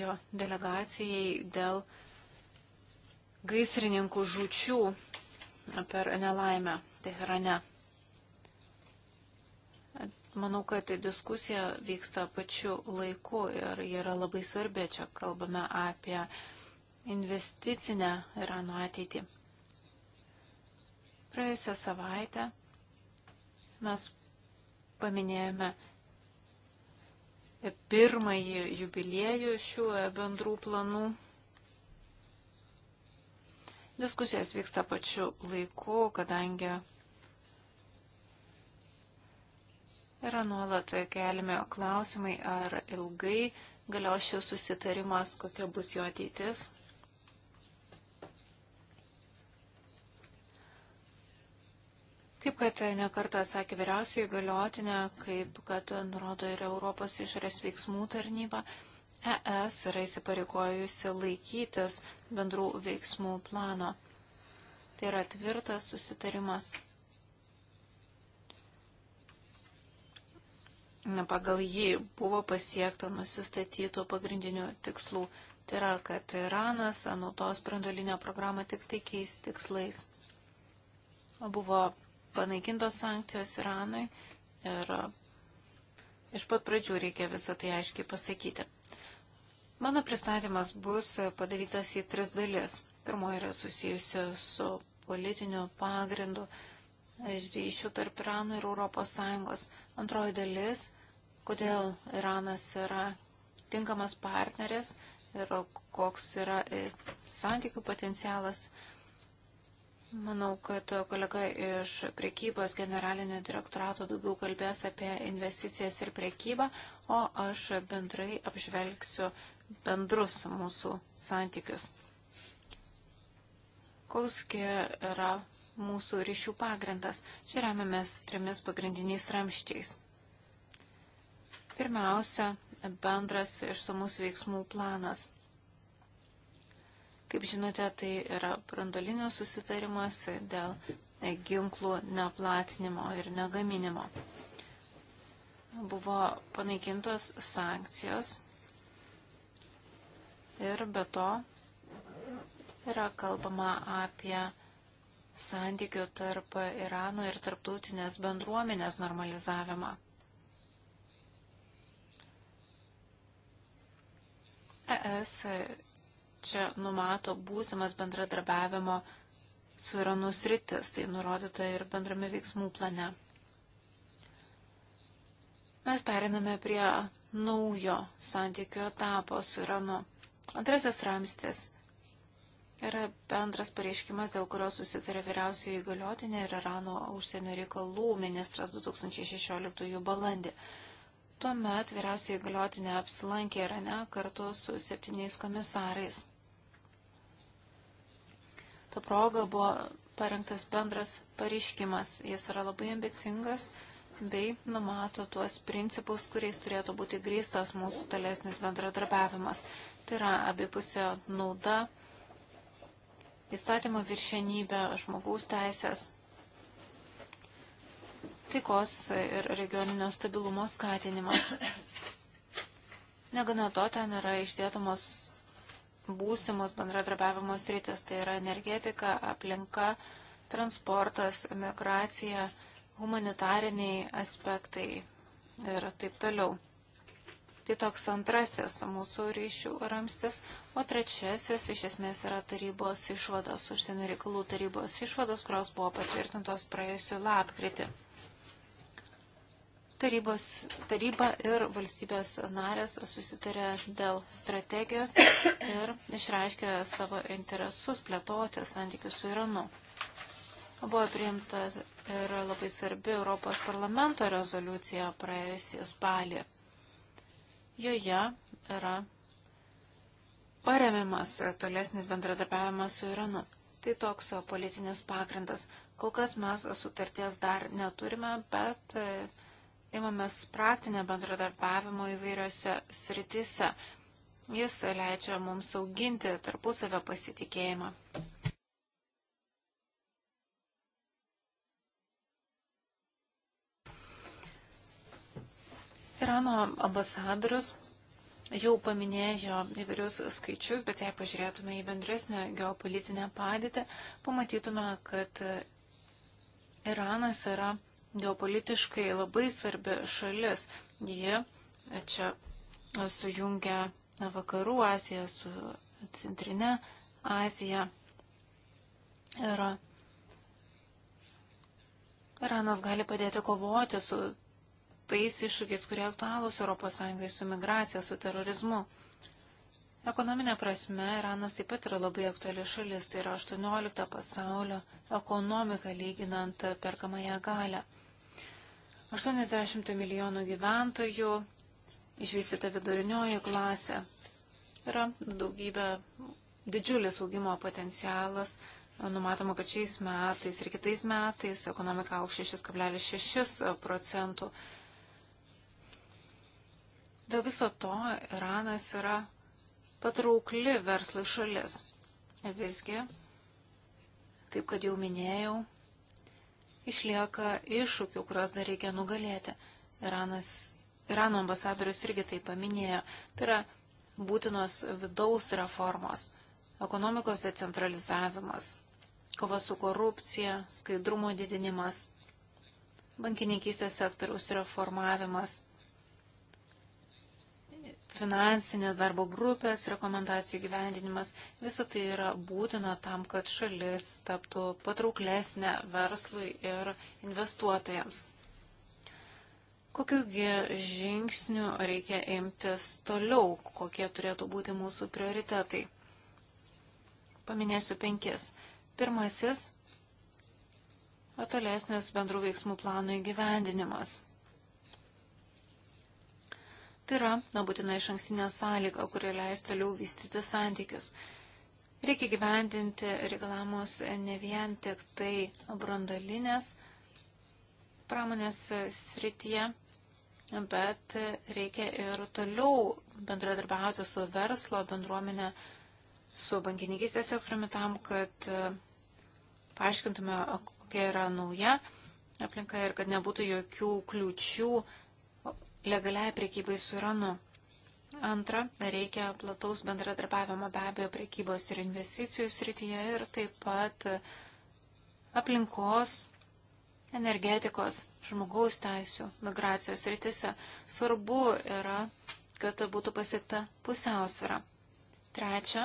jo delegacijai dėl gaisrininkų žučių per nelaimę Teherane. Manau, kad diskusija vyksta pačiu laiku ir yra labai svarbi. Čia kalbame apie investicinę Irano ateitį. Praėjusią savaitę mes paminėjome pirmąjį jubiliejų šių bendrų planų. Diskusijos vyksta pačiu laiku, kadangi yra nuolat keliami klausimai, ar ilgai galios šis susitarimas, kokia bus jo ateitis. Kaip kad nekartą sakė vyriausiai galiotinė, kaip kad nurodo ir Europos išorės veiksmų tarnyba, ES yra įsipareigojusi laikytis bendrų veiksmų plano. Tai yra tvirtas susitarimas. Pagal jį buvo pasiekta nusistatytų pagrindinių tikslų. Tai yra, kad Iranas naudos brandolinę programą tik taikiais tikslais. Buvo panaikintos sankcijos Iranui ir iš pat pradžių reikia visą tai aiškiai pasakyti. Mano pristatymas bus padarytas į tris dalis. Pirmoji yra susijusi su politiniu pagrindu ryšių tarp Irano ir Europos Sąjungos. Antroji dalis, kodėl Iranas yra tinkamas partneris ir koks yra santykių potencialas Manau, kad kolega iš priekybos generalinio direktorato daugiau kalbės apie investicijas ir priekybą, o aš bendrai apžvelgsiu bendrus mūsų santykius. Kauski yra mūsų ryšių pagrindas. Čia remiamės trimis pagrindiniais ramščiais. Pirmiausia, bendras išsamus veiksmų planas. Kaip žinote, tai yra brandolinis susitarimas dėl ginklų neplatinimo ir negaminimo. Buvo panaikintos sankcijos ir be to yra kalbama apie santykių tarp Irano ir tarptautinės bendruomenės normalizavimą. ES čia numato būsimas bendradarbiavimo su Iranu sritis, tai nurodyta ir bendrame veiksmų plane. Mes periname prie naujo santykių etapo su Iranu. Antrasis ramstis yra bendras pareiškimas, dėl kurio susitarė vyriausioji įgaliotinė ir Irano užsienio reikalų ministras 2016 balandį. Tuomet vyriausiai galiotinė apsilankė Irane kartu su septyniais komisarais to proga buvo parengtas bendras pareiškimas. Jis yra labai ambicingas bei numato tuos principus, kuriais turėtų būti grįstas mūsų tolesnis bendradarbiavimas. Tai yra abipusė nauda, įstatymo viršenybė, žmogaus teisės, taikos ir regioninio stabilumo skatinimas. Negana to, ten yra išdėtomos būsimos bendradarbiavimo sritis, tai yra energetika, aplinka, transportas, migracija, humanitariniai aspektai ir taip toliau. Tai toks antrasis mūsų ryšių ramstis, o trečiasis iš esmės yra tarybos išvados, užsienio reikalų tarybos išvados, kurios buvo patvirtintos praėjusiu lapkritį. Tarybos, taryba ir valstybės narės susitarė dėl strategijos ir išreiškė savo interesus plėtoti santykius su Iranu. Buvo priimta ir labai svarbi Europos parlamento rezoliucija praėjusį spalį. Joje yra paremiamas tolesnis bendradarbiavimas su Iranu. Tai toks politinis pagrindas. Kol kas mes sutarties dar neturime, bet imamės praktinio bendradarbiavimo įvairiose sritise. Jis leidžia mums auginti tarpusavę pasitikėjimą. Irano ambasadorius jau paminėjo įvairius skaičius, bet jei pažiūrėtume į bendresnę geopolitinę padėtį, pamatytume, kad Iranas yra geopolitiškai labai svarbi šalis. Ji čia sujungia vakarų Aziją su centrinė Azija. Ir Iranas gali padėti kovoti su tais iššūkiais, kurie aktualūs ES, su migracija, su terorizmu. Ekonominė prasme, Iranas taip pat yra labai aktuali šalis, tai yra 18 pasaulio ekonomika lyginant perkamąją galę. 80 milijonų gyventojų, išvystyta vidurinioji klasė. Yra daugybė didžiulis augimo potencialas. Numatoma, kad šiais metais ir kitais metais ekonomika auks 6,6 procentų. Dėl viso to Iranas yra patraukli verslui šalis. Visgi, kaip kad jau minėjau, išlieka iššūkių, kuriuos dar reikia nugalėti. Iranas, Irano ambasadorius irgi tai paminėjo. Tai yra būtinos vidaus reformos, ekonomikos decentralizavimas, kova su korupcija, skaidrumo didinimas, bankininkystės sektoriaus reformavimas finansinės darbo grupės rekomendacijų gyvendinimas, visa tai yra būtina tam, kad šalis taptų patrauklesnė verslui ir investuotojams. Kokiugi žingsnių reikia imtis toliau, kokie turėtų būti mūsų prioritetai? Paminėsiu penkis. Pirmasis - tolesnės bendrų veiksmų plano įgyvendinimas. Tai yra, na, būtina iš ankstinė sąlyga, kuri leis toliau vystyti santykius. Reikia gyvendinti reikalamus ne vien tik tai brandolinės pramonės srityje, bet reikia ir toliau bendradarbiauti su verslo bendruomenė, su bankininkystės sektoriumi tam, kad e, paaiškintume, kokia yra nauja aplinka ir kad nebūtų jokių kliučių legaliai priekybai su Iranu. Antra, reikia plataus bendradarbiavimo be abejo priekybos ir investicijų srityje ir taip pat aplinkos, energetikos, žmogaus teisų, migracijos srityse. Svarbu yra, kad būtų pasiekta pusiausvara. Trečia,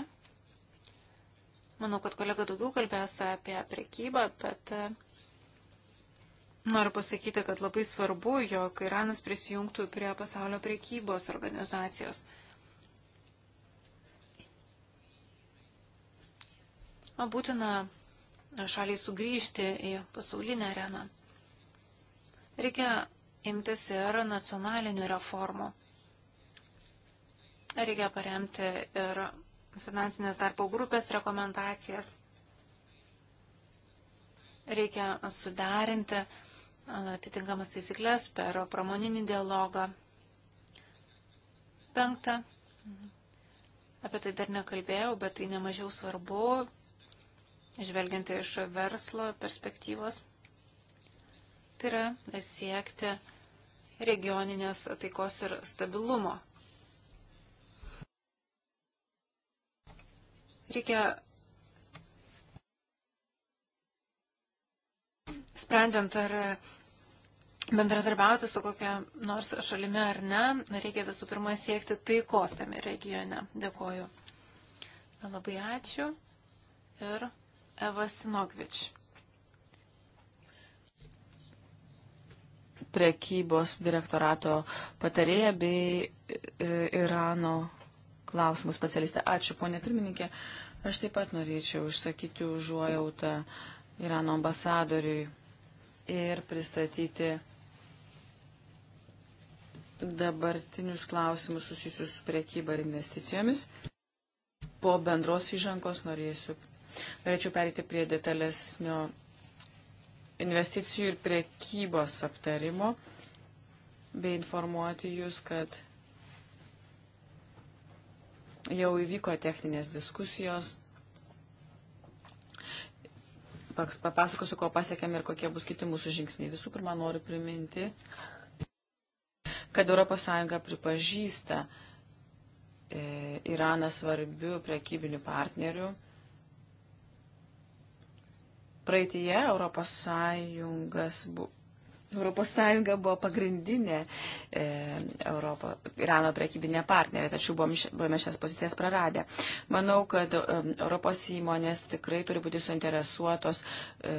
manau, kad kolega daugiau kalbės apie priekybą, bet Noriu pasakyti, kad labai svarbu, jog Iranas prisijungtų prie pasaulio priekybos organizacijos. O būtina šaliai sugrįžti į pasaulinę areną. Reikia imtis ir nacionalinių reformų. Reikia paremti ir finansinės darbo grupės rekomendacijas. Reikia suderinti atitinkamas taisyklės per pramoninį dialogą. Penkta, apie tai dar nekalbėjau, bet tai nemažiau svarbu, žvelgiant iš verslo perspektyvos, tai yra siekti regioninės taikos ir stabilumo. Reikia sprendžiant ar bendradarbiauti su kokia nors šalimi ar ne, reikia visų pirma siekti taikos tame regione. Dėkoju. Labai ačiū. Ir Eva Sinogvič. Prekybos direktorato patarėja bei e, Irano klausimų specialistė. Ačiū, ponė pirmininkė. Aš taip pat norėčiau išsakyti užuojautą. Uh, Irano ambasadoriui ir pristatyti dabartinius klausimus susijusius su priekyba ir investicijomis. Po bendros įžankos norėsiu, norėčiau perėti prie detalesnio investicijų ir priekybos aptarimo bei informuoti jūs, kad jau įvyko techninės diskusijos papasakosiu, ko pasiekėme ir kokie bus kiti mūsų žingsniai. Visų pirma, noriu priminti, kad ES pripažįsta e, Iraną svarbių prekybinių partnerių. Praeitie ES ES buvo pagrindinė e, Europo, Irano prekybinė partnerė, tačiau buvome šias pozicijas praradę. Manau, kad e, Europos įmonės tikrai turi būti suinteresuotos e,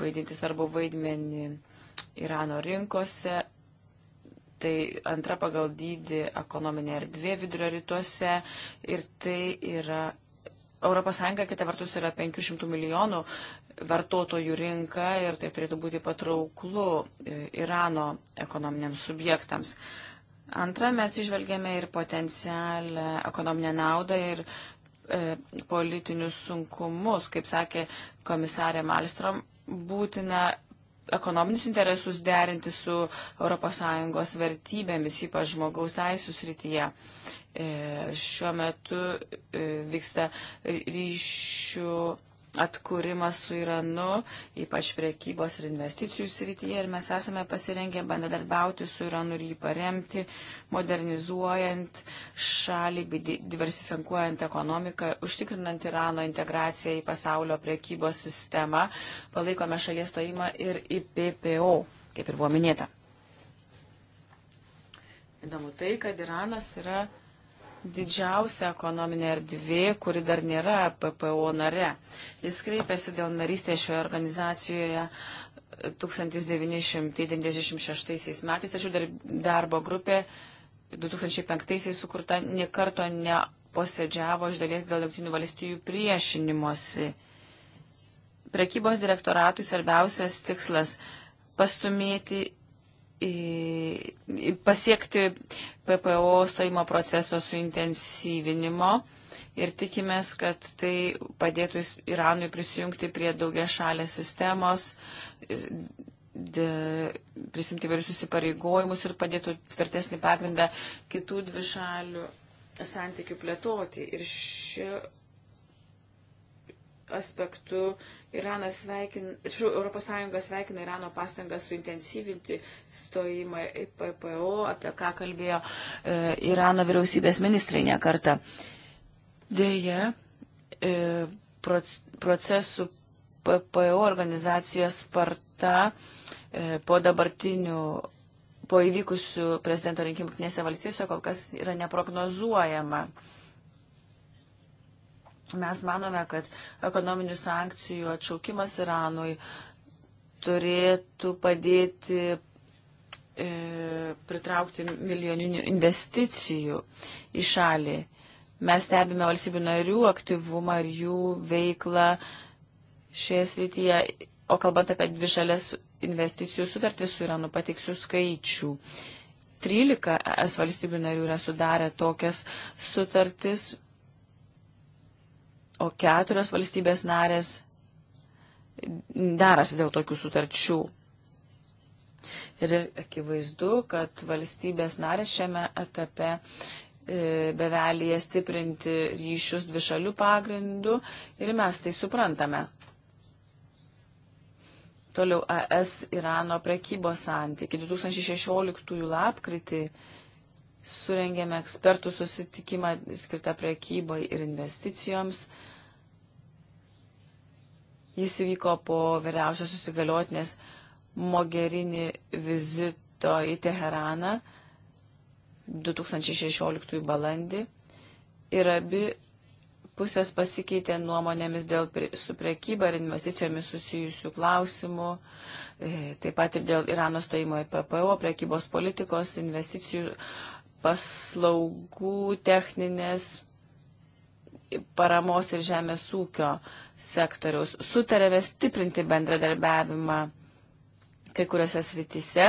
vaidinti svarbu vaidmenį Irano rinkose. Tai antra pagal dydį ekonominė erdvė vidurio rytuose ir tai yra Europos Sąjunga, kita vertus, yra 500 milijonų vartotojų rinką ir tai turėtų būti patrauklu e, Irano ekonominiams subjektams. Antra, mes išvelgėme ir potencialę ekonominę naudą ir e, politinius sunkumus. Kaip sakė komisarė Malstrom, būtina ekonominius interesus derinti su ES vertybėmis, ypač žmogaus teisų srityje. E, šiuo metu e, vyksta ryšių atkūrimas su Iranu, ypač priekybos ir investicijų srityje. Ir mes esame pasirengę bendradarbiauti su Iranu ir jį paremti, modernizuojant šalį, diversifikuojant ekonomiką, užtikrinant Irano integraciją į pasaulio priekybos sistemą. Palaikome šalies stojimą ir į PPO, kaip ir buvo minėta. Įdomu tai, kad Iranas yra didžiausia ekonominė erdvė, kuri dar nėra PPO nare. Jis kreipėsi dėl narystės šioje organizacijoje 1996 e, metais, tačiau darbo grupė 2005 sukurta niekarto neposėdžiavo iš dalies dėl jungtinių valstijų priešinimosi. Prekybos direktoratui svarbiausias tikslas pastumėti pasiekti PPO stojimo proceso suintensyvinimo ir tikimės, kad tai padėtų Iranui prisijungti prie daugia šalės sistemos, prisimti vairius susipareigojimus ir padėtų tvirtesnį pagrindą kitų dvišalių santykių plėtoti. Ir ši aspektu Iranas sveikina, Europos Sąjunga sveikina Irano pastangas suintensyvinti stojimą į PPO, apie ką kalbėjo e, Irano vyriausybės ministrai nekarta. Deja, e, procesų PPO organizacijos sparta e, po dabartinių po įvykusių prezidento rinkimų Knėse valstijose kol kas yra neprognozuojama. E, Mes manome, kad ekonominių sankcijų atšaukimas Iranui turėtų padėti e, pritraukti milijoninių investicijų į šalį. Mes stebime valstybių narių aktyvumą ir jų veiklą šioje srityje. O kalbant apie dvi šalės investicijų sutartį su Iranu, pateiksiu skaičių. 13 es valstybių narių yra sudarę tokias sutartis o keturios valstybės narės derasi dėl tokių sutarčių. Ir akivaizdu, kad valstybės narės šiame etape e, bevelyje stiprinti ryšius dvišalių pagrindų ir mes tai suprantame. Toliau AS Irano prekybos santykiai. 2016 lapkritį surengėme ekspertų susitikimą skirtą prekybai ir investicijoms. Jis vyko po vyriausios susigaliotinės Mogerini vizito į Teheraną 2016 balandį ir abi pusės pasikeitė nuomonėmis dėl su prekyba ir investicijomis susijusių klausimų, e, taip pat ir dėl Irano stojimo į PPO, prekybos politikos, investicijų paslaugų, techninės paramos ir žemės ūkio sektoriaus. Sutarėme stiprinti bendradarbiavimą kai kuriuose srityse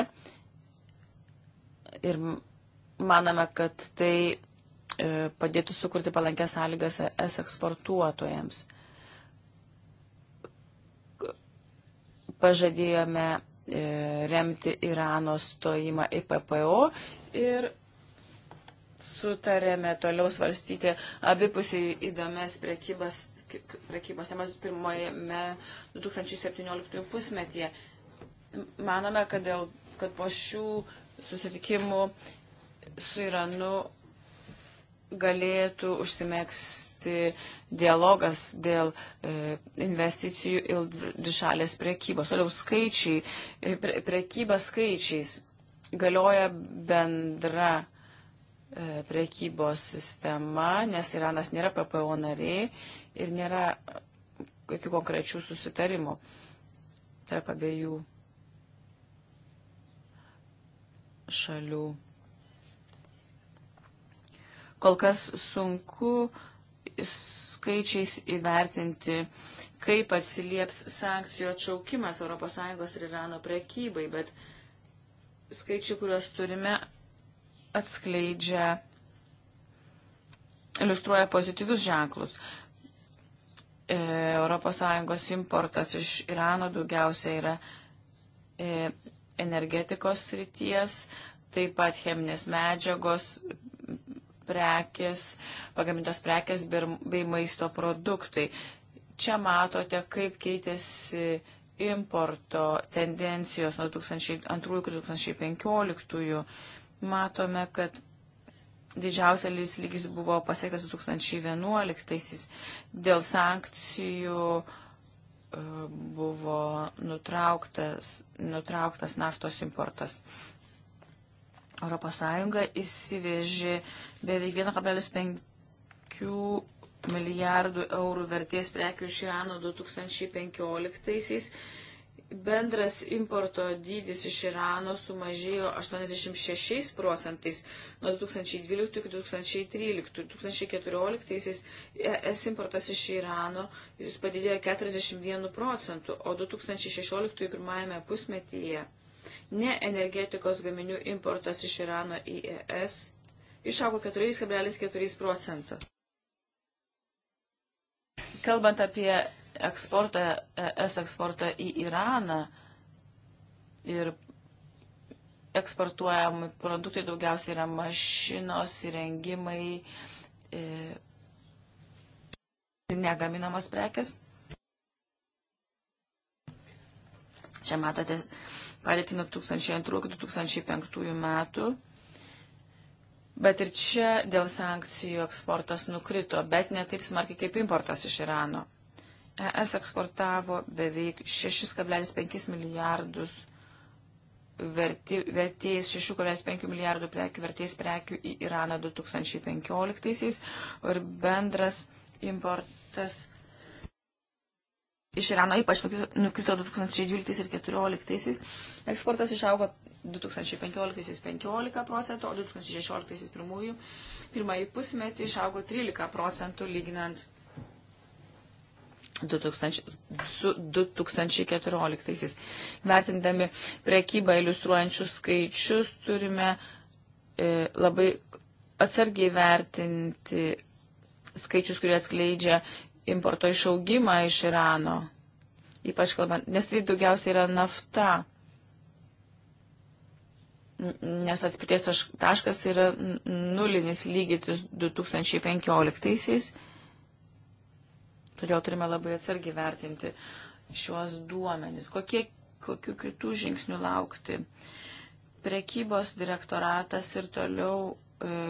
ir maname, kad tai e, padėtų sukurti palankęs sąlygas es eksportuotojams. Pažadėjome e, remti Irano stojimą į PPO ir sutarėme toliau svarstyti abipusiai įdomias prekybas, prekybos temas pirmojame 2017 pusmetyje. Manome, kad, dėl, kad po šių susitikimų su Iranu galėtų užsimėgsti dialogas dėl e, investicijų ir dvišalės prekybos. Toliau skaičiai, e, pre, prekyba skaičiais galioja bendra E, prekybos sistema, nes Iranas nėra PPO nariai ir nėra kokių konkrečių susitarimų tarp abiejų šalių. Kol kas sunku skaičiais įvertinti, kaip atsilieps sankcijų atšaukimas ES ir Irano prekybai, bet skaičių, kuriuos turime, atskleidžia, iliustruoja pozityvius ženklus. ES importas iš Irano daugiausia yra e, energetikos srities, taip pat cheminės medžiagos, prekės, pagamintos prekės bei maisto produktai. Čia matote, kaip keitėsi importo tendencijos nuo 2002 iki 2015 matome, kad didžiausia lygis buvo pasiektas 2011-aisiais. Dėl sankcijų e, buvo nutrauktas, nutrauktas naftos importas. ES įsivežė beveik 1,5 milijardų eurų vertės prekių iš Irano 2015-aisiais bendras importo dydis iš Irano sumažėjo 86 procentais nuo 2012 iki 2013. 2014 es importas iš Irano jis padidėjo 41 procentų, o 2016 pirmajame pusmetyje ne energetikos gaminių importas iš Irano į ES išaugo 4,4 procentų. Kalbant apie eksportą, es eksportą į Iraną ir eksportuojami produktai daugiausiai yra mašinos, įrengimai, e, negaminamos prekes. Čia matote padėtį nuo 2002-2005 metų. Bet ir čia dėl sankcijų eksportas nukrito, bet ne taip smarkiai kaip importas iš Irano. ES eksportavo beveik 6,5 milijardus verti, vertės 6,5 milijardų prekių vertės prekių į Iraną 2015-aisiais ir bendras importas iš Irano ypač nukrito 2012 ir 2014-aisiais. Eksportas išaugo 2015-aisiais 15 procentų, o 2016-aisiais pirmąjį pusmetį išaugo 13 procentų lyginant 2015 2000, su 2014. Vertindami prekybą iliustruojančius skaičius turime e, labai atsargiai vertinti skaičius, kurie atskleidžia importo išaugimą iš Irano. Ypač kalbant, nes tai daugiausiai yra nafta. Nes atspirties taškas yra nulinis lygitis 2015. -aisiais. Todėl turime labai atsargiai vertinti šiuos duomenys. Kokie, kokiu kitų žingsnių laukti? Prekybos direktoratas ir toliau e,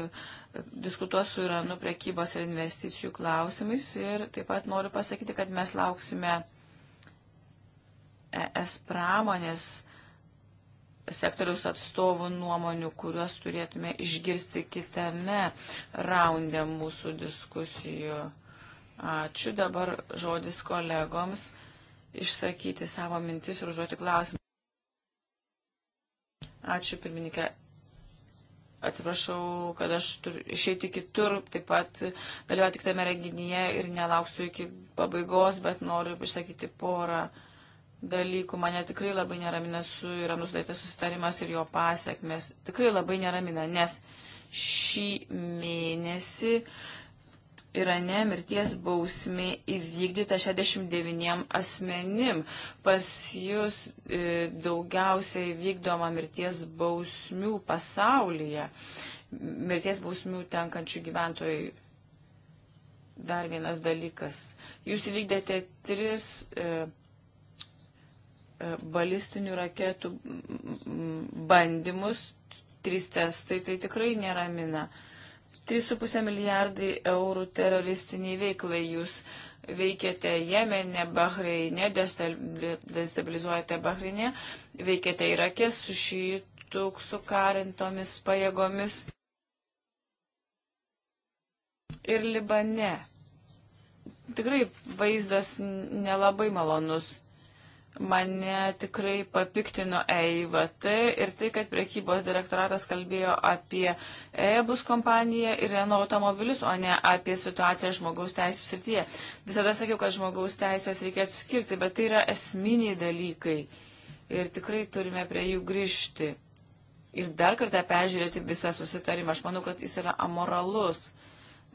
diskutuos su Iranu prekybos ir investicijų klausimais ir taip pat noriu pasakyti, kad mes lauksime ES pramonės sektoriaus atstovų nuomonių, kuriuos turėtume išgirsti kitame raunde mūsų diskusijų. Ačiū dabar žodis kolegoms išsakyti savo mintis ir užduoti klausimą. Ačiū pirmininkė. Atsiprašau, kad aš turiu išeiti kitur, taip pat dalyvauju tik tame renginyje ir nelauksiu iki pabaigos, bet noriu išsakyti porą dalykų. Mane tikrai labai neramina su Iranus daitas susitarimas ir jo pasiekmes. Tikrai labai neramina, nes šį mėnesį uh, Irane mirties bausmė įvykdyta 69 asmenim. Pas jūs e, daugiausiai vykdoma mirties bausmių pasaulyje. Mirties bausmių tenkančių gyventojai. Dar vienas dalykas. Jūs įvykdėte tris e, e, balistinių raketų bandymus, trys testai, tai tikrai neramina. E, 3,5 milijardai eurų teroristiniai veiklai jūs veikiate Jemenė, Bahreinė, destabilizuojate Bahreinė, veikiate Irake su šitų sukarintomis pajėgomis ir Libane. Tikrai vaizdas nelabai malonus. Mane tikrai papiktino EIVT ir tai, kad priekybos direktoratas kalbėjo apie EBUS kompaniją ir Renault automobilius, o ne apie situaciją žmogaus teisų srityje. Visada sakiau, kad žmogaus teisės reikia atskirti, bet tai yra esminiai dalykai ir tikrai turime prie jų grįžti. Ir dar kartą peržiūrėti visą susitarimą. Aš manau, kad jis yra amoralus.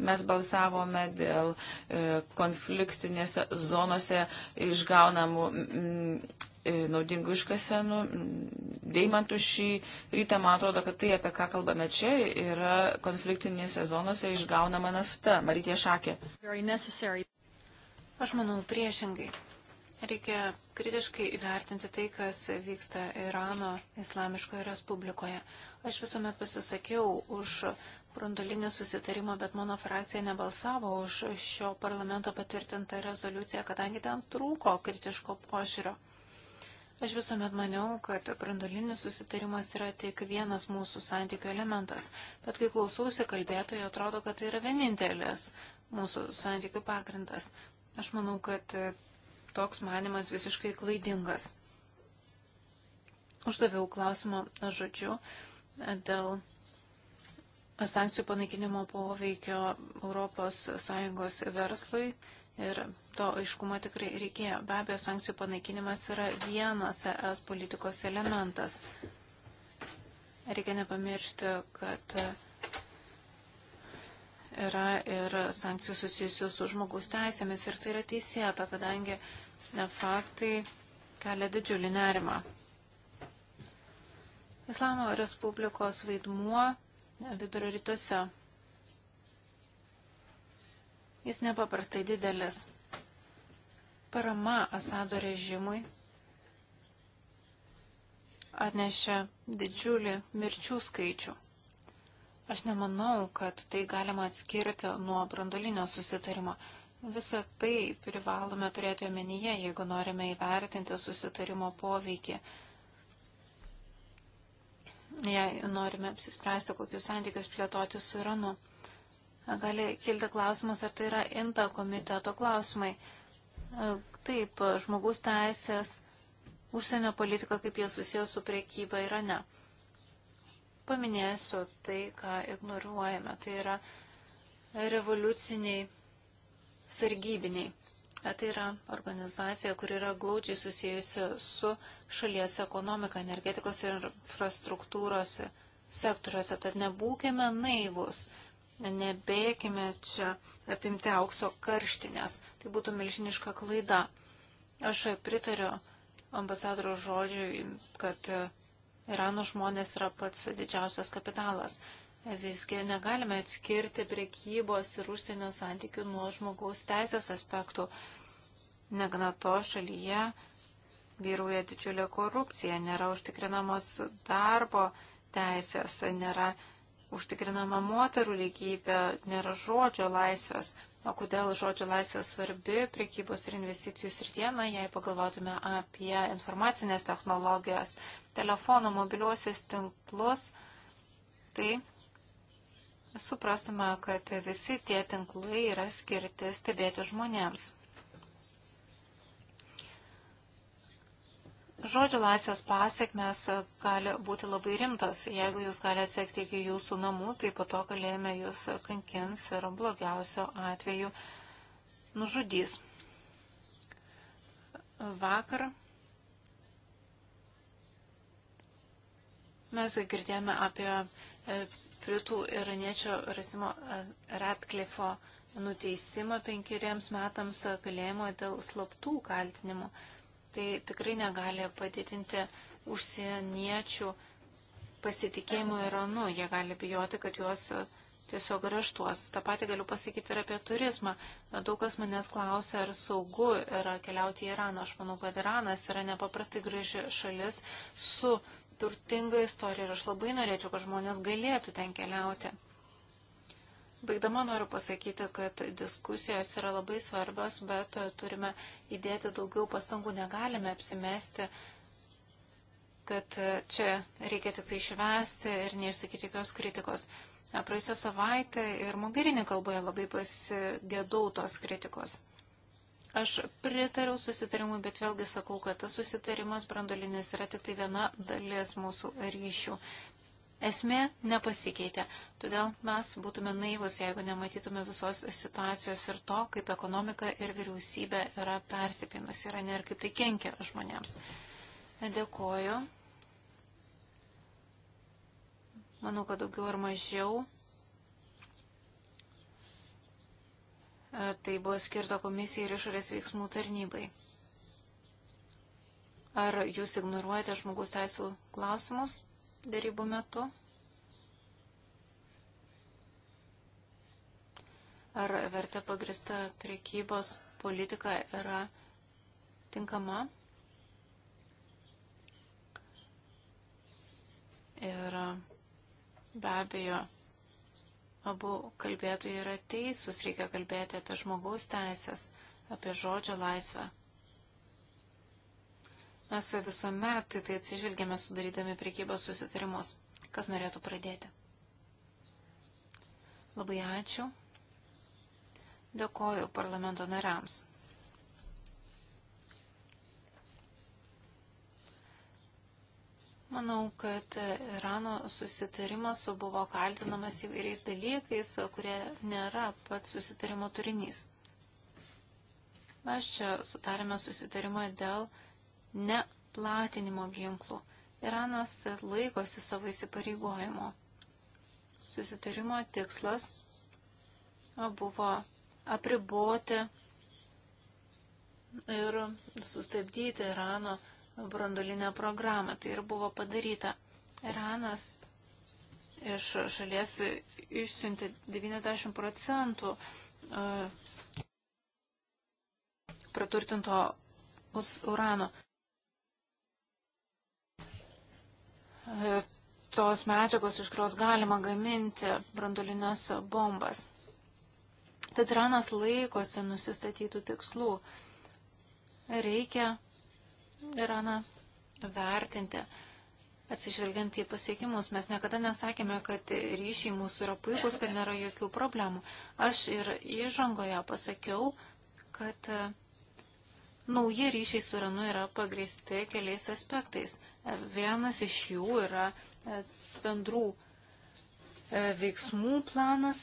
Mes balsavome dėl e, konfliktinėse zonose išgaunamų e, naudingų iškasenų. Deimantų šį rytą, man atrodo, kad tai, apie ką kalbame čia, yra konfliktinėse zonose išgaunama nafta. Marytė Šakė. Aš manau, priešingai. Reikia kritiškai įvertinti tai, kas vyksta Irano Islamiškoje Respublikoje. Aš visuomet pasisakiau už brandolinį susitarimą, bet mano frakcija nebalsavo už šio parlamento patvirtintą rezoliuciją, kadangi ten trūko kritiško požiūrio. Aš visuomet maniau, kad brandolinis susitarimas yra tik vienas mūsų santykių elementas, bet kai klausausi kalbėtojų, atrodo, kad tai yra vienintelis mūsų santykių pagrindas. Aš manau, kad toks manimas visiškai klaidingas. Uždaviau klausimą žodžiu dėl sankcijų panaikinimo poveikio ES verslui ir to aiškumo tikrai reikėjo. Be abejo, sankcijų panaikinimas yra vienas ES politikos elementas. Reikia nepamiršti, kad yra ir sankcijų susijusių su žmogaus teisėmis ir tai yra teisėta, kadangi faktai kelia didžiulį nerimą. Islamo Respublikos vaidmuo vidurio rytuose. Jis nepaprastai didelis. Parama Asado režimui atnešė didžiulį mirčių skaičių. Aš nemanau, kad tai galima atskirti nuo brandolinio susitarimo. Visą tai privalome turėti omenyje, jeigu norime įvertinti susitarimo poveikį jei norime apsispręsti, kokius santykius plėtoti su Iranu. Gali kilti klausimas, ar tai yra INTA komiteto klausimai. E, taip, žmogus teisės, užsienio politika, kaip jie susijęs su priekyba Irane. Paminėsiu tai, ką ignoruojame. Tai yra revoliuciniai sargybiniai. Tai yra organizacija, kuri yra glaudžiai susijusi su šalies ekonomika, energetikos ir infrastruktūros sektoriuose. Tad nebūkime naivus, nebėkime čia apimti aukso karštinės. Tai būtų milžiniška klaida. Aš pritariu ambasadoro žodžiui, kad Irano žmonės yra pats didžiausias kapitalas. Visgi negalime atskirti priekybos ir užsienio santykių nuo žmogaus teisės aspektų. Negana to šalyje vyrauja didžiulė korupcija, nėra užtikrinamos darbo teisės, nėra užtikrinama moterų lygybė, nėra žodžio laisvės. O kodėl žodžio laisvė svarbi priekybos ir investicijų sritiena, jei pagalvotume apie informacinės technologijas, telefonų, mobiliuosius tinklus, tai suprastume, kad visi tie tinklai yra skirti stebėti žmonėms. Žodžio laisvės pasiekmes gali būti labai rimtos. Jeigu jūs gali atsekti iki jūsų namų, tai po to kalėjime jūs kankins ir blogiausio atveju nužudys. Vakar mes girdėjome apie e, Britų iraniečio Rasimo e, Ratklifo nuteisimą penkeriems metams kalėjimo dėl slaptų kaltinimų. Tai tikrai negali padidinti užsieniečių pasitikėjimo Iranu. Jie gali bijoti, kad juos e, tiesiog raštuos. Ta pati galiu pasakyti ir apie turizmą. E, daug kas manęs klausia, ar saugu yra keliauti į Iraną. Aš manau, kad Iranas yra nepaprastai graži šalis su turtinga istorija ir aš labai norėčiau, kad žmonės galėtų ten keliauti. Baigdama noriu pasakyti, kad diskusijos yra labai svarbios, bet turime įdėti daugiau pastangų, negalime apsimesti, kad čia reikia tik tai išvesti ir neišsakyti jokios kritikos. Praėjusią savaitę ir Mogerinį kalboje labai pasigėdau tos kritikos. Aš pritariau susitarimui, bet vėlgi sakau, kad tas susitarimas brandolinis yra tik tai viena dalis mūsų ryšių. Esmė nepasikeitė, todėl mes būtume naivus, jeigu nematytume visos situacijos ir to, kaip ekonomika ir vyriausybė yra persipinus, yra ne ir kaip tai kenkia žmonėms. Dėkoju. Manau, kad daugiau ar mažiau E, tai buvo skirta komisijai ir išorės veiksmų tarnybai. Ar jūs ignoruojate žmogus teisų klausimus darybų metu? Ar vertė pagrista priekybos politika yra tinkama? Ir be abejo, Abu kalbėtojai yra teisūs, reikia kalbėti apie žmogaus teisės, apie žodžio laisvę. Mes visuomet tai atsižvelgiame sudarydami priekybos susitarimus. Kas norėtų pradėti? Labai ačiū. Dėkoju parlamento nariams. Manau, kad Irano susitarimas buvo kaltinamas įvairiais dalykais, kurie nėra pats susitarimo turinys. Mes čia sutarėme susitarimą dėl neplatinimo ginklų. Iranas laikosi savo įsipareigojimo. Susitarimo tikslas buvo apriboti ir sustabdyti Irano brandolinę programą. Tai ir buvo padaryta. Iranas iš šalies išsiuntė 90 procentų e, praturtinto urano. E, tos medžiagos, iš kurios galima gaminti brandulinės bombas. Tad Iranas laikosi nusistatytų tikslų. Reikia Iraną vertinti. Atsižvelgiant į pasiekimus, mes niekada nesakėme, kad ryšiai mūsų yra puikus, kad nėra jokių problemų. Aš ir įžangoje pasakiau, kad e, nauji ryšiai su Iranu yra pagristi keliais aspektais. E, vienas iš jų yra e, bendrų veiksmų planas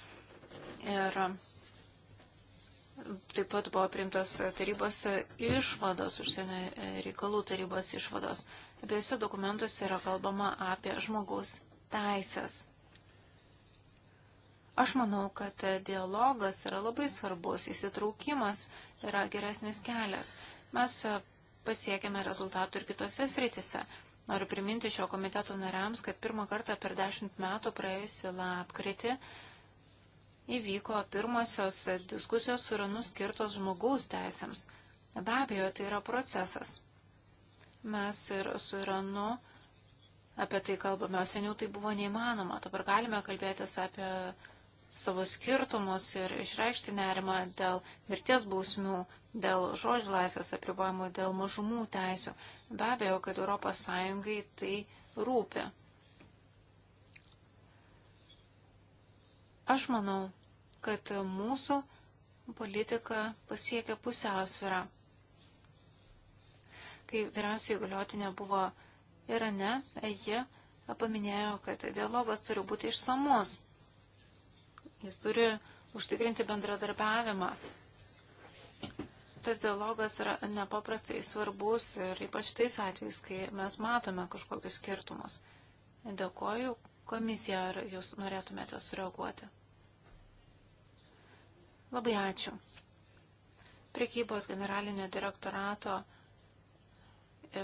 ir Taip pat buvo priimtos tarybos išvados, užsienio reikalų tarybos išvados. Abiejose dokumentuose yra kalbama apie žmogaus teisės. Aš manau, kad dialogas yra labai svarbus, įsitraukimas yra geresnis kelias. Mes pasiekėme rezultatų ir kitose sritise. Noriu priminti šio komiteto nariams, kad pirmą kartą per dešimt metų praėjusi lapkritį la įvyko pirmosios diskusijos su Iranu skirtos žmogaus teisėms. Be abejo, tai yra procesas. Mes ir su Iranu apie tai kalbame, o seniau tai buvo neįmanoma. Dabar galime kalbėtis apie savo skirtumus ir išreikšti nerimą dėl mirties bausmių, dėl žodžio laisvės apribojimų, dėl mažumų teisų. Be abejo, kad ES tai rūpi. Aš manau, kad mūsų politika pasiekia pusiausvirą. Kai vyriausiai galiotinė buvo Irane, ji paminėjo, kad dialogas turi būti išsamus. Jis turi užtikrinti bendradarbiavimą. Tas dialogas yra nepaprastai svarbus ir ypač tais atvejais, kai mes matome kažkokius skirtumus. Dėkoju Komisija, ar jūs norėtumėte sureaguoti? Labai ačiū. Prekybos generalinio direktorato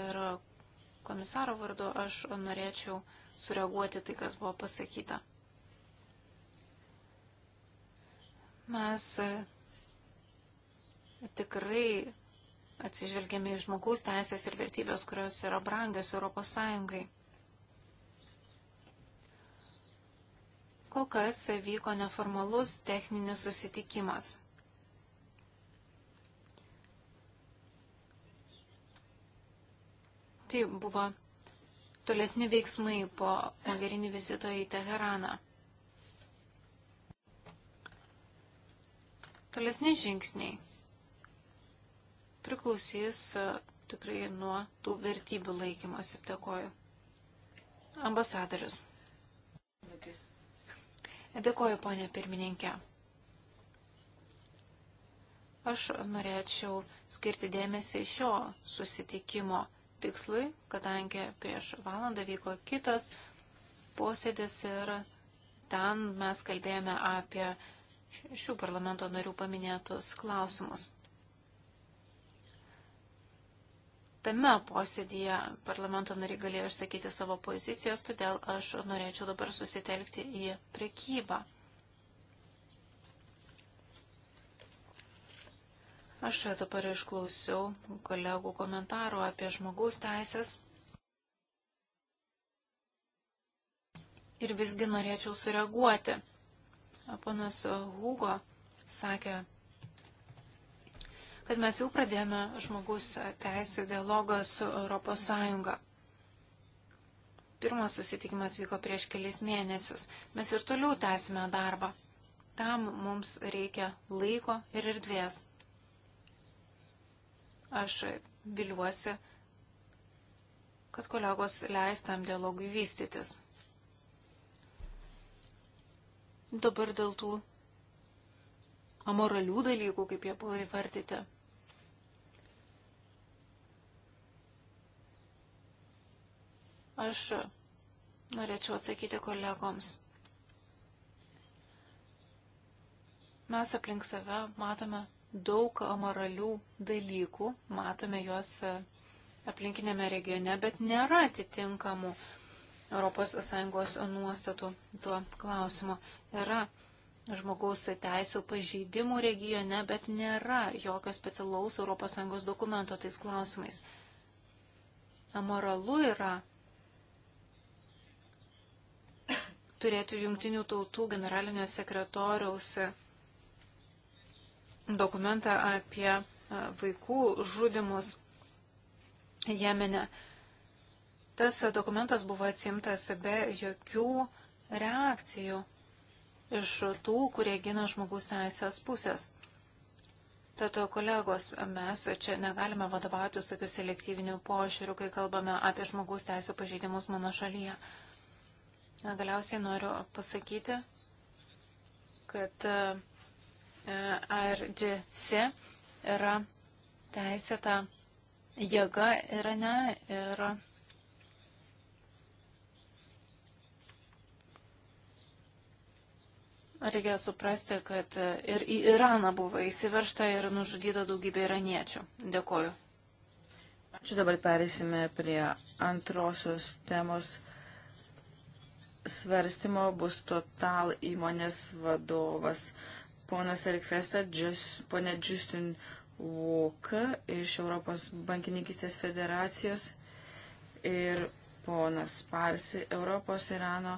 ir komisaro vardu aš norėčiau sureaguoti tai, kas buvo pasakyta. Mes tikrai atsižvelgiame į žmogaus teisės ir vertybės, kurios yra brangios Europos Sąjungai. Kol kas vyko neformalus techninis susitikimas. Tai buvo tolesni veiksmai po Mogherini vizito į Teheraną. Tolesni žingsniai priklausys e, tikrai nuo tų vertybių laikymosi. Dėkoju. Ambasadorius. Dėkis. Dėkoju, ponė pirmininkė. Aš norėčiau skirti dėmesį šio susitikimo tikslui, kadangi prieš valandą vyko kitas posėdis ir ten mes kalbėjome apie šių parlamento narių paminėtus klausimus. tame posėdėje parlamento nariai galėjo išsakyti savo pozicijas, todėl aš norėčiau dabar susitelkti į prekybą. Aš dabar išklausiau kolegų komentarų apie žmogaus teisės. Ir visgi norėčiau sureaguoti. Ponas Hugo sakė, kad mes jau pradėjome žmogus teisų dialogą su ES. Pirmas susitikimas vyko prieš kelias mėnesius. Mes ir toliau tęsime darbą. Tam mums reikia laiko ir erdvės. Aš viliuosi, kad kolegos leis tam dialogui vystytis. Dabar dėl tų amoralių dalykų, kaip jie buvo įvardyti. Aš norėčiau atsakyti kolegoms. Mes aplink save matome daug amoralių dalykų, matome juos aplinkinėme regione, bet nėra atitinkamų ES nuostatų tuo klausimu. Yra žmogaus teisų pažeidimų regione, bet nėra jokio specialaus ES dokumento tais klausimais. Amoralu yra turėti jungtinių tautų generalinio sekretoriaus dokumentą apie vaikų žudimus Jemene. Tas dokumentas buvo atsimtas be jokių reakcijų iš tų, kurie gina žmogus teisės pusės. Tad, kolegos, mes čia negalime vadovautis tokiu selektyviniu požiūriu, kai kalbame apie žmogus teisų pažeidimus mano šalyje. Galiausiai noriu pasakyti, kad e, RGC yra teisėta jėga Irane ir reikia suprasti, kad ir į Iraną buvo įsiveršta ir nužudyta daugybė iraniečių. Dėkoju. Ačiū dabar perėsime prie antrosios temos svarstymo bus Total įmonės vadovas ponas Erikfesta, ponė Justin Walker iš Europos bankininkistės federacijos ir ponas Parsi, Europos Irano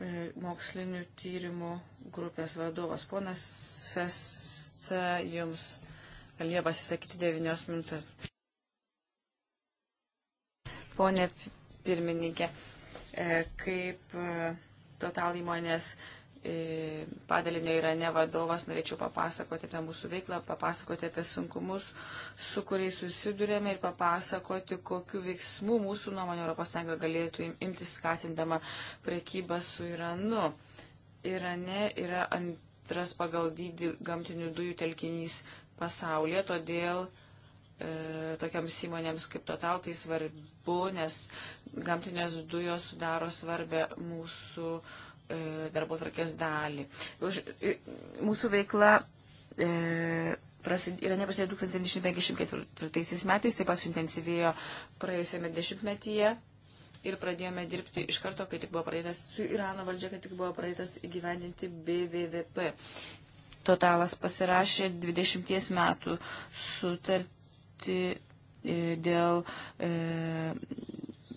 e, mokslinių tyrimų grupės vadovas. Ponas Festa, jums galėjo pasisakyti devynios minutės. Pone pirmininkė, E, kaip e, total įmonės e, padalinio Irane vadovas, norėčiau papasakoti apie mūsų veiklą, papasakoti apie sunkumus, su kuriais susidurėme ir papasakoti, kokiu veiksmu mūsų nuomonė ES galėtų imtis skatindama prekybą su Iranu. Irane yra antras pagal dydį gamtinių dujų telkinys pasaulyje, todėl E, tokiams įmonėms kaip Total tai svarbu, nes gamtinės dujos sudaro svarbę mūsų e, darbo tvarkės dalį. Už, mūsų veikla e, prasid, yra neprasidėjo 1954 metais, taip pat suintensyvėjo praėjusiame dešimtmetyje ir pradėjome dirbti iš karto, kai tik buvo pradėtas su Irano valdžia, kai tik buvo pradėtas įgyvendinti BVVP. Totalas pasirašė 20 metų sutartį sutartį e, dėl e,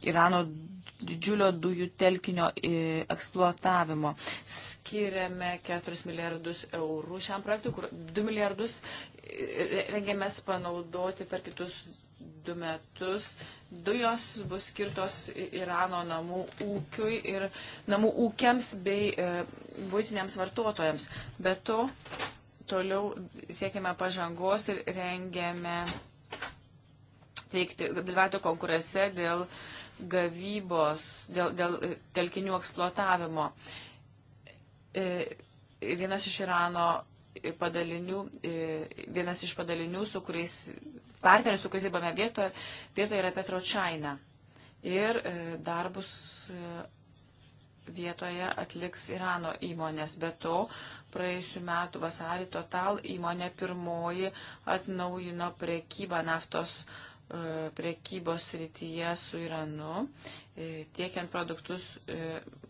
Irano didžiulio dujų telkinio e, eksploatavimo. Skiriame 4 milijardus eurų šiam projektui, kur 2 milijardus e, rengiamės panaudoti per kitus du metus. Dujos bus skirtos Irano namų ūkiui ir namų ūkiams bei e, būtiniams vartotojams. Be to, toliau siekiame pažangos ir rengiame teikti, dalyvauti konkurse dėl gavybos, dėl, dėl e, telkinių eksploatavimo. E, vienas iš Irano padalinių, e, vienas iš padalinių, su kuriais partneriais, su kuriais dirbame vietoje, vietoje yra Petro Čaina. Ir darbus vietoje atliks Irano įmonės. Be to, praėjusiu metu vasarį Total įmonė pirmoji atnaujino prekybą naftos E, priekybos rytyje su Iranu, e, tiekiant produktus e,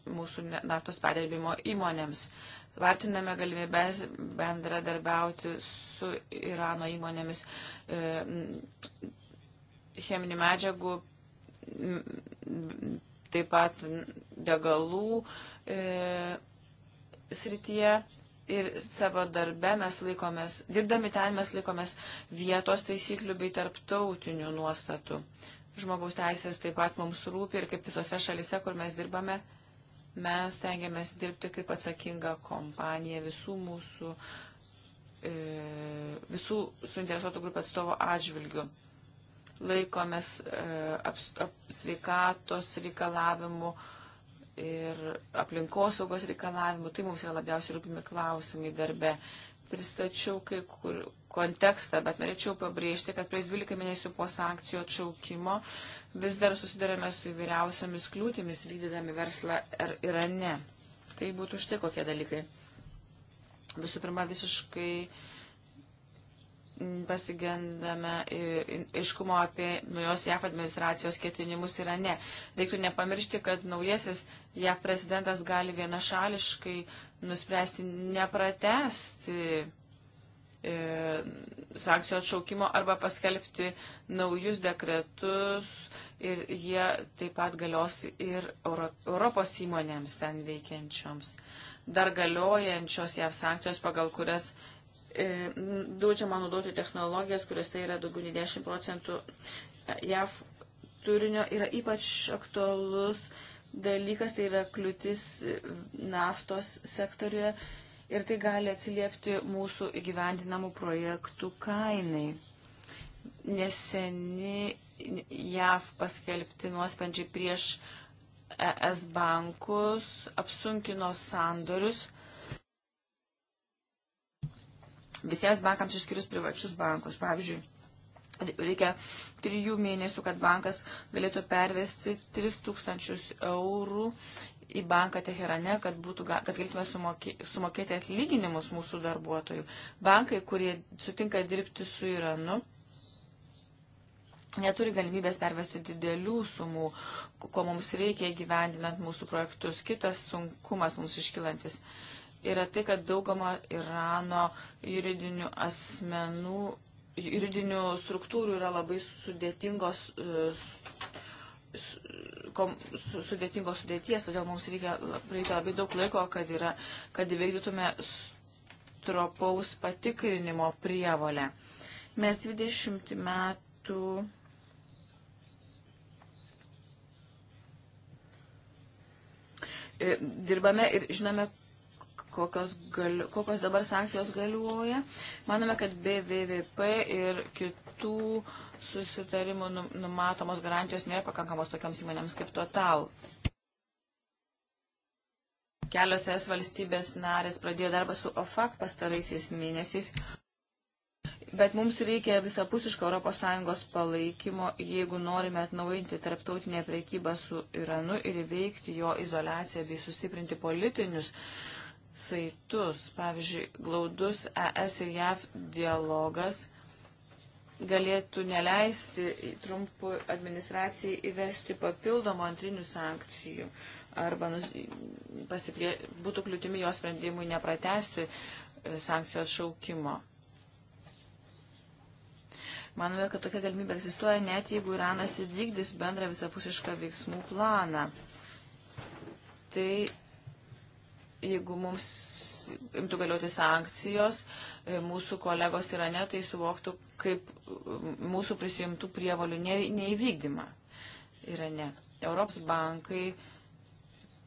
mūsų naftos perdirbimo įmonėms. Vartiname galimybės bendradarbiauti su Irano įmonėmis cheminių medžiagų, taip pat degalų srityje ir savo darbe mes laikomės, dirbdami ten mes laikomės vietos taisyklių bei tarptautinių nuostatų. Žmogaus teisės taip pat mums rūpi ir kaip visose šalise, kur mes dirbame, mes tengiamės dirbti kaip atsakinga kompanija visų mūsų, e, visų suinteresuotų grupų atstovo atžvilgių. Laikomės e, aps, ap, sveikatos reikalavimų, e, ir aplinkosaugos reikalavimų. Tai mums yra labiausiai rūpimi klausimai darbe. Pristačiau kai kur kontekstą, bet norėčiau pabrėžti, kad prieš 12 mėnesių po sankcijų atšaukimo vis dar susidarėme su įvairiausiamis kliūtimis vykdydami verslą er- ir yra ne. Tai būtų štai kokie dalykai. Visų pirma, visiškai pasigendame iškumo apie naujos JAF administracijos ketinimus yra ne. Reiktų nepamiršti, kad naujasis JAV prezidentas gali vienašališkai nuspręsti nepratesti e, sankcijų atšaukimo arba paskelbti naujus dekretus ir jie taip pat galios ir Euro, Europos įmonėms ten veikiančioms. Dar galiojančios JAV sankcijos, pagal kurias e, daugiama naudoti technologijas, kuriuose tai yra daugiau nei 10 procentų e, JAV turinio, yra ypač aktualus dalykas, tai yra kliūtis naftos sektoriuje ir tai gali atsiliepti mūsų įgyvendinamų projektų kainai. Neseni JAV paskelbti nuosprendžiai prieš ES bankus apsunkino sandorius visiems bankams išskirius privačius bankus. Pavyzdžiui, reikia trijų mėnesių, kad bankas galėtų pervesti 3000 eurų į banką Teherane, kad, būtų, kad galėtume sumokėti atlyginimus mūsų darbuotojų. Bankai, kurie sutinka dirbti su Iranu, neturi galimybės pervesti didelių sumų, ko mums reikia įgyvendinant mūsų projektus. Kitas sunkumas mums iškilantis yra tai, kad daugama Irano juridinių asmenų juridinių struktūrų yra labai sudėtingos, e, kom, sudėtingos sudėties, todėl mums reikia praeiti labai daug laiko, kad, yra, kad įveikdytume stropaus patikrinimo prievolę. Mes 20 metų. E, dirbame ir žinome, kokios, gal, kokios dabar sankcijos galiuoja. Manome, kad BVVP ir kitų susitarimų numatomos garantijos nėra pakankamos tokiams įmonėms kaip Total. Kelios es valstybės narės pradėjo darbą su OFAC pastaraisiais mėnesiais, bet mums reikia visapusiško ES palaikymo, jeigu norime atnaujinti tarptautinę priekybą su Iranu ir įveikti jo izolaciją bei sustiprinti politinius uh, saitus. Pavyzdžiui, glaudus ES ir JAV dialogas galėtų neleisti trumpų administracijai įvesti papildomų antrinių sankcijų arba nus, pasiprie, būtų kliūtimi jos sprendimui nepratesti e, sankcijos šaukimo. Manome, kad tokia galimybė egzistuoja net jeigu Iranas įvykdys bendrą visapusišką veiksmų planą. Tai jeigu mums imtų galioti sankcijos, e, mūsų kolegos Irane tai suvoktų kaip mūsų prisijimtų prievalių neįvykdymą Irane. Europos bankai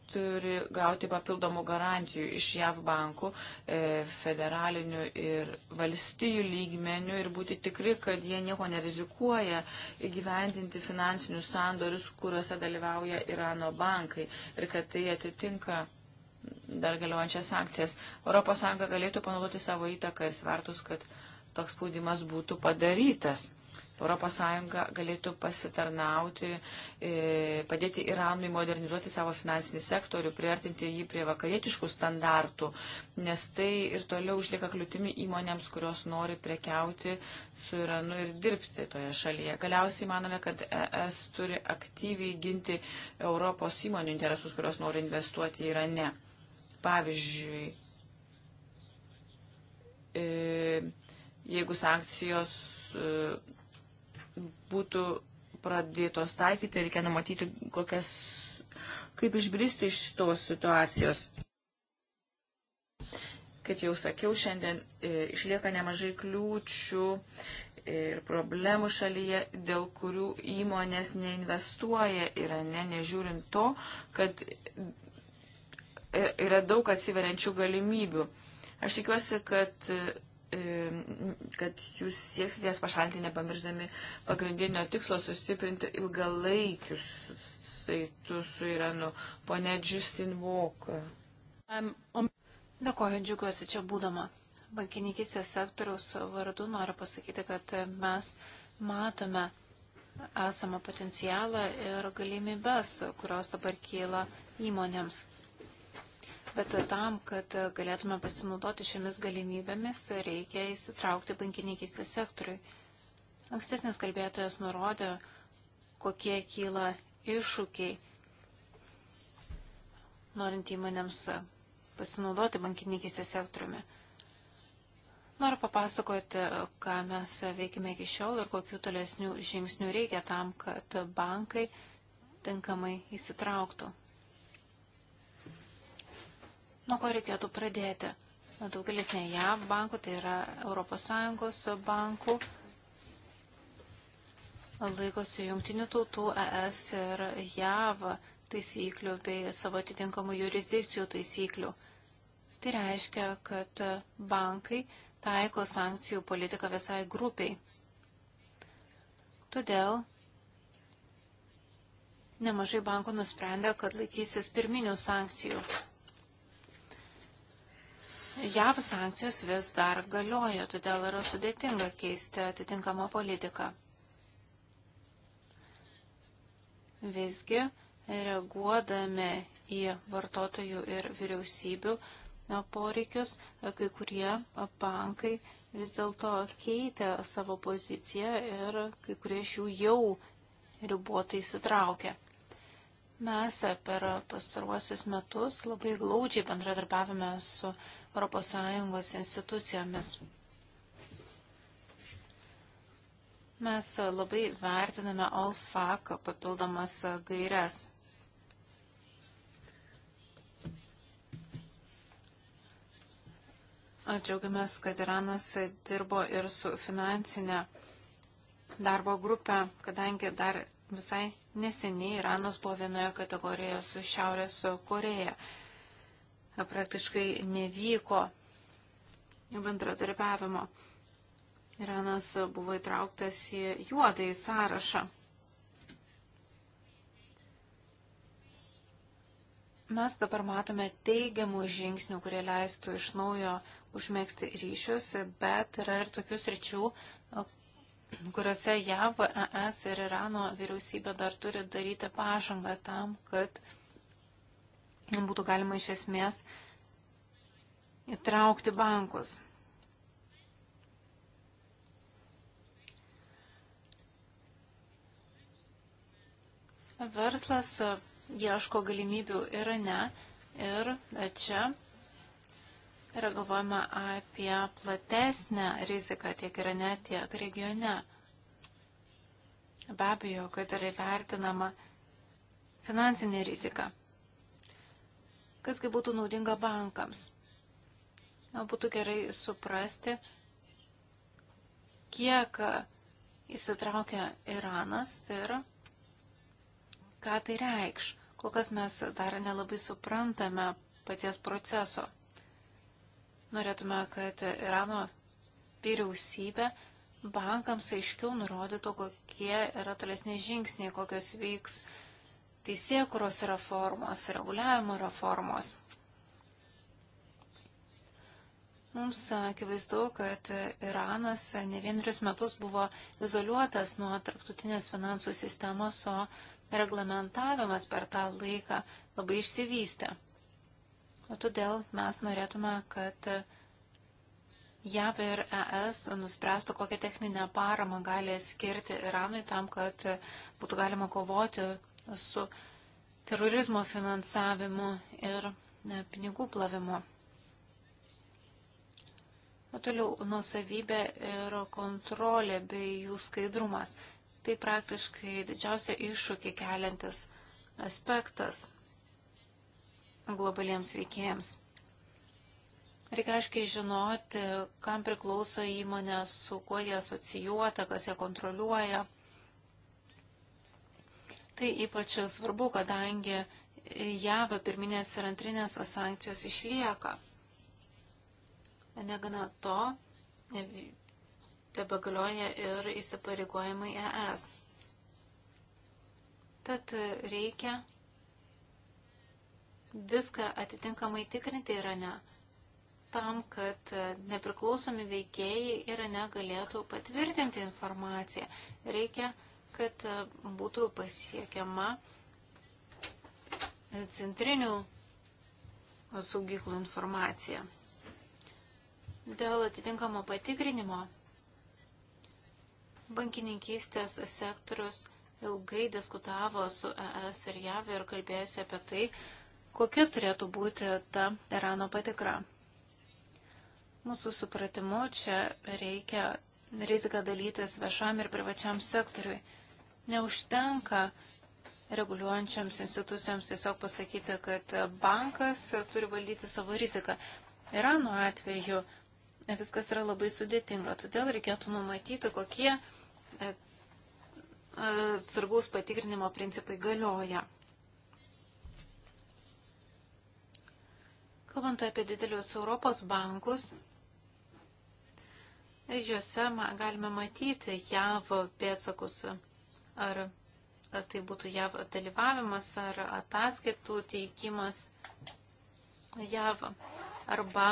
turi gauti papildomų garantijų iš JAV bankų, e, federalinių ir valstijų lygmenių ir būti tikri, kad jie nieko nerizikuoja įgyvendinti finansinius sandorius, kuriuose dalyvauja Irano bankai ir kad tai atitinka dar galiojančias sankcijas. ES galėtų panaudoti savo įtaką ir svertus, kad toks spaudimas būtų padarytas. ES galėtų pasitarnauti, e, padėti Iranui modernizuoti savo finansinį sektorių, priartinti jį prie vakarietiškų standartų, nes tai ir toliau užlieka kliūtimi įmonėms, kurios nori prekiauti su Iranu ir dirbti toje šalyje. Galiausiai manome, kad ES turi aktyviai ginti Europos įmonių interesus, kurios nori investuoti Irane. Pavyzdžiui, e, jeigu sankcijos e, būtų pradėtos taikyti, reikia numatyti, kokias, kaip išbristi iš tos situacijos. Kaip jau sakiau, šiandien e, išlieka nemažai kliūčių ir problemų šalyje, dėl kurių įmonės neinvestuoja Irane, nežiūrint to, kad E, yra daug atsiveriančių galimybių. Aš tikiuosi, kad, e, kad jūs sieksitės pašalinti, nepamirždami pagrindinio tikslo sustiprinti ilgalaikius saitus su Iranu. Pone Justin Walker. Um, Dėkoju, džiugiuosi čia būdama. Bankininkistės sektoriaus vardu noriu pasakyti, kad mes matome esamą potencialą ir galimybės, kurios dabar kyla įmonėms. Bet tam, kad galėtume pasinaudoti šiomis galimybėmis, reikia įsitraukti bankininkystės sektoriui. Ankstesnis kalbėtojas nurodė, kokie kyla iššūkiai, norint įmonėms pasinaudoti bankininkystės sektoriumi. Noriu papasakoti, ką mes veikime iki šiol ir kokių tolesnių žingsnių reikia tam, kad bankai tinkamai įsitrauktų nuo ko reikėtų pradėti. Daugelis ne JAV bankų, tai yra ES bankų, laikosi jungtinių tautų, ES ir JAV taisyklių bei savo atitinkamų jurisdikcijų taisyklių. Tai reiškia, kad bankai taiko sankcijų politiką visai grupiai. Todėl nemažai bankų nusprendė, kad laikysis pirminių sankcijų. JAV sankcijos vis dar galioja, todėl yra sudėtinga keisti atitinkamą politiką. Visgi, reaguodami į vartotojų ir vyriausybių poreikius, kai kurie bankai vis dėlto keitė savo poziciją ir kai kurie iš jų jau ribotai įsitraukė. Mes per pastaruosius metus labai glaudžiai bendradarbiavome su ES institucijomis. Mes labai vertiname OLFAC papildomas gairias. Džiaugiamės, kad Iranas dirbo ir su finansinė darbo grupė, kadangi dar visai Neseniai Iranas buvo vienoje kategorijoje su Šiaurės Koreja. Praktiškai nevyko bendradarbiavimo. Iranas buvo įtrauktas į juodąjį sąrašą. Mes dabar matome teigiamų žingsnių, kurie leistų iš naujo užmėgsti ryšius, bet yra ir tokius ryčių, kuriuose JAV, ES ir Irano vyriausybė dar turi daryti pažangą tam, kad būtų galima iš esmės įtraukti bankus. Verslas ieško galimybių Irane ir čia yra galvojama apie platesnę riziką tiek Irane, tiek regione. Be abejo, kad yra įvertinama finansinė rizika. Kasgi būtų naudinga bankams? Na, būtų gerai suprasti, kiek įsitraukia Iranas ir ką tai reikš. Kol kas mes dar nelabai suprantame paties proceso. Norėtume, kad Irano vyriausybė bankams aiškiau nurodytų, kokie yra tolesni žingsniai, kokios vyks teisėkuros reformos, reguliavimo reformos. Mums akivaizdu, kad Iranas ne vienerius metus buvo izoliuotas nuo tarptautinės finansų sistemos, o reglamentavimas per tą laiką labai išsivystė. Todėl mes norėtume, kad JAV ir ES nuspręstų, kokią techninę paramą gali skirti Iranui tam, kad būtų galima kovoti su terorizmo finansavimu ir pinigų plavimu. Toliau nusavybė ir kontrolė bei jų skaidrumas. Tai praktiškai didžiausia iššūkį keliantis aspektas globaliems veikėjams. Reikia aiškiai žinoti, kam priklauso įmonė, su kuo jie asocijuota, kas ją kontroliuoja. Tai ypač svarbu, kadangi JAV pirminės ir antrinės sankcijos išlieka. Negana to, tebe galioja ir įsipareigojimai ES. Tad reikia viską atitinkamai tikrinti Irane, tam, kad e, nepriklausomi veikėjai Irane galėtų patvirtinti informaciją. Reikia, kad e, būtų pasiekiama centrinių saugyklų informacija. Dėl atitinkamo patikrinimo bankininkystės sektorius ilgai diskutavo su ES ir JAV ir kalbėjusi apie tai, Kokia turėtų būti ta Irano patikra? Mūsų supratimu čia reikia riziką dalytis viešam ir privačiam sektoriui. Neužtenka reguliuojančiams institucijoms tiesiog pasakyti, kad bankas turi valdyti savo riziką. Irano atveju viskas yra labai sudėtinga, todėl reikėtų numatyti, kokie e, e, atsargaus patikrinimo principai galioja. Kalbant apie didelius Europos bankus, juose galime matyti JAV pėtsakus, ar tai būtų JAV dalyvavimas, ar ataskaitų teikimas JAV, arba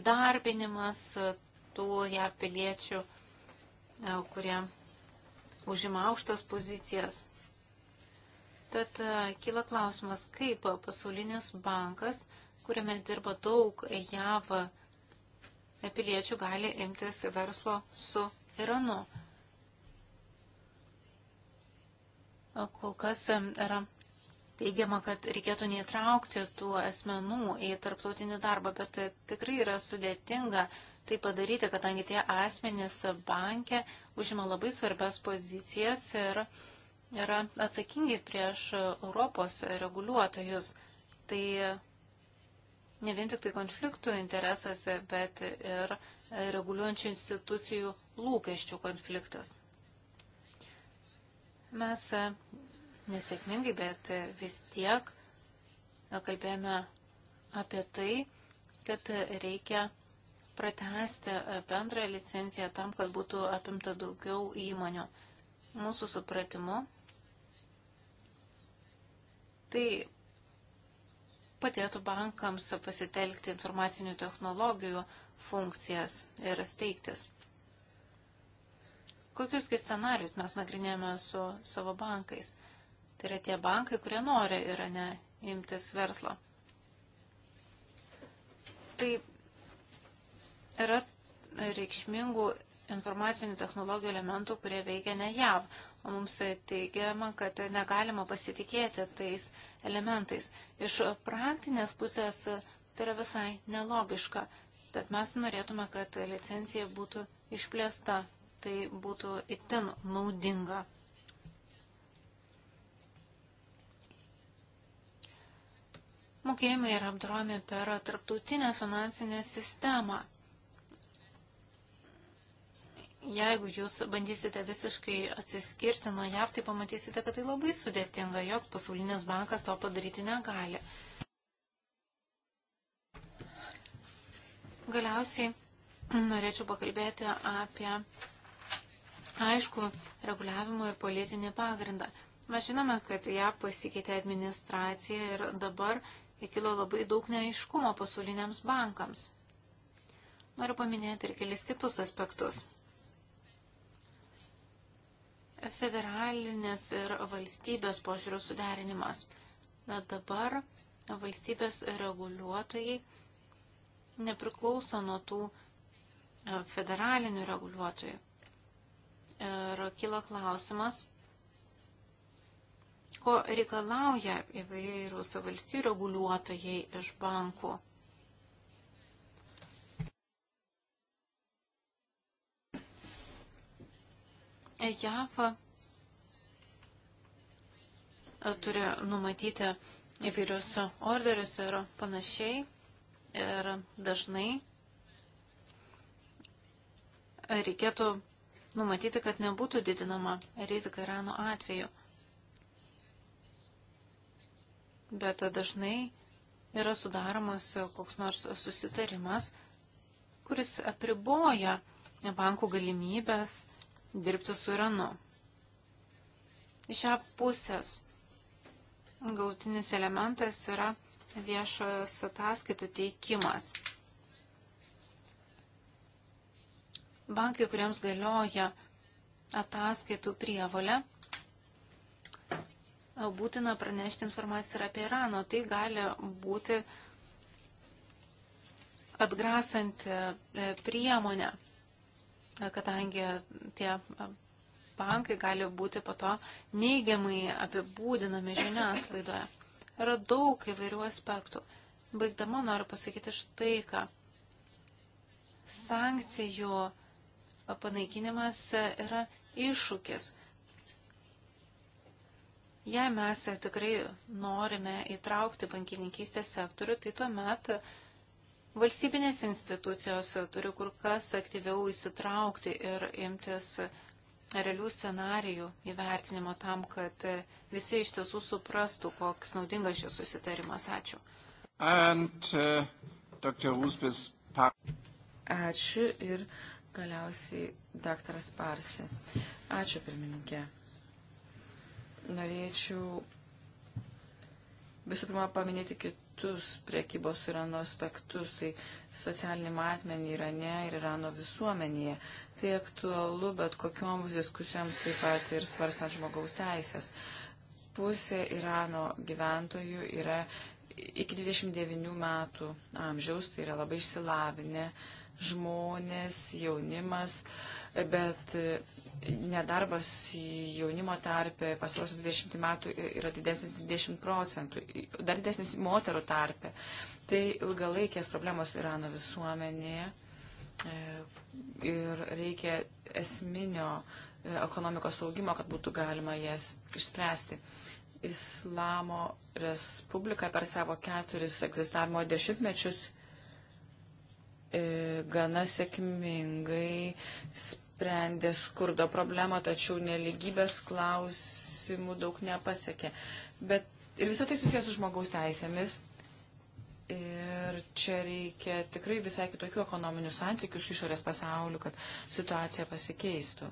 įdarbinimas tų JAV piliečių, e, kurie užima aukštas pozicijas. Tad e, kyla klausimas, kaip pasaulinis bankas kuriame dirba daug JAV piliečių, gali imtis verslo su Iranu. Kol kas yra teigiama, kad reikėtų neįtraukti tų asmenų į tarptautinį darbą, bet tikrai yra sudėtinga tai padaryti, kadangi tie asmenys bankė užima labai svarbias pozicijas ir yra atsakingi prieš Europos reguliuotojus. Tai ne vien tik tai konfliktų interesuose, bet ir reguliuojančių institucijų lūkesčių konfliktas. Mes e, nesėkmingai, bet e, vis tiek e, kalbėjome apie tai, kad reikia pratesti bendrą licenciją tam, kad būtų apimta daugiau įmonių. Mūsų supratimu, tai padėtų bankams pasitelkti informacinių technologijų funkcijas ir steigtis. Kokiusgi scenarius mes nagrinėjame su savo bankais? Tai yra tie bankai, kurie nori ir ne imtis verslo. Tai yra reikšmingų informacinių technologijų elementų, kurie veikia ne JAV, mums teigiama, kad negalima pasitikėti tais elementais. Iš praktinės pusės tai yra visai nelogiška. Tad mes norėtume, kad licencija būtų išplėsta. Tai būtų itin naudinga. Mokėjimai yra apdoromi per tarptautinę finansinę sistemą. Jeigu jūs bandysite visiškai atsiskirti nuo JAV, tai pamatysite, kad tai labai sudėtinga, joks pasaulinis bankas to padaryti negali. Galiausiai norėčiau pakalbėti apie aišku reguliavimo ir politinį pagrindą. Mes žinome, kad ją pasikeitė administracija ir dabar kilo labai daug neaiškumo pasauliniams bankams. Noriu paminėti ir kelis kitus aspektus federalinis ir valstybės požiūrių suderinimas. Na dabar valstybės reguliuotojai nepriklauso nuo tų e, federalinių reguliuotojų. Ir kilo klausimas, ko reikalauja įvairūs valstybių reguliuotojai iš bankų. JAV e, turi numatyti įvairius orderius ir panašiai. Ir dažnai reikėtų numatyti, kad nebūtų didinama rizika Irano atveju. Bet dažnai yra sudaromas koks nors susitarimas, kuris apriboja bankų galimybės dirbti su Iranu. Iš šią pusės galutinis elementas yra viešojos ataskaitų teikimas. Bankai, kuriems galioja ataskaitų prievolę, būtina pranešti informaciją ir apie Irano. Tai gali būti atgrasanti e, priemonė kadangi tie bankai gali būti po to neigiamai apibūdinami žiniasklaidoje. Yra daug įvairių aspektų. Baigdama noriu pasakyti štai ką. Sankcijų panaikinimas yra iššūkis. Jei mes tikrai norime įtraukti bankininkystės sektorių, tai tuomet Valstybinės institucijos turi kur kas aktyviau įsitraukti ir imtis realių scenarijų įvertinimo tam, kad visi iš tiesų suprastų, koks naudingas šis susitarimas. Ačiū. And, uh, Uzbis... Ačiū ir galiausiai daktaras Parsi. Ačiū pirmininkė. Norėčiau visų pirma paminėti kit kitus priekybos su Irano aspektus, tai socialinį matmenį Irane ir Irano visuomenėje. Tai aktualu, bet kokioms diskusijoms taip pat ir svarstant žmogaus teisės. Pusė Irano gyventojų yra iki 29 metų amžiaus, tai yra labai išsilavinę žmonės, jaunimas, bet nedarbas jaunimo tarpe pastarosius 20 metų yra didesnis 20 procentų, dar didesnis moterų tarpe. Tai ilgalaikės problemos Irano visuomenėje e, ir reikia esminio e, ekonomikos augimo, kad būtų galima jas išspręsti. Islamo Respublika per savo keturis egzistavimo dešimtmečius e, gana sėkmingai sprendė skurdo problemą, tačiau neligybės klausimų daug nepasiekė. Bet ir visą tai susijęs su žmogaus teisėmis. Ir čia reikia tikrai visai kitokių ekonominių santykių su išorės pasauliu, kad situacija pasikeistų.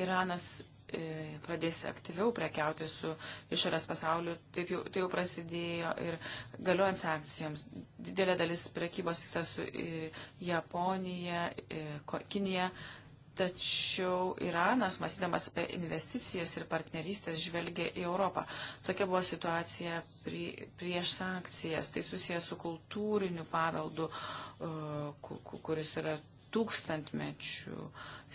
Iranas E, pradės aktyviau prekiauti su išorės pasauliu, taip jau, tai jau prasidėjo ir galiojant sankcijoms. Didelė dalis prekybos vyksta su e, Japonija, e, Kinija, tačiau Iranas, mąstydamas apie investicijas ir partnerystės, žvelgia į Europą. Tokia buvo situacija prie, prieš sankcijas. Tai susijęs su kultūriniu paveldu, kuris yra tūkstantmečių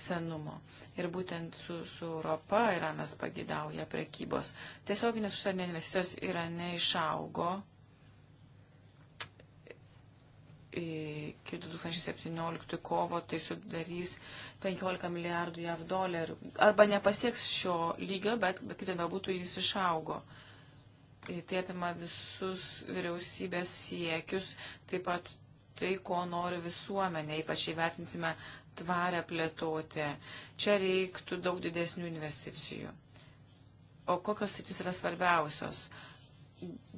senumo. Ir būtent su, su Europa Iranas pagidauja prekybos. Tiesioginės užsienio investicijos Irane išaugo iki 2017 kovo, tai sudarys 15 milijardų jav dolerių. Arba nepasieks šio lygio, bet, bet kaip ten bebūtų, jis išaugo. Tai apima visus vyriausybės siekius, taip pat tai, ko nori visuomenė, ypač įvertinsime tvarę plėtotę. Čia reiktų daug didesnių investicijų. O kokios sritis yra svarbiausios?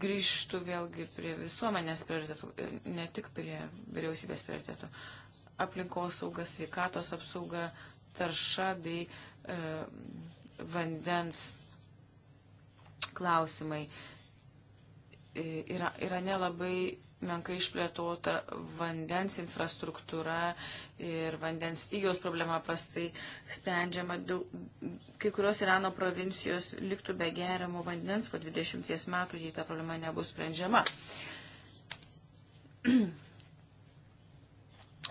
Grįžtų vėlgi prie visuomenės prioritetų, e, ne tik prie vyriausybės prioritetų. Aplinkos sauga, sveikatos apsauga, tarša bei e, vandens klausimai. E, yra, yra nelabai menkai išplėtota vandens infrastruktūra ir vandens stygiaus problema prastai sprendžiama. Daug, kai kurios Irano provincijos liktų be geriamo vandens po 20 metų, jei ta problema nebus sprendžiama.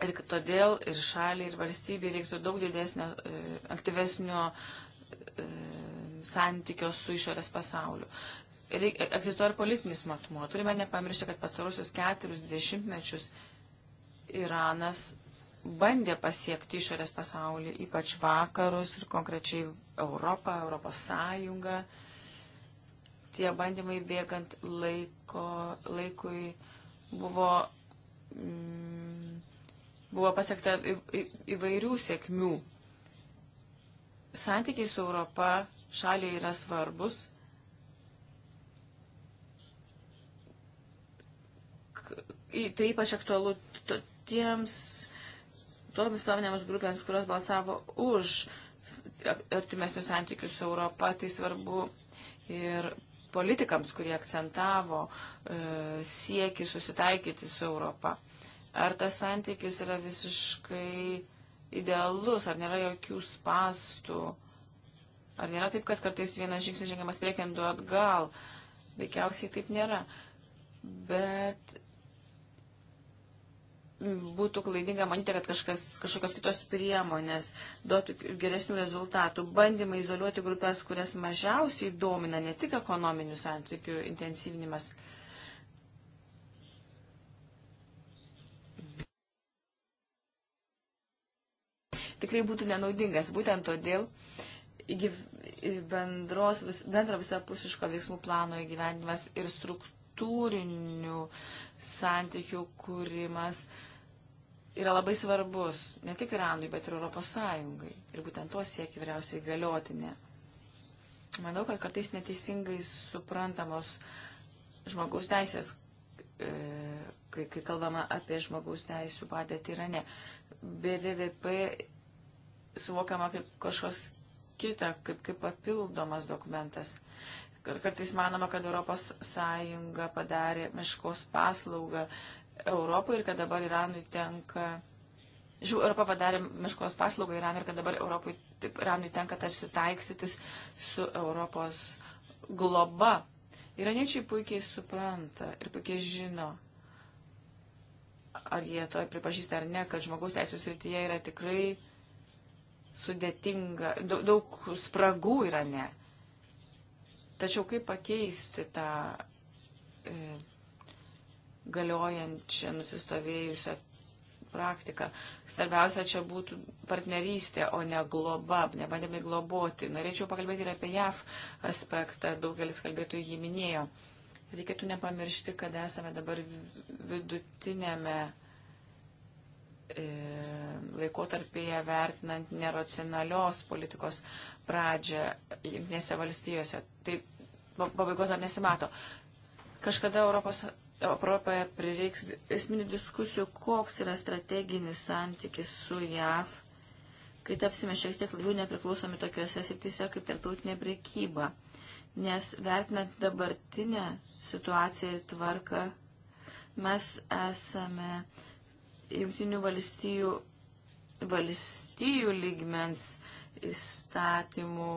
Ir todėl ir šaliai, ir valstybei reiktų daug didesnio, e, aktyvesnio e, santykio su išorės pasauliu reik, egzistuoja ir politinis matmuo. Turime nepamiršti, kad pastarosius keturius dešimtmečius Iranas bandė pasiekti išorės pasaulį, ypač vakarus ir konkrečiai Europą, Europos Sąjungą. Tie bandymai bėgant laiko, laikui buvo, mm, buvo pasiekta į, į, įvairių sėkmių. Santykiai su Europa šaliai yra svarbus, tai ypač aktualu tiems, toms visuomenėms grupėms, kurios balsavo už artimesnius santykius su Europa, tai svarbu ir politikams, kurie akcentavo e, sieki susitaikyti su Europa. Ar tas santykis yra visiškai idealus, ar nėra jokių spastų, ar nėra taip, kad kartais vienas žingsnis žengiamas priekiant du atgal. Veikiausiai taip nėra. Bet būtų klaidinga manyti, kad kažkas, kažkokios kitos priemonės duotų geresnių rezultatų. Bandymai izoliuoti grupės, kurias mažiausiai domina ne tik ekonominių santykių intensyvinimas. Tikrai būtų nenaudingas. Būtent todėl bendros, vis, bendro visapusiško veiksmų plano įgyvendimas ir struktūrinių santykių kūrimas uh, yra labai svarbus ne tik Iranui, bet ir Europos Sąjungai. Ir būtent to siekia vyriausiai galiotinė. Manau, kad kartais neteisingai suprantamos žmogaus teisės, e, kai, kai kalbama apie žmogaus teisų padėtį Irane. BVVP suvokiama kaip kažkas kita, kaip, kaip papildomas dokumentas. Ir kartais manoma, kad Europos Sąjunga padarė meškos paslaugą Europai ir kad dabar Iranui tenka. Žiūrėjau, Europą padarė meškos paslaugą Iranui ir kad dabar Europui, taip, Iranui tenka tarsi taikstytis su Europos globa. Iraniečiai puikiai supranta ir puikiai žino, ar jie to pripažįsta ar ne, kad žmogaus teisės rytyje yra tikrai sudėtinga, daug, daug spragų yra ne. Tačiau kaip pakeisti tą. E, galiojančią nusistovėjusią praktiką. Svarbiausia čia būtų partnerystė, o ne globa, nebandėme globoti. Norėčiau pakalbėti ir apie JAV aspektą, daugelis kalbėtojų jį minėjo. Reikėtų nepamiršti, kad esame dabar vidutinėme e, laikotarpėje vertinant neracionalios politikos pradžią jungtinėse valstijose. Tai pabaigos dar nesimato. Kažkada Europos Europoje prireiks esminių diskusijų, koks yra strateginis santykis su JAV, kai tapsime šiek tiek labiau nepriklausomi tokiuose srityse kaip tarptautinė priekyba. Nes vertinant dabartinę situaciją ir tvarką, mes esame Junktinių valstijų, valstijų lygmens įstatymų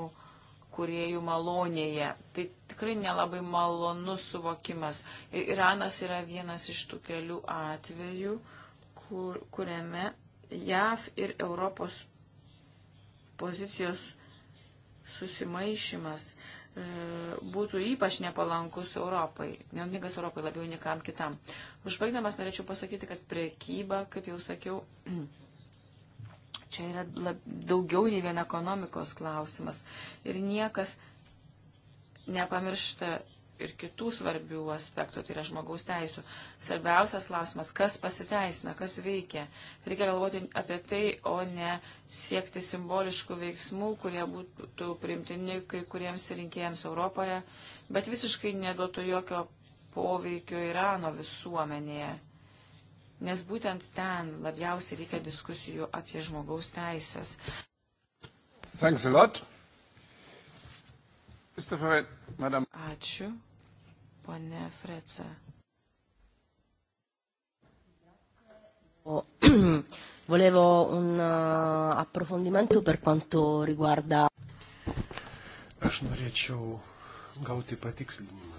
kuriejų malonėje. Tai tikrai nelabai malonus suvokimas. Iranas yra vienas iš tų kelių atvejų, kur, kuriame JAV ir Europos pozicijos susimaišymas e, būtų ypač nepalankus Europai, neunikas Europai labiau niekam kitam. Užbaigdamas norėčiau pasakyti, kad priekyba, kaip jau sakiau, Čia yra lab, daugiau nei vien ekonomikos klausimas. Ir niekas nepamiršta ir kitų svarbių aspektų, tai yra žmogaus teisų. Svarbiausias klausimas, kas pasiteisina, kas veikia. Reikia galvoti apie tai, o ne siekti simboliškų veiksmų, kurie būtų primtini kai kuriems rinkėjams Europoje, bet visiškai neduotų jokio poveikio Irano visuomenėje nes būtent ten labiausiai reikia diskusijų apie žmogaus teisės. Thanks a lot. Mr. Ferret, madam. Ačiū, ponė Freca. Volevo un uh, approfondimento per quanto riguarda. Aš norėčiau gauti patikslinimą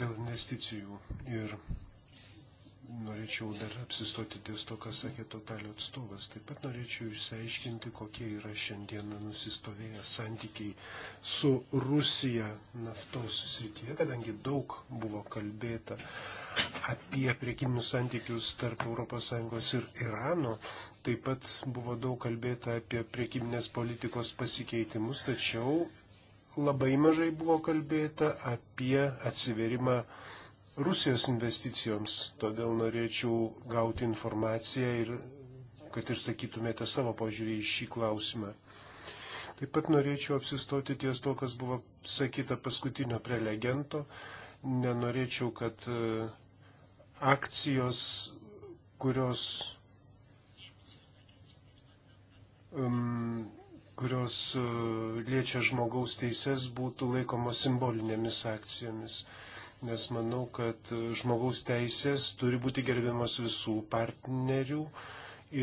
dėl investicijų ir norėčiau dar apsistoti ties to, ką sakė totalio atstovas. Taip pat norėčiau išsiaiškinti, kokie yra šiandieną nusistovėję santykiai su Rusija naftos srityje, kadangi daug buvo kalbėta apie priekybinius santykius tarp ES ir Irano. Taip pat buvo daug kalbėta apie priekybinės politikos pasikeitimus, tačiau labai mažai buvo kalbėta apie atsiverimą Rusijos investicijoms. Todėl norėčiau gauti informaciją ir kad išsakytumėte savo požiūrį į šį klausimą. Taip pat norėčiau apsistoti ties to, kas buvo sakyta paskutinio prelegento. Nenorėčiau, kad e, akcijos, kurios um, kurios e, liečia žmogaus teises, būtų laikomos simbolinėmis akcijomis. Nes manau, kad e, žmogaus teisės turi būti gerbiamas visų partnerių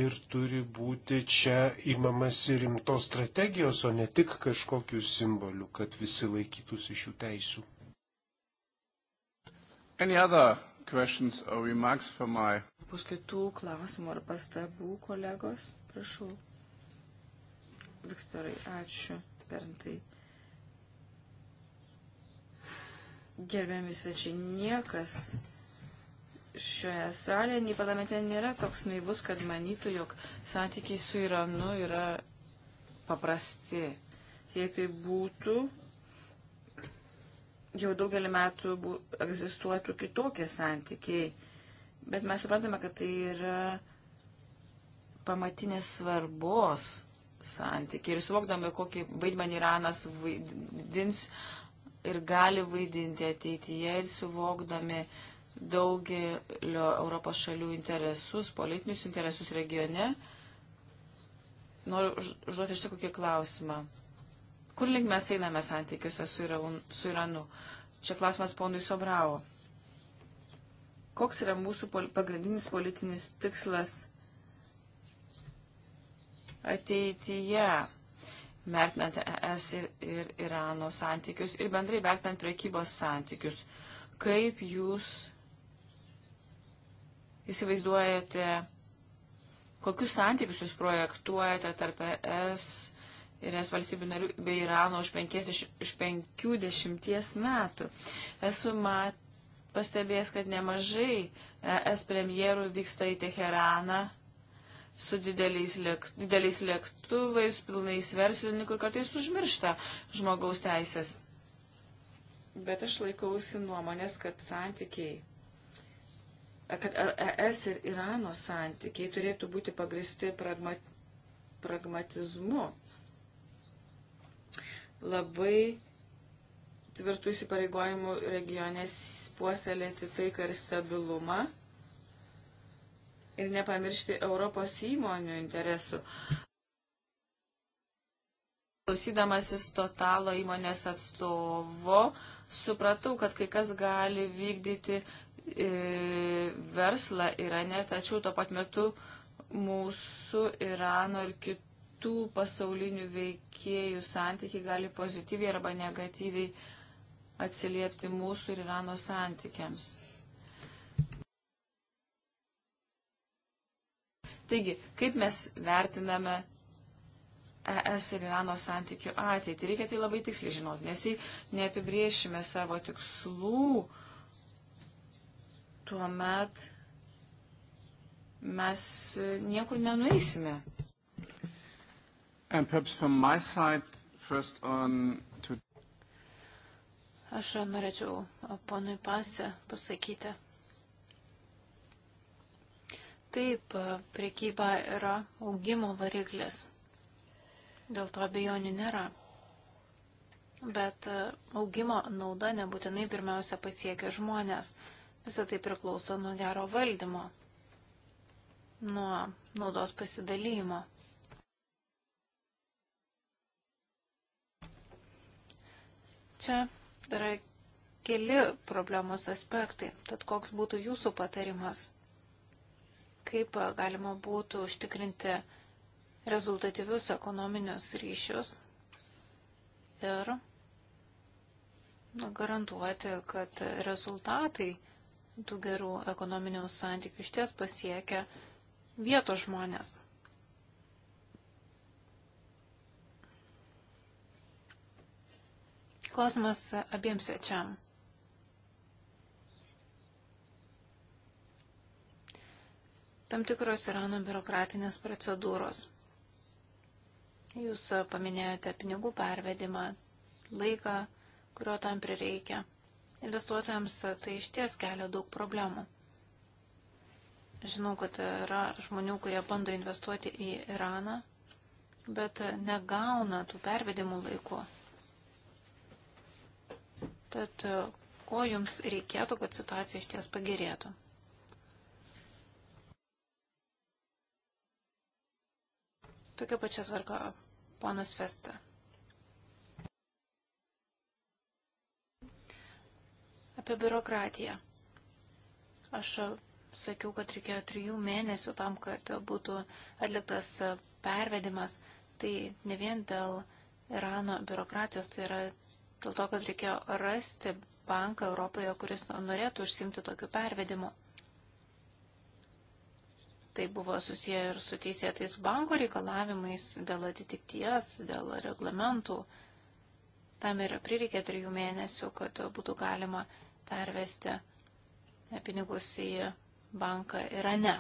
ir turi būti čia įmamasi rimtos strategijos, o ne tik kažkokių simbolių, kad visi laikytųsi šių teisių. Bus kitų klausimų ar pastabų, kolegos? Prašau. Viktorai, ačiū per tai. Gerbėmi svečiai, niekas šioje salėje, nei parlamente nėra toks naivus, kad manytų, jog santykiai su Iranu yra paprasti. Jei tai būtų, jau daugelį metų bū, egzistuotų kitokie santykiai. Bet mes suprantame, kad tai yra pamatinės svarbos santykiai. Ir suvokdami, kokį vaidmenį Iranas vaidins ir gali vaidinti ateityje ir suvokdami daugelio Europos šalių interesus, politinius interesus regione, noriu užduoti štai kokį klausimą. Kur link mes einame santykiuose su, Iraun, su Iranu? Čia klausimas ponui Sobravo. Koks yra mūsų pol pagrindinis politinis tikslas ateityje, vertinant ES ir, ir Irano santykius ir bendrai vertinant prekybos santykius. Kaip jūs įsivaizduojate, kokius santykius jūs projektuojate tarp ES ir es valstybių narių bei Irano už 50, už 50 metų. Esu mat, pastebėjęs, kad nemažai es premjerų vyksta į Teheraną su dideliais, lėk, dideliais lėktuvais, pilnais verslininkų ir kartais užmiršta žmogaus teisės. Bet aš laikausi nuomonės, kad santykiai, kad ES ir Irano santykiai turėtų būti pagristi pragma, pragmatizmu. Labai tvirtų įsipareigojimų regionės puoselėti taiką ir stabilumą ir nepamiršti Europos įmonių interesų. Klausydamasis Totalo įmonės atstovo, supratau, kad kai kas gali vykdyti e, verslą Irane, tačiau tuo pat metu mūsų Irano ir kitų pasaulinių veikėjų santykiai gali pozityviai arba negatyviai atsiliepti mūsų ir Irano santykiams. Taigi, kaip mes vertiname ES ir Irano santykių ateitį? Reikia tai labai tiksliai žinoti, nes jei neapibriešime savo tikslų, tuomet mes niekur nenueisime. Side, to... Aš norėčiau ponui Pasė pasakyti, Taip, priekyba yra augimo variklis. Dėl to abejonių nėra. Bet e, augimo nauda nebūtinai pirmiausia pasiekia žmonės. Visą tai priklauso nuo gero valdymo, nuo naudos pasidalymo. Čia yra keli problemos aspektai. Tad koks būtų jūsų patarimas? kaip galima būtų užtikrinti rezultatyvius ekonominius ryšius ir garantuoti, kad rezultatai tų gerų ekonominių santykių iš ties pasiekia vietos žmonės. Klausimas abiems svečiam. tam tikros Irano biurokratinės procedūros. Jūs paminėjote pinigų pervedimą, laiką, kurio tam prireikia. Investuotojams tai iš ties kelia daug problemų. Žinau, kad yra žmonių, kurie bando investuoti į Iraną, bet negauna tų pervedimų laiku. Tad ko jums reikėtų, kad situacija iš ties pagerėtų? Tokia pačia tvarka ponas Vesta. Apie biurokratiją. Aš sakiau, kad reikėjo trijų mėnesių tam, kad būtų atliktas pervedimas. Tai ne vien dėl Irano biurokratijos, tai yra dėl to, kad reikėjo rasti banką Europoje, kuris norėtų užsimti tokiu pervedimu. Tai buvo susiję ir su teisėtais banko reikalavimais dėl atitikties, dėl reglamentų. Tam yra prireikė trijų mėnesių, kad būtų galima pervesti pinigus į banką Irane.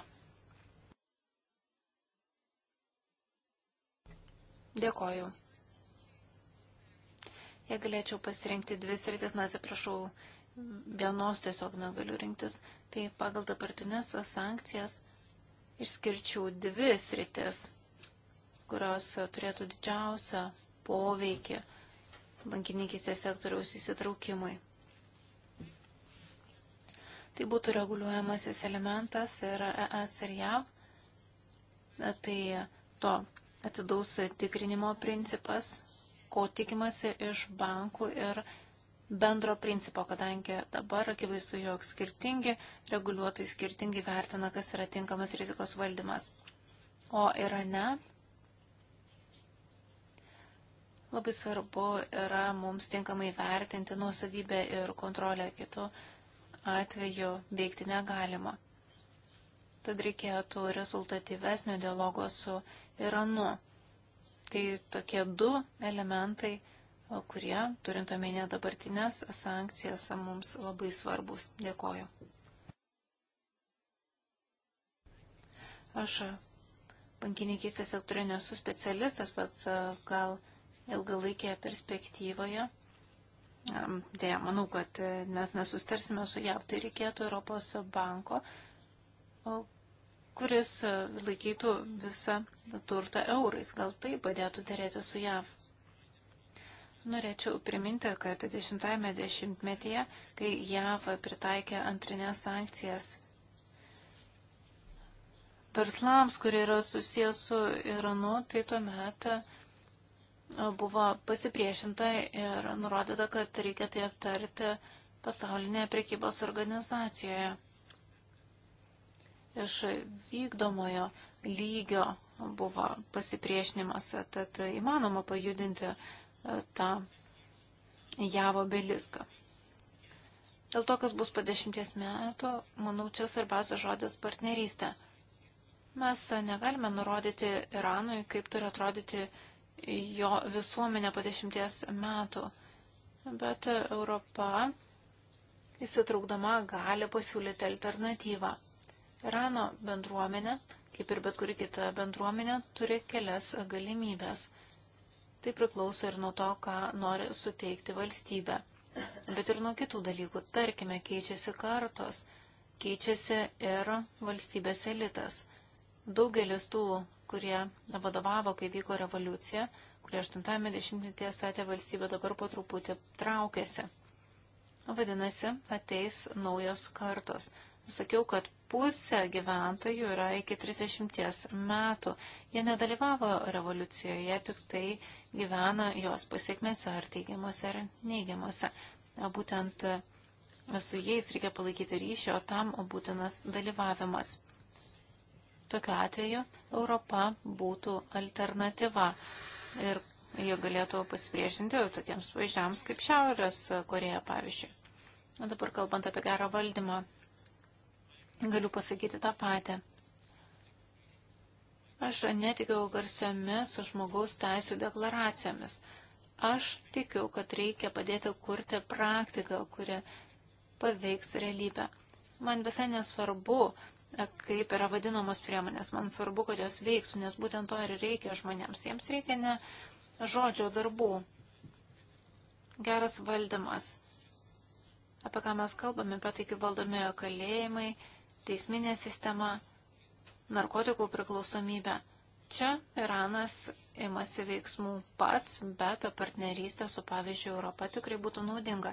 Dėkoju. Jei galėčiau pasirinkti dvi sritis, na, atsiprašau, vienos tiesiog negaliu rinktis, tai pagal dabartinės sankcijas išskirčiau dvi sritis, kurios turėtų didžiausią poveikį bankininkistės sektoriaus įsitraukimui. Tai būtų reguliuojamasis elementas ir ES ir JAV. Tai to atidaus tikrinimo principas, ko tikimasi iš bankų ir bendro principo, kadangi dabar akivaizdu, jog skirtingi reguliuotojai skirtingai vertina, kas yra tinkamas rizikos valdymas. O Irane labai svarbu yra mums tinkamai vertinti nuosavybę ir kontrolę kitų atveju veikti negalima. Tad reikėtų rezultatyvesnio dialogo su Iranu. Tai tokie du elementai kurie, turint omenyje dabartinės sankcijas, mums labai svarbus. Dėkoju. Aš bankininkystės sektoriuje nesu specialistas, bet e, gal ilgalaikėje perspektyvoje. E, dėja, manau, kad e, mes nesustarsime su JAV, tai reikėtų Europos banko, kuris laikytų visą turtą eurais. Gal tai padėtų dėrėti su JAV. Norėčiau priminti, kad 10-ame dešimtmetyje, kai JAV pritaikė antrinės sankcijas verslams, kurie yra susijęs su Iranu, tai tuomet buvo pasipriešinta ir nurodyta, kad reikia tai aptarti pasaulinėje prekybos organizacijoje. Iš vykdomojo lygio buvo pasipriešinimas, tad įmanoma pajudinti tą JAV obeliską. Dėl to, kas bus po dešimties metų, manau, čia svarbiausia žodis partnerystė. Mes negalime nurodyti Iranui, kaip turi atrodyti jo visuomenė po dešimties metų, bet Europa įsitraukdama gali pasiūlyti alternatyvą. Irano bendruomenė, kaip ir bet kuri kita bendruomenė, turi kelias galimybės – Tai priklauso ir nuo to, ką nori suteikti valstybė. Bet ir nuo kitų dalykų. Tarkime, keičiasi kartos, keičiasi ir valstybės elitas. Daugelis tų, kurie vadovavo, kai vyko revoliucija, kurie 80-metyje statė valstybę, dabar po truputį traukiasi. Vadinasi, ateis naujos kartos. Sakiau, kad pusė gyventojų yra iki 30 metų. Jie nedalyvavo revoliucijoje, tik tai gyvena jos pasiekmėse, ar teigiamuose, ar neigiamuose. Būtent su jais reikia palaikyti ryšį, o tam būtinas dalyvavimas. Tokiu atveju Europa būtų alternatyva ir jie galėtų pasipriešinti tokiems pažiams kaip Šiaurės Koreja, pavyzdžiui. O dabar kalbant apie gerą valdymą, galiu pasakyti tą patį. Aš netikiu garsiomis žmogaus teisų deklaracijomis. Aš tikiu, kad reikia padėti kurti praktiką, kuri paveiks realybę. Man visai nesvarbu, kaip yra vadinamos priemonės. Man svarbu, kad jos veiktų, nes būtent to ir reikia žmonėms. Jiems reikia ne žodžio darbų. Geras valdymas. Apie ką mes kalbame, apie tai, kaip valdomi kalėjimai, teisminė sistema, narkotikų priklausomybė. Čia Iranas imasi veiksmų pats, bet partnerystė su pavyzdžiui Europa tikrai būtų naudinga.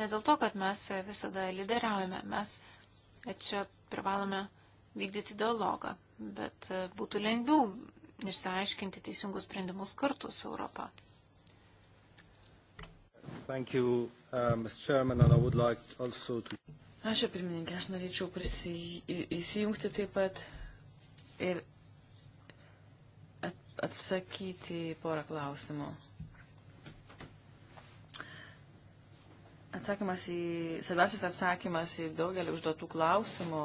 Ne dėl to, kad mes visada lyderiaujame, mes čia privalome vykdyti dialogą, bet būtų lengviau išsiaiškinti teisingus sprendimus kartu su Europa. Thank you, uh, Mr. Chairman, and I would like also to... Aš, pirmininkė, aš norėčiau prisi, įsijungti taip pat ir atsakyti į porą klausimų. Atsakymas į, svarbiausias atsakymas į daugelį užduotų klausimų,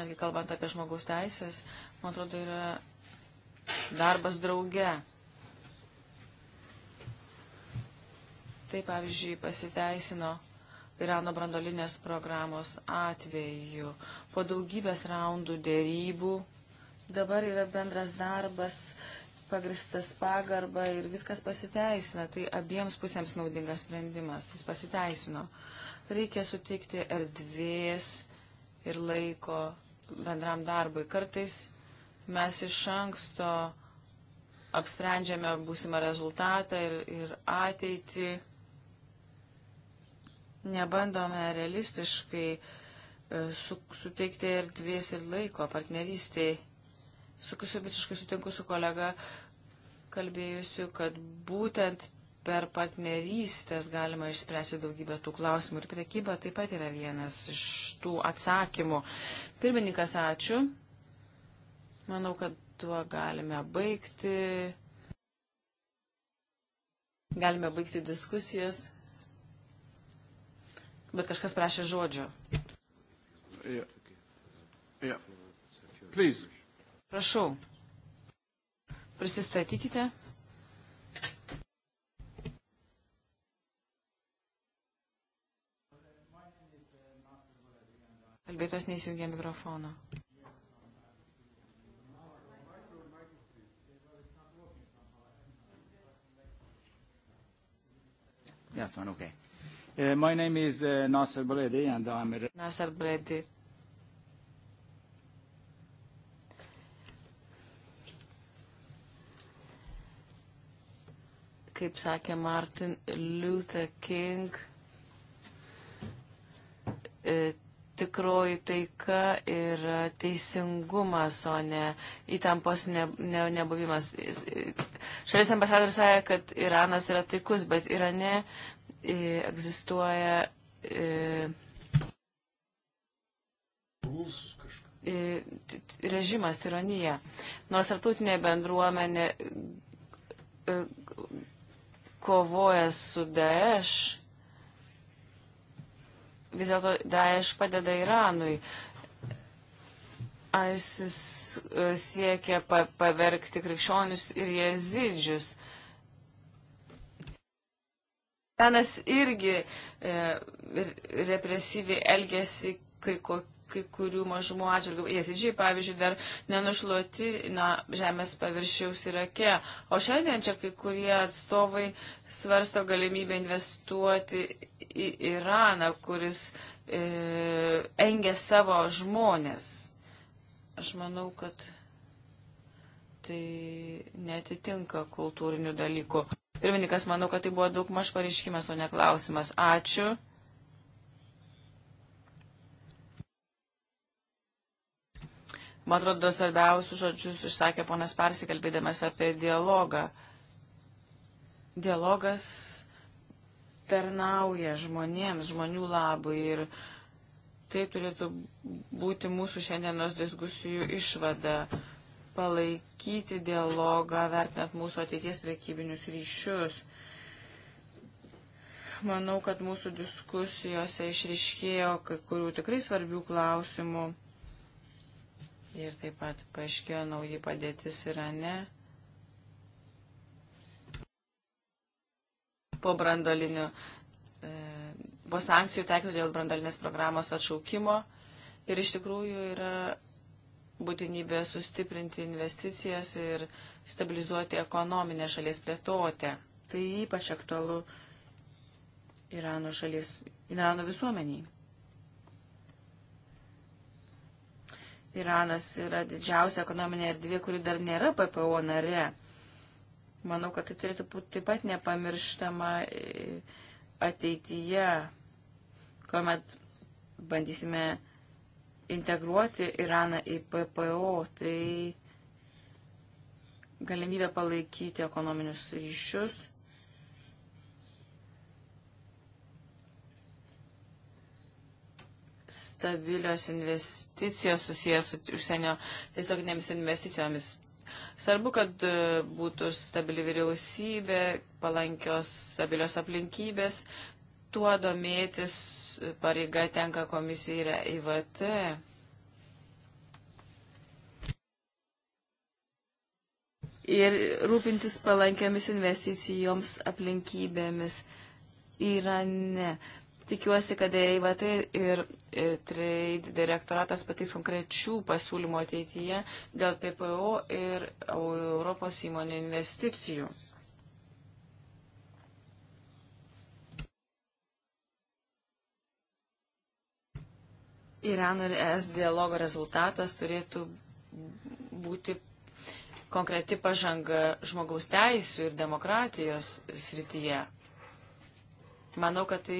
netgi kalbant apie žmogaus teisės, man atrodo, yra darbas drauge. Tai pavyzdžiui pasiteisino Irano brandolinės programos atveju. Po daugybės raundų dėrybų dabar yra bendras darbas, pagristas pagarba ir viskas pasiteisina. Tai abiems pusėms naudingas sprendimas. Jis pasiteisino. Reikia sutikti erdvės ir laiko bendram darbui. Kartais mes iš anksto apsprendžiame būsimą rezultatą ir, ir ateitį nebandome realistiškai e, su, suteikti erdvės ir laiko partnerystiai. Sukusiu visiškai sutinku su kolega kalbėjusiu, kad būtent per partnerystės galima išspręsti daugybę tų klausimų ir priekyba taip pat yra vienas iš tų atsakymų. Pirmininkas, ačiū. Manau, kad tuo galime baigti. Galime baigti diskusijas bet kažkas prašė žodžio. Yeah. Yeah. Please. Prašau. Prisistatykite. Kalbėtos neįsijungia mikrofono. That's one, okay. Uh, my name is uh, Nasser Bredi and I'm a... Nasser Bredi. Kaip sakė Martin Luther King, e, tikroji taika yra teisingumas, o ne įtampos ne, ne, nebuvimas. Šalies ambasadorius sąja, kad Iranas yra taikus, bet Irane E, egzistuoja e, e, režimas, tironija. Nors tarptautinė bendruomenė kovoja su Daesh, vis dėlto Daesh padeda Iranui. ISIS siekia pa pavergti krikščionius ir jezidžius. Tenas irgi e, represyviai elgėsi kai, ko, kai kurių mažumų atžvilgių. Jesidžiai, pavyzdžiui, dar nenušluoti na, žemės paviršiaus Irake. O šiandien čia kai kurie atstovai svarsto galimybę investuoti į Iraną, kuris e, engia savo žmonės. Aš manau, kad tai netitinka kultūrinių dalykų. Pirmininkas, manau, kad tai buvo daug maž pareiškimas, o ne klausimas. Ačiū. Man atrodo, svarbiausius žodžius išsakė ponas persikalbėdamas apie dialogą. Dialogas tarnauja žmonėms, žmonių labui ir tai turėtų būti mūsų šiandienos diskusijų išvada palaikyti dialogą, vertinant mūsų ateities prekybinius ryšius. Manau, kad mūsų diskusijose išriškėjo kai kurių tikrai svarbių klausimų. Ir taip pat paaiškėjo nauji padėtis Irane. Po brandolinių, e, po sankcijų taikytų dėl brandolinės programos atšaukimo. Ir iš tikrųjų yra būtinybė sustiprinti investicijas ir stabilizuoti ekonominę šalies plėtotę. Tai ypač aktualu Irano, šalies, Irano visuomeniai. Iranas yra didžiausia ekonominė erdvė, kuri dar nėra PPO nare. Manau, kad tai turėtų būti taip pat nepamirštama e, ateityje, kuomet bandysime integruoti Iraną į PPO, tai galimybė palaikyti ekonominius ryšius. stabilios investicijos susijęs su užsienio tiesioginėmis investicijomis. Svarbu, kad e, būtų stabili vyriausybė, palankios stabilios aplinkybės, tuo domėtis pareiga tenka komisijai ir EIVT. Ir rūpintis palankiamis investicijoms aplinkybėmis yra ne. Tikiuosi, kad EIVT ir e, Trade direktoratas patys konkrečių pasiūlymų ateityje dėl PPO ir Europos įmonių investicijų. Irano ir ES dialogo rezultatas turėtų būti konkreti pažanga žmogaus teisų ir demokratijos srityje. Manau, kad tai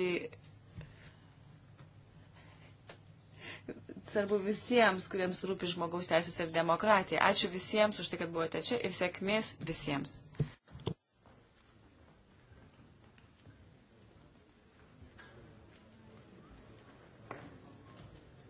svarbu visiems, kuriems rūpi žmogaus teisės ir demokratija. Ačiū visiems už tai, kad buvote čia ir sėkmės visiems.